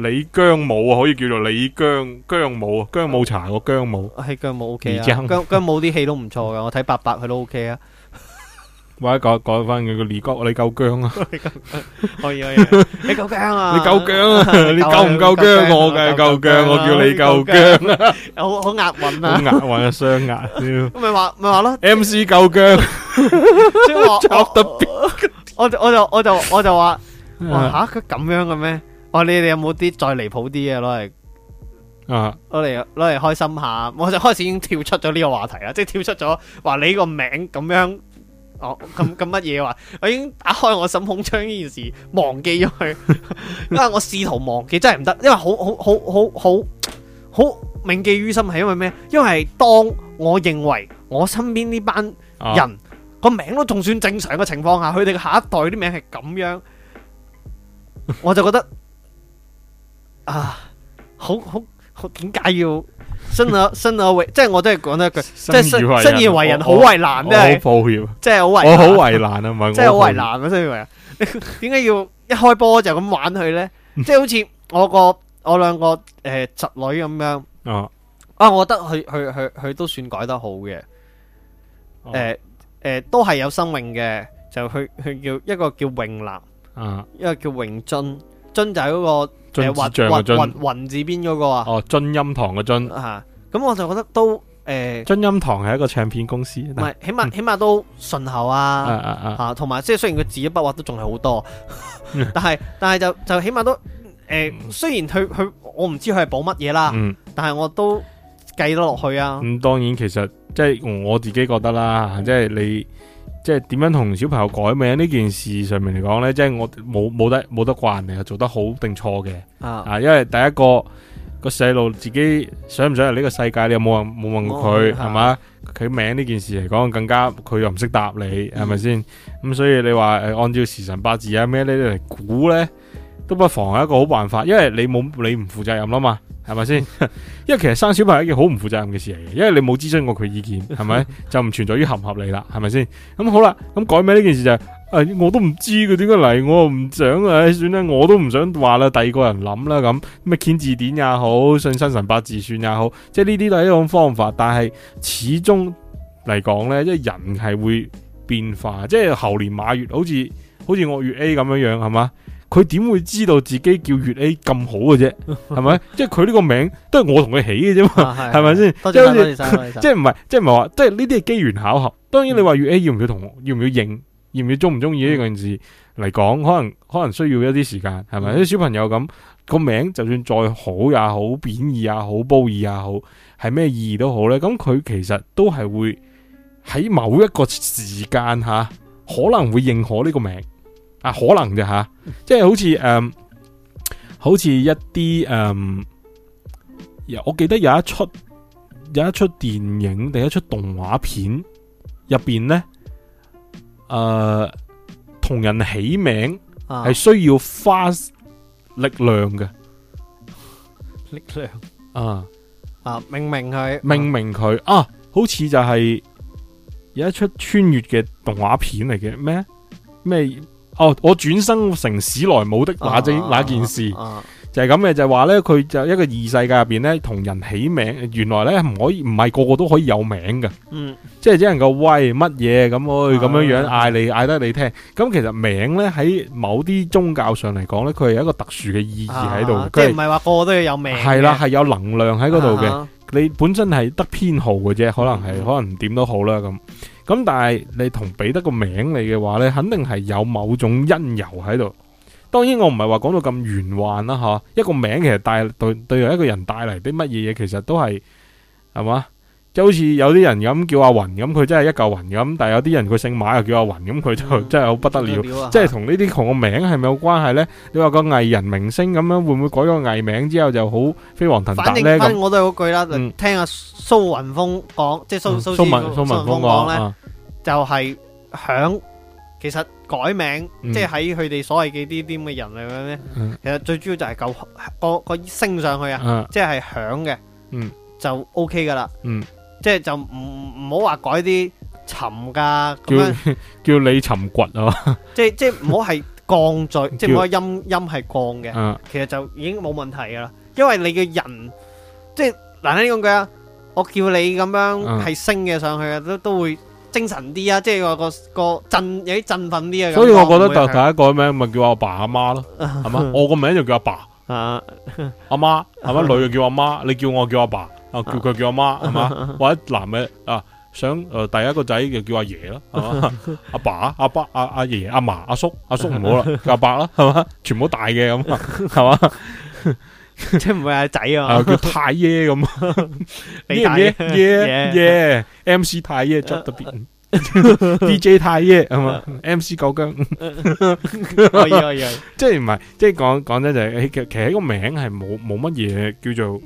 李姜武可以叫做李姜姜武啊，姜武茶個姜武係姜武 O K 啊，姜姜武啲戲都唔錯噶，我睇八百佢都 O K 啊。或者改改翻佢個李哥李夠姜啊，可以可以，你夠姜啊，你夠姜啊，你夠唔夠姜我嘅夠姜，我叫你夠姜啊，好好押韻啊，押韻啊，雙押。咁咪話咪話咯，M C 夠姜，即係我特別，我我就我就我就話，哇吓佢咁樣嘅咩？我、哦、你哋有冇啲再離譜啲嘅攞嚟？啊，攞嚟，攞嚟開心一下。我就開始已經跳出咗呢個話題啦，即係跳出咗話你個名咁樣哦咁咁乜嘢話。啊、 我已經打開我的心控窗呢件事忘記咗佢。 因為我試圖忘記真係唔得，因為好好好好好好銘記於心係因為咩？因為當我認為我身邊呢班人個、啊、名都仲算正常嘅情況下，佢哋下一代啲名係咁樣，我就覺得。啊，好好好，點解要生啊生啊？即係我都係講得一句，即係生而為人好為，為難，即係是即係好為我好為難啊！唔係，即係好為難啊！生而為人點解要一開波就咁玩佢咧？ 即係好似我個我兩個誒、呃、侄女咁樣啊。啊，我覺得佢佢佢佢都算改得好嘅。誒誒、啊呃呃，都係有生命嘅，就佢佢叫一個叫榮南，啊一個叫榮尊，尊、啊、就係嗰個。誒，雲雲雲雲字邊嗰個啊？哦，樽音堂嘅樽，咁我就覺得都誒、樽、呃、音堂係一個唱片公司，唔係，起碼起碼都順口啊、吓、啊啊啊啊，同埋即係雖然佢字一筆畫都仲係好多，嗯、但係但係就就起碼都誒、呃，雖然佢佢我唔知佢係補乜嘢啦嗯、啊嗯，嗯，但係我都計得落去啊。咁當然其實即係、就是、我自己覺得啦，即、就、係、是、你。即係點樣同小朋友改名呢件事上面嚟講呢？即係我冇冇得冇得怪人哋又做得好定錯嘅啊，啊！因為第一個個細路自己想唔想入呢個世界，你又冇問冇問過佢係嘛？佢名呢件事嚟講更加佢又唔識答你，係咪先？咁所以你話誒，按照時辰八字啊咩呢啲嚟估呢？都不妨係一個好辦法，因為你冇你唔負責任啦嘛，係咪先？ 因為其實生小朋友一件好唔負責任嘅事嚟嘅，因為你冇諮詢過佢意見，係咪？ 就唔存在於合唔合理啦，係咪先？咁好啦，咁改名呢件事就係、是，誒、哎，我都唔知佢點解嚟，我又唔想，呀，算啦，我都唔想話啦，第二個人諗啦，咁咪揭字典也好，信生辰八字算也好，即係呢啲都係一種方法，但係始終嚟講呢，即係人係會變化，即係猴年馬月，好似好似我月 A 咁樣樣，係嘛？佢點會知道自己叫粵 A 咁好嘅啫？係咪？即係佢呢個名都係我同佢起嘅啫嘛？係咪先？即係即係唔係？即係唔係話？即係呢啲係機緣巧合。當然你話粵 A 要唔要同？要唔要認？要唔要中唔中意呢個字嚟講？嗯、可能可能需要一啲時間，係咪？啲 小朋友咁個名，就算再好也好，貶義也好，褒義也好，係咩意義都好咧。咁佢其實都係會喺某一個時間吓，可能會認可呢個名。啊、可能嘅吓，即係好似誒、嗯，好似一啲誒、嗯，我記得有一出有一出電影定一出動畫片入邊咧，誒，同、呃、人起名係、啊、需要花力量嘅力量啊、嗯、啊！命名佢，命名佢、嗯、啊，好似就係有一出穿越嘅動畫片嚟嘅咩？咩？哦，oh, 我轉生成史萊姆的那件那件事、uh huh. 就係咁嘅，就係話咧佢就一個異世界入邊咧，同人起名原來咧唔可以唔係個個都可以有名嘅，嗯、mm.，即係只能夠喂乜嘢咁去咁樣樣嗌你嗌得你聽，咁其實名咧喺某啲宗教上嚟講咧，佢係一個特殊嘅意義喺度，uh huh. 是即係唔係話個個都要有名，係啦，係有能量喺嗰度嘅，你本身係得編號嘅啫，可能係、uh huh. 可能點都好啦咁。咁但係你同畀得個名你嘅話咧，肯定係有某種因由喺度。當然我唔係話講到咁玄幻啦，吓一個名其實帶對對一個人帶嚟，啲乜嘢嘢，其實都係係嘛。就好似有啲人咁叫阿雲咁，佢真係一嚿雲咁。但係有啲人佢姓馬又叫阿雲咁，佢就真係好不得了。即係同呢啲同個名係咪有關係咧？你話個藝人明星咁樣會唔會改個藝名之後就好飛黃騰達咧？反正我都係嗰句啦，聽阿蘇雲峰講，即係蘇蘇蘇蘇文蘇文峰講咧，就係響。其實改名即係喺佢哋所謂嘅啲啲咁嘅人嚟講咧，其實最主要就係夠個個升上去啊，即係響嘅，就 O K 噶啦。即係就唔唔好話改啲沉噶咁樣，叫你沉掘啊！即係即係唔好係降罪，即係唔好音音係降嘅。其實就已經冇問題噶啦，因為你嘅人即係難聽啲講句啊，我叫你咁樣係升嘅上去啊，都都會精神啲啊！即係個個個振有啲振奮啲啊！所以我覺得大家改名咪叫阿爸阿媽咯，係嘛？我個名就叫阿爸阿媽，係咪女就叫阿媽？你叫我叫阿爸。啊！叫佢叫阿媽係嘛，或者男嘅啊，想誒第一個仔就叫阿爺啦，係嘛？阿爸、阿爸，阿阿爺、阿嫲、阿叔、阿叔唔好啦，阿伯啦，係嘛？全部都大嘅咁，係嘛？即係唔係阿仔啊，叫太爺咁。耶耶耶！M C 太爺 drop the beat，D J 太爺係嘛？M C 九斤。哦，有有，即係唔係？即係講講真，就係其實其實個名係冇冇乜嘢叫做。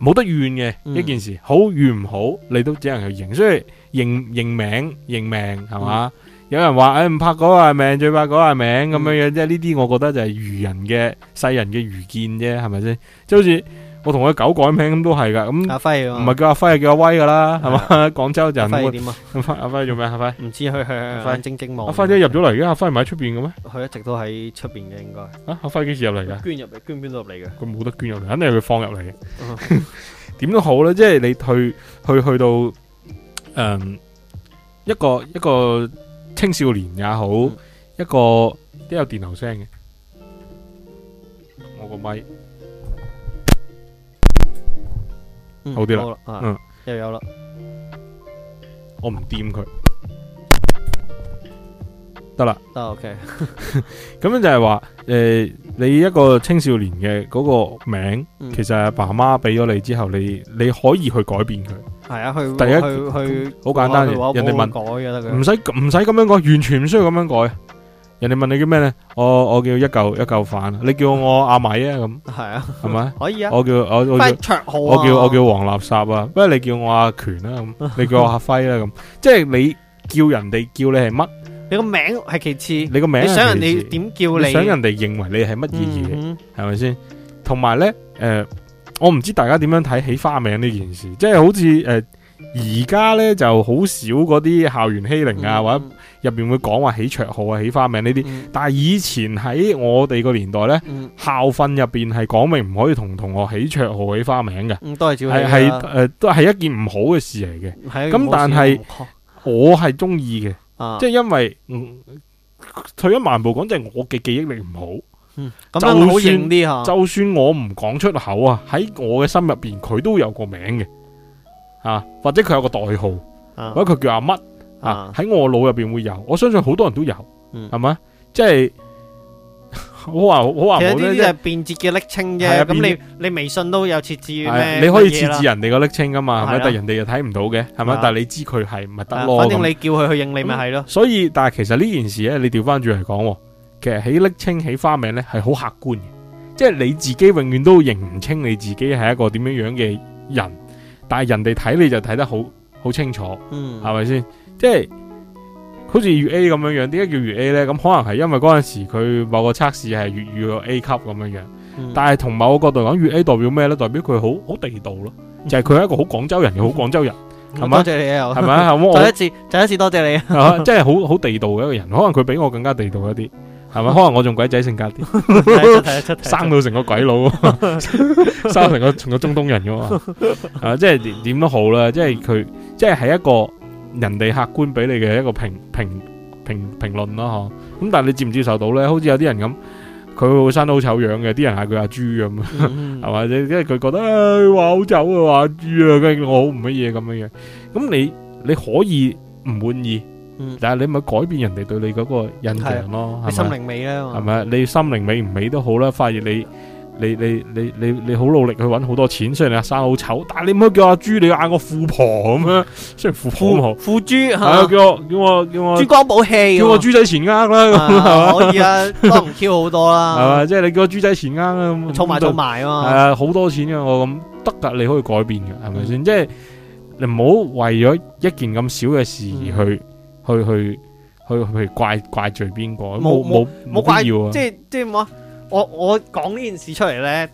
冇得怨嘅、嗯、一件事，好與唔好，你都只能去認，所以認認命，認命係嘛？嗯、有人話誒唔怕嗰個係命，最怕嗰個係命咁、嗯、樣樣，即係呢啲，我覺得就係愚人嘅世人嘅愚見啫，係咪先？即係好似。我同佢狗改名咁都係噶，咁阿輝唔係叫阿輝，係叫阿威噶啦，係嘛？廣州人阿輝點啊？阿輝做咩？阿輝唔知去去去翻正經忙。阿輝都入咗嚟嘅，阿輝唔喺出邊嘅咩？佢一直都喺出邊嘅應該。啊，阿輝幾時入嚟噶？捐入嚟，捐捐到入嚟嘅。佢冇得捐入嚟，肯定係佢放入嚟嘅。點都好啦，即係你去去去到誒一個一個青少年也好，一個都有電流聲嘅。我個咪。好啲啦，嗯，又有啦，我唔掂佢，得啦，得 OK。咁樣就係話，誒，你一個青少年嘅嗰個名，其實阿爸媽俾咗你之後，你你可以去改變佢，係啊，去第一去好簡單，人哋問改得唔使唔使咁樣改，完全唔需要咁樣改。人哋問你叫咩咧？我我叫一嚿一嚿飯，你叫我阿米啊咁。係啊，係咪？可以啊。我叫我我叫我叫我叫黃垃圾啊！不如你叫我阿權啦咁，你叫我阿輝啦咁。即係你叫人哋叫你係乜？你個名係其次，你個名想人哋點叫你，想人哋認為你係乜意義嘅？係咪先？同埋咧，誒，我唔知大家點樣睇起花名呢件事。即係好似誒，而家咧就好少嗰啲校園欺凌啊，或者。入邊會講話起綽號啊、起花名呢啲，嗯、但係以前喺我哋個年代呢，嗯、校訓入邊係講明唔可以同同學起綽號、起花名嘅，係係誒，都係、啊呃、一件唔好嘅事嚟嘅。咁但係我係中意嘅，啊、即係因為、嗯、退一萬步講，即、就、係、是、我嘅記憶力唔好，嗯、算就算，算、啊、就算我唔講出口啊，喺我嘅心入邊，佢都有個名嘅，啊或者佢有個代號，啊、或者佢叫阿乜。啊！喺我腦入邊會有，我相信好多人都有，係咪、嗯？即係好話好話，其實呢啲就便捷嘅昵稱啫。咁、啊、你捷你微信都有設置咩、啊、你可以設置人哋個昵稱噶嘛，係咪？是啊、但係人哋又睇唔到嘅，係咪？是啊、但係你知佢係咪得咯、啊？反正你叫佢去認你咪係咯。所以，但係其實呢件事咧，你調翻轉嚟講，其實起昵稱起花名咧係好客觀嘅，即係你自己永遠都認唔清你自己係一個點樣樣嘅人，但係人哋睇你就睇得好好清楚，嗯，係咪先？即係好似粵 A 咁樣樣，點解叫粵 A 呢？咁可能係因為嗰陣時佢某個測試係粵語個 A 級咁樣樣，但係同某個角度講，粵 A 代表咩呢？代表佢好好地道咯，就係佢係一個好廣州人嘅好廣州人，係嘛，嗯？多謝你啊，係嘛？再一次，再一次多謝你啊。即係好好地道嘅一個人，可能佢比我更加地道一啲，係嘛？ 可能我仲鬼仔性格啲， 生到成個鬼佬， 生成個成個中東人噶嘛？啊，即係點都好啦，即係佢，即係係一個。人哋客觀俾你嘅一個評評評評論咯，嗬，咁但係你接唔接受到咧？好似有啲人咁，佢會生得好醜樣嘅，啲人嗌佢阿豬咁，係嘛、嗯？即係佢覺得話好醜啊，話豬啊，跟住我好唔乜嘢咁樣樣。咁你你可以唔滿意，嗯、但係你咪改變人哋對你嗰個印象咯。啊、吧你心靈美咧，係咪？你心靈美唔美都好啦，發現你。你你你你你好努力去揾好多錢，雖然你阿生好醜，但係你唔可以叫阿豬，你要嗌我富婆咁樣，雖然富婆富豬，叫我叫我叫我，珠光寶氣，叫我豬仔錢呃啦，係嘛，可以啊，都唔 Q 好多啦，係啊，即係你叫我豬仔錢呃啊，儲埋儲埋啊嘛，係啊，好多錢嘅我咁得噶，你可以改變嘅，係咪先？即係你唔好為咗一件咁少嘅事而去去去去去怪怪罪邊個，冇冇冇怪，即係即係我我講呢件事出嚟咧，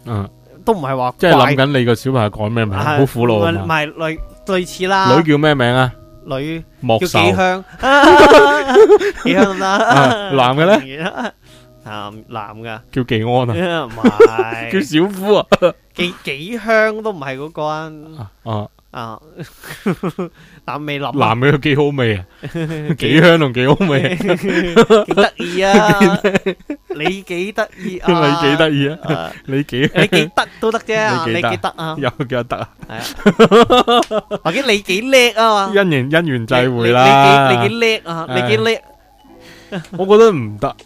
都唔係話即係諗緊你個小朋友講咩名，好苦惱啊！唔係類類似啦，女叫咩名啊？女莫叫幾香，幾香得唔得？男嘅咧？男男嘅叫紀安啊，唔係叫小夫啊？幾幾香都唔係嗰個啊。啊，男味男，男女都幾好味啊，幾香同幾好味，幾得意啊，你幾得意，你幾得意啊，你幾，你幾得都得啫，你幾得啊，有幾得啊，係啊，或者你幾叻啊，因緣因緣際會啦，你你幾叻啊，你幾叻，我覺得唔得，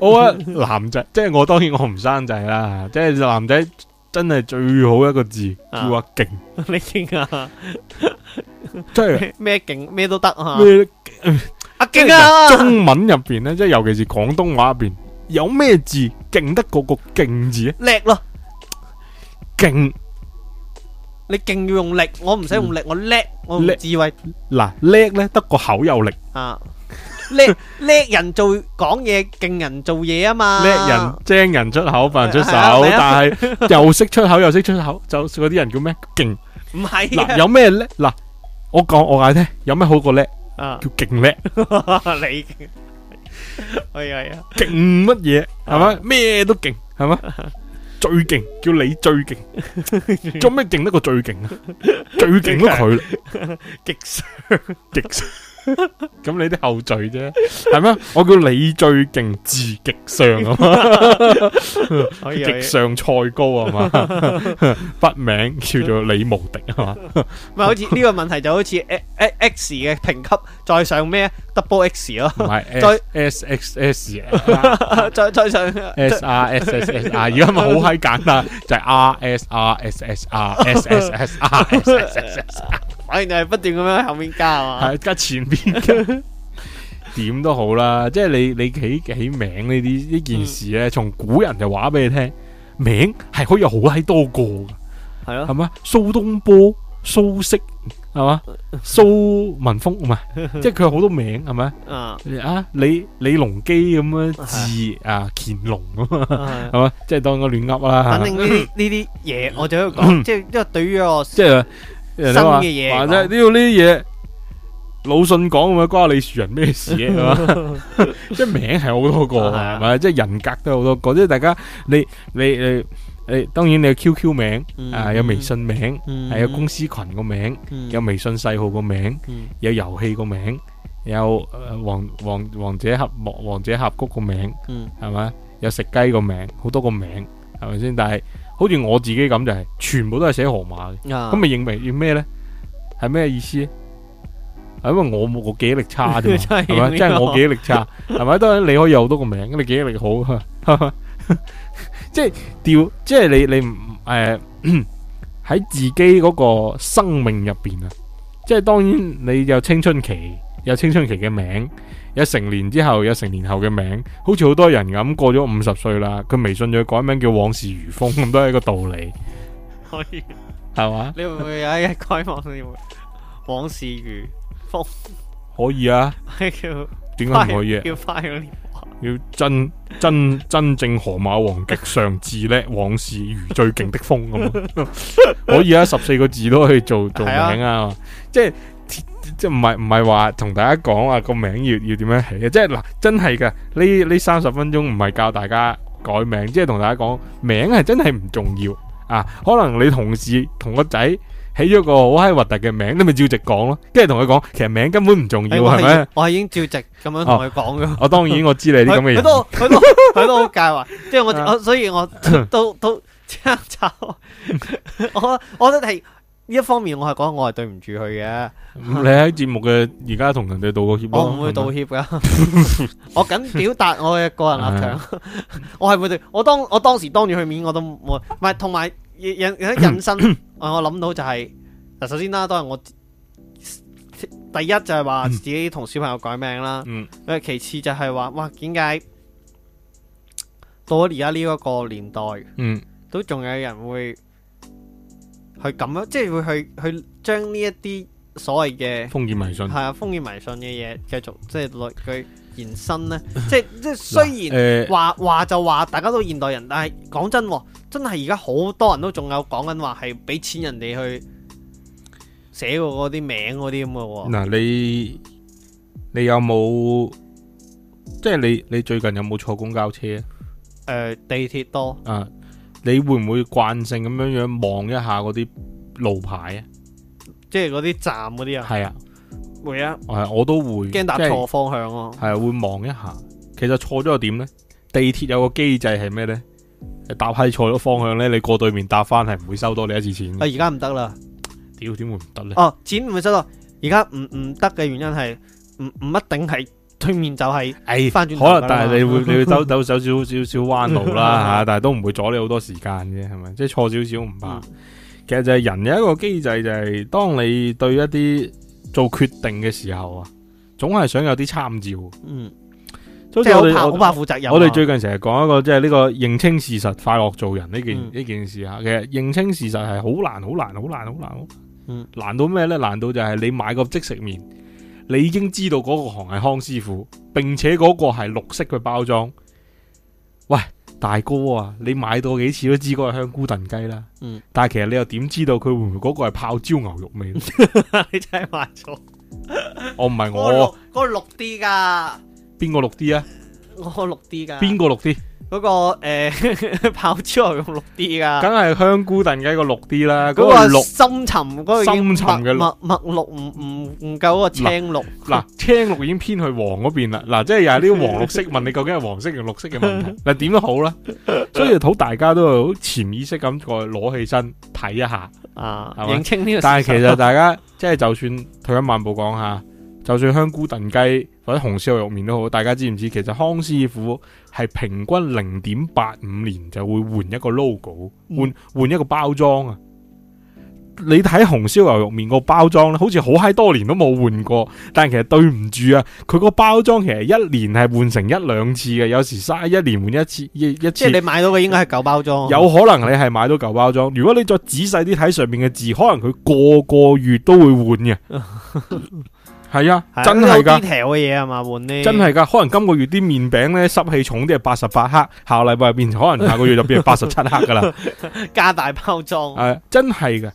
我覺得男仔，即係我當然我唔生仔啦，即係男仔。真係最好一個字叫阿勁，你勁啊！真係咩勁咩都得啊！阿勁啊！中文入邊咧，即係尤其是廣東話入邊，有咩字勁得過個勁字啊？叻咯，勁！你勁要用力，我唔使用力，我叻，我用智慧。嗱，叻咧得個口有力啊！叻叻人做講嘢勁，人做嘢啊嘛，叻人精人出口，笨人出手，但係又識出口又識出口，就算嗰啲人叫咩？勁唔係啊？有咩叻嗱？我講我嗌聽，有咩好過叻啊？叫勁叻，你勁係啊係啊？勁乜嘢係嘛？咩都勁係嘛？最勁叫你最勁，做咩勁得過最勁啊？最勁都佢啦，極上極上。咁你啲後綴啫，係咩？我叫你最勁，至極上啊嘛，可以，極上菜高啊嘛，筆名叫做李無敵啊嘛。咪好似呢個問題就好似 X X X 嘅評級再上咩啊？double X 咯，再 S X S，再再上 S R S S S 啊！而家咪好閪簡單，就係 R S R S S R S S R S S S。反正就係不斷咁樣喺後面加係嘛，加前邊加，點都好啦。即係你你起起名呢啲呢件事咧，從古人就話俾你聽，名係可以有好閪多個，係咯，係嘛？蘇東坡、蘇軾，係嘛？蘇文峰唔係，即係佢有好多名，係咪啊？李李隆基咁樣字啊乾隆咁啊，係嘛？即係當個亂噏啦。反正呢呢啲嘢，我就喺度講，即係因為對於個即係。新嘅嘢，或者呢啲嘢，魯迅講咁關你樹人咩事啊？即係名係好多個，係咪？即係人格都好多個。即係大家，你你你你，當然你有 QQ 名啊，有微信名，係有公司群個名，有微信細號個名，有遊戲個名，有王王王者峽谷、王者峽谷個名，係嘛？有食雞個名，好多個名，係咪先？但係。好似我自己咁就係、是、全部都係寫河馬嘅，咁你認為要咩咧？係咩意思？係因為我冇個記憶力差啫，係咪？即、就、係、是、我記憶力差，係咪？ 當然你可以有好多個名，你記憶力好，即係調，即 係、就是就是、你你唔誒喺自己嗰個生命入邊啊。即、就、係、是、當然你有青春期，有青春期嘅名。有成年之後，有成年後嘅名，好似好多人咁過咗五十歲啦。佢微信再改名叫往事如風， 都係一個道理。可以係嘛？吧你會唔會有一日改名叫往事如風？可以啊。 叫點解唔可以、啊？叫要真真真正河馬王極上至叻，往事如最勁的風咁、 啊。可以啊，十四個字都可以做做名啊，即係、啊。即係唔係唔係話同大家講啊個名要要點樣起？即係嗱，真係噶呢呢三十分鐘唔係教大家改名，即係同大家講名係真係唔重要啊！可能你同事同個仔起咗個好嗨核突嘅名，你咪照直講咯。跟住同佢講，其實名根本唔重要，係咪？我係已經照直咁樣同佢講咯。我當然我知你啲咁嘅嘢，佢 都佢都好介懷， 即係我我、啊、所以我都都聽炒我我都係。呢一方面，我係講我係對唔住佢嘅。咁你喺節目嘅而家同人哋道個歉，我唔會道歉噶。我緊表達我嘅個人立場。我係會對，我當我當時當住佢面，我都唔會。唔係，同埋忍忍忍忍身，我諗到就係嗱，首先啦，都係我第一就係話自己同小朋友改名啦。誒，其次就係話，哇，點解到而家呢一個年代，嗯，都仲有人會去咁樣，即係會去去將呢一啲所謂嘅封建迷信係啊，封建迷信嘅嘢繼續即係落去延伸咧。 即係即係雖然話、呃、話就話，大家都現代人，但係講真，真係而家好多人都仲有講緊話係俾錢人哋去寫過嗰啲名嗰啲咁嘅。嗱、呃，你你有冇即係你你最近有冇坐公交車？誒，地鐵多啊。你會唔會慣性咁樣樣望一下嗰啲路牌啊？即係嗰啲站嗰啲啊？係啊，會啊。係我都會驚搭錯方向咯。係啊，會望一下。其實錯咗又點咧？地鐵有個機制係咩咧？搭係錯咗方向咧，你過對面搭翻係唔會收多你一次錢。啊，而家唔得啦。屌，點會唔得咧？哦，錢唔會收到。而家唔唔得嘅原因係唔唔一定係。對面就係誒翻轉可能，但係你會你會走 走走少少少彎路啦吓，但係都唔會阻你好多時間啫，係咪？即係錯少少唔怕。嗯、其實就係人有一個機制，就係當你對一啲做決定嘅時候啊，總係想有啲參照。嗯，即係我怕我怕負責任、啊。我哋最近成日講一個即係呢個認清事實快樂做人呢件呢、嗯、件事啊。其實認清事實係好難好難好難好難，難到咩咧？難到就係你買個即食麵。你已經知道嗰個行係康師傅，並且嗰個係綠色嘅包裝。喂，大哥啊，你買多幾次都知嗰個香菇燉雞啦。嗯，但係其實你又點知道佢會唔會嗰個係泡椒牛肉味？ 你真係買錯。我唔係我，嗰個綠啲㗎。邊個綠啲啊？我綠啲噶。邊個綠啲？嗰、那個誒，跑出嚟用綠啲噶，梗係香菇燉雞個綠啲啦。嗰個綠深沉，嗰個深沉嘅墨墨綠唔唔唔夠嗰個青綠、啊。嗱、啊，青綠已經偏去黃嗰邊啦。嗱、啊，即係又係呢個黃綠色，問你究竟係黃色定綠色嘅問題。嗱，點都好啦，所以好大家都好潛意識咁過攞起身睇一下啊。清呢個，但係其實大家即係就算退一萬步講下。就算香菇燉雞或者紅燒牛肉麵都好，大家知唔知？其實康師傅係平均零點八五年就會換一個 logo，換換一個包裝啊！你睇紅燒牛肉麵個包裝咧，好似好嗨多年都冇換過，但其實對唔住啊！佢個包裝其實一年係換成一兩次嘅，有時嘥一年換一次一一次，即係你買到嘅應該係舊包裝，有可能你係買到舊包裝。如果你再仔細啲睇上面嘅字，可能佢個個月都會換嘅。 係啊，係啊真係噶，係嘅嘢啊嘛，換呢真係噶，可能今個月啲麵餅咧濕氣重啲係八十八克，下禮拜入邊可能下個月就變成八十七克噶啦， 加大包裝，係真係噶，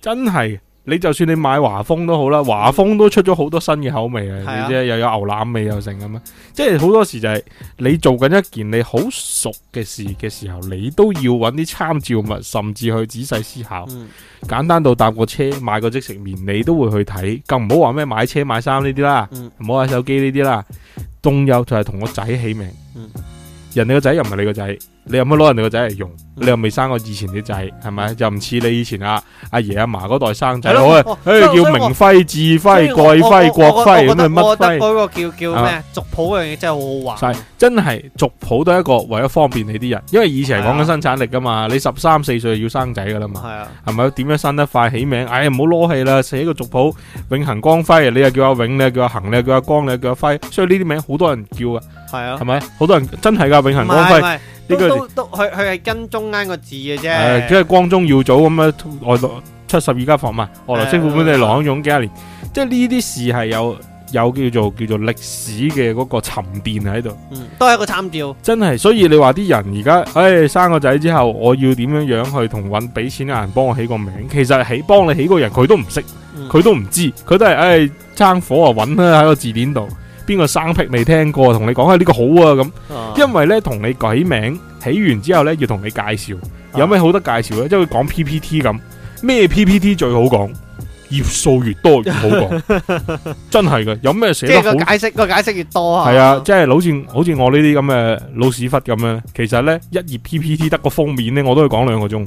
真係。真係㗎你就算你買華豐都好啦，華豐都出咗好多新嘅口味啊！你知又有牛腩味又成咁啊！即係好多時就係、是、你做緊一件你好熟嘅事嘅時候，你都要揾啲參照物，甚至去仔細思考。嗯、簡單到搭個車買個即食麵，你都會去睇。更唔好話咩買車買衫呢啲啦，唔好買手機呢啲啦。仲有就係同個仔起名，嗯、人哋個仔又唔係你個仔。你有冇攞人哋個仔嚟用？你又未生過以前啲仔，係咪？又唔似你以前阿阿爺阿嫲嗰代生仔，我叫明輝、智輝、貴輝、國輝咁樣乜輝？我覺得嗰個叫叫咩族譜嗰樣嘢真係好好玩，真係族譜都係一個為咗方便你啲人，因為以前講緊生產力噶嘛，你十三四歲要生仔噶啦嘛，係咪？點樣生得快起名？哎唔好攞氣啦，寫個族譜永恆光輝，你又叫阿永，你叫阿恆，你叫阿光，你叫阿輝，所以呢啲名好多人叫啊。係啊，係咪？嗯、好多人真係噶，永恒光輝呢個都佢佢係跟中間個字嘅啫，即係、呃就是、光宗耀祖咁樣！外來七十二家房嘛，外來媳婦本地郎涌幾多年？即係呢啲事係有有叫做叫做歷史嘅嗰個沉澱喺度，都係一個參照。真係，所以你話啲人而家，誒、嗯哎，生個仔之後，我要點樣樣去同搵俾錢嘅人幫我起個名？其實起幫你起嗰人，佢都唔識，佢、嗯、都唔知，佢都係誒，爭、哎、火啊搵啦喺個字典度。邊個生僻未聽過？同你講下呢個好啊咁，啊因為呢，同你改名起完之後呢，要同你介紹，有咩好得介紹咧？即係佢講 PPT 咁，咩 PPT 最好講？頁數越多越好講， 真係噶，有咩寫得？即係解釋個解釋、嗰個，越多係啊！係啊，即係好似好似我呢啲咁嘅老屎忽咁樣，其實呢，一頁 PPT 得個封面呢，我都要講兩個鐘，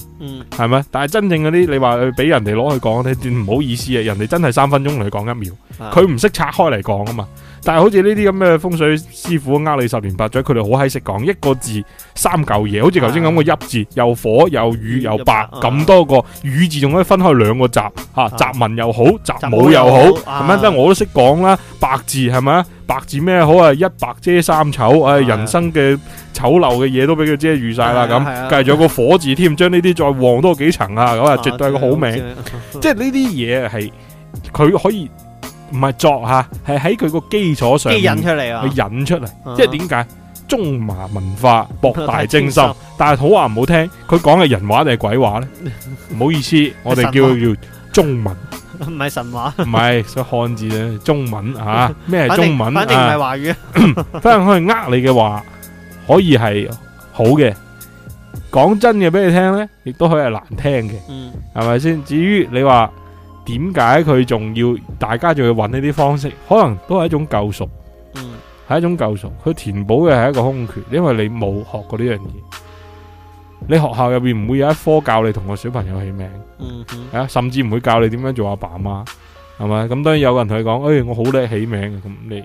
係咪，嗯？但係真正嗰啲你話俾人哋攞去講嗰啲，唔好意思啊，人哋真係三分鐘同佢講一秒，佢唔識拆開嚟講啊嘛。但係好似呢啲咁嘅風水師傅呃你十年八載，佢哋好閪識講，一個字三嚿嘢，好似頭先咁個“一”字，又火又雨又白咁多個雨字，仲可以分開兩個集吓，集文又好，集武又好，係咪？得我都識講啦，白字係咪白字咩好啊？一白遮三醜，唉，人生嘅醜陋嘅嘢都俾佢遮住晒啦咁，繼續個火字添，將呢啲再旺多幾層啊咁啊，絕對係個好名，即係呢啲嘢係佢可以。唔係作吓，係喺佢個基礎上引出嚟，佢引出嚟。即係點解？中華文化博大精深，但係好話唔好聽，佢講嘅人話定係鬼話咧？唔好意思，我哋叫佢叫中文，唔係神話，唔係所以漢字咧，中文啊，咩係中文啊？反正唔係華語。反正佢係呃你嘅話，可以係好嘅。講真嘅俾你聽咧，亦都可以係難聽嘅，係咪先？至於你話。點解佢仲要大家仲要揾呢啲方式？可能都係一種救贖，係一種救贖。佢填補嘅係一個空缺，因為你冇學過呢樣嘢，你學校入邊唔會有一科教你同個小朋友起名，啊，甚至唔會教你點樣做阿爸阿媽，係咪？咁當然有人同你講，誒，我好叻起名嘅，咁你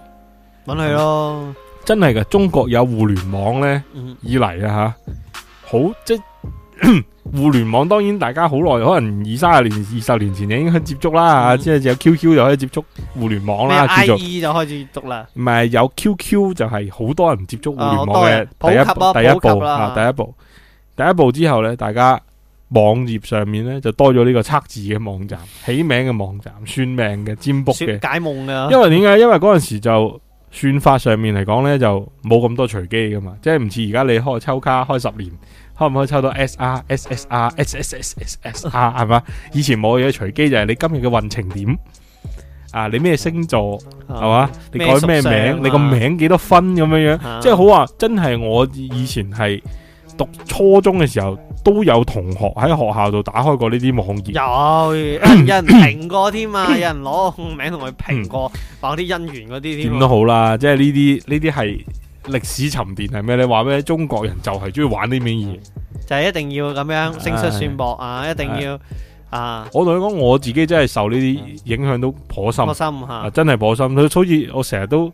搵你咯，真係噶！中國有互聯網呢，以嚟啊吓，好即。 互聯網當然，大家好耐，可能二三十年前，二十年前，已經去接觸啦，即係、嗯、有 QQ 就可以接觸互聯網啦。麼 I E 續就開始接觸啦，唔係有 QQ 就係、啊、好多人接觸互聯網嘅第一第一步第一步，第一步之後呢，大家網頁上面呢就多咗呢個測字嘅網站、起名嘅網站、算命嘅占卜嘅解夢、啊、因為點解？因為嗰陣時就算法上面嚟講呢，就冇咁多隨機噶嘛，即係唔似而家你開抽卡開十年。可唔可以抽到 S R S S R S S S S S R 係嘛？以前冇嘢隨機就係你今日嘅運程點啊？你咩星座係嘛？啊？你改咩名？你個名幾多分咁樣樣？啊、即係好話、啊，真係我以前係讀初中嘅時候，都有同學喺學校度打開過呢啲網頁，有 有人評過添、啊、嘛？ 有人攞個名同佢評過，話啲姻緣嗰啲點都好啦、啊，即係呢啲呢啲係。歷史沉澱係咩？你話咩，中國人就係中意玩呢啲嘢，就係一定要咁樣聲出算薄啊！啊，一定要啊！啊，我同你講，我自己真係受呢啲影響都頗深，嗯嗯嗯嗯啊、真係頗深。嗯嗯、所以，我成日都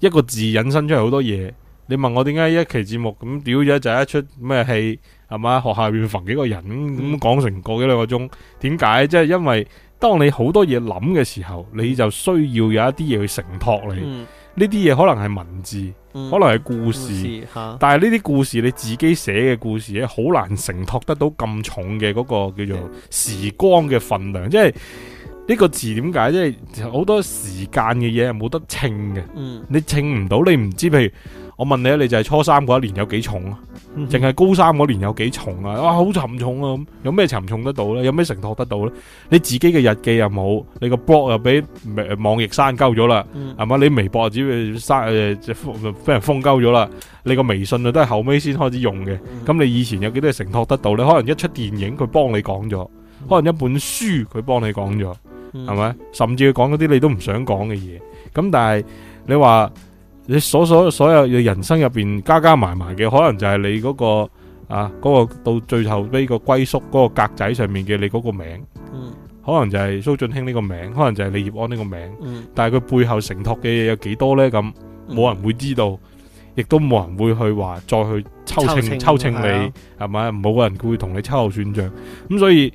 一個字引申出嚟好多嘢。你問我點解一期節目咁屌咗就係一出咩戲？係嘛？學校入面馮幾個人咁講成個幾兩個鐘？點解、嗯？即係因為當你好多嘢諗嘅時候，你就需要有一啲嘢去承托你。嗯呢啲嘢可能係文字，嗯、可能係故事，但係呢啲故事，故事你自己寫嘅故事咧，好難承托得到咁重嘅嗰個叫做時光嘅份量，即係呢個字點解？即係好多時間嘅嘢係冇得稱嘅，嗯、你稱唔到，你唔知，譬如。我問你你就係初三嗰一年有幾重啊？淨係高三嗰年有幾重啊？哇，好沉重啊！有咩沉重得到咧？有咩承托得到咧？你自己嘅日記又冇，你個 blog 又俾網易刪鳩咗啦，係咪、嗯？你微博只要刪誒，封俾人封鳩咗啦。你個微信啊，都係後尾先開始用嘅。咁、嗯、你以前有幾多承托得到？你可能一出電影，佢幫你講咗，嗯、可能一本書，佢幫你講咗，係咪、嗯？甚至佢講嗰啲你都唔想講嘅嘢。咁但係你話？你所所所有嘅人生入邊加加埋埋嘅，可能就係你嗰個啊嗰個到最後呢個歸宿嗰個格仔上面嘅你嗰個名，可能就係蘇俊卿呢個名，可能就係李業安呢個名，但係佢背後承托嘅嘢有幾多咧？咁冇人會知道，亦都冇人會去話再去抽秤抽秤你，係咪？冇個人會同你秋後算賬。咁所以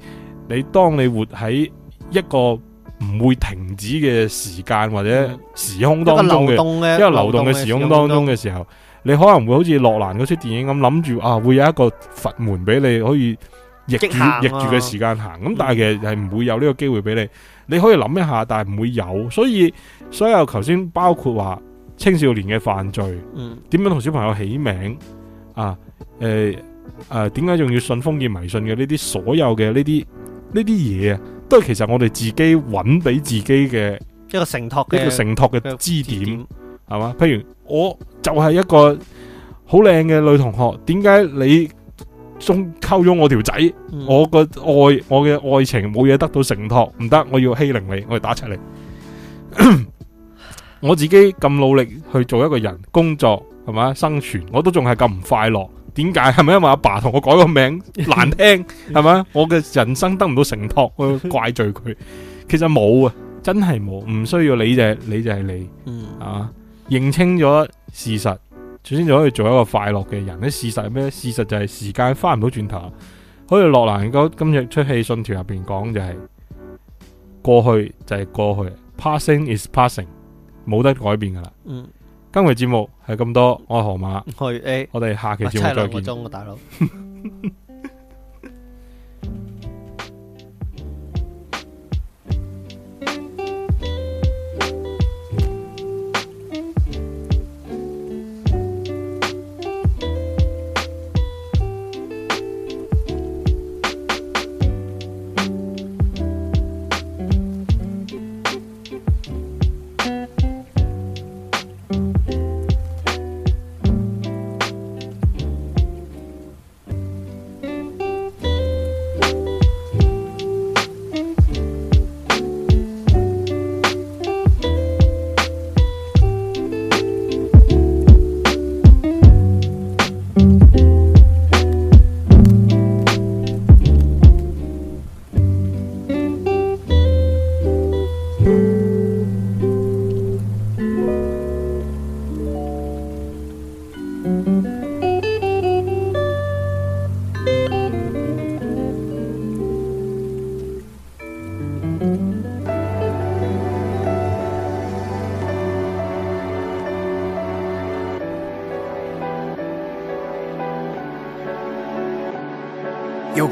你當你活喺一個。唔會停止嘅時間或者時空當中嘅因、嗯、個流動嘅流動時空當中嘅時候，你可能會好似諾蘭嗰出電影咁諗住啊，會有一個佛門俾你可以逆住、啊、逆住嘅時間行。咁、嗯嗯、但係其實係唔會有呢個機會俾你。你可以諗一下，但係唔會有。所以所有頭先包括話青少年嘅犯罪，嗯，點樣同小朋友起名啊？誒、呃、誒，點解仲要信封建迷信嘅呢啲？所有嘅呢啲呢啲嘢啊！都係其實我哋自己揾俾自己嘅一個承托的，一個承托嘅支點係嘛？譬如我就係一個好靚嘅女同學，點解你仲溝咗我條仔？嗯、我個愛，我嘅愛情冇嘢得到承托，唔得，我要欺凌你，我要打出嚟。 我自己咁努力去做一個人工作，係嘛生存，我都仲係咁唔快樂。點解？係咪因為阿爸同我改個名 難聽？係咪 我嘅人生得唔到承托，我怪罪佢？其實冇啊，真係冇，唔需要你就係、是、你就係你，嗯、啊，認清咗事實，首先就可以做一個快樂嘅人。啲事實係咩？事實就係時間翻唔到轉頭了。好似洛蘭嗰今日出戲信條入邊講就係過去就係過去，passing is passing，冇得改變噶啦。嗯。今期節目係咁多，我係河馬，欸、我哋下期節目再見。差兩個鐘，大佬。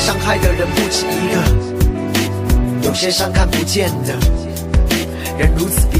傷害的人不止一個，有些傷看不見的，人如此。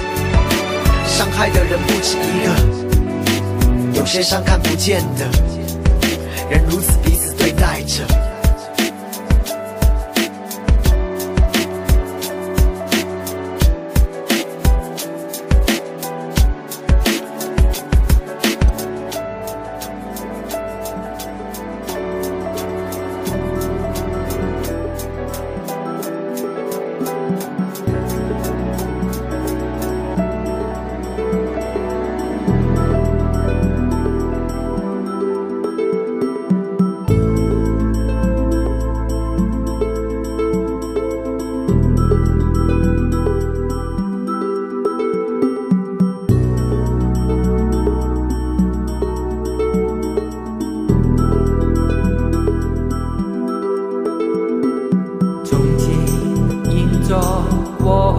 傷害的人不止一個，有些傷看不見的，人如此彼此對待着。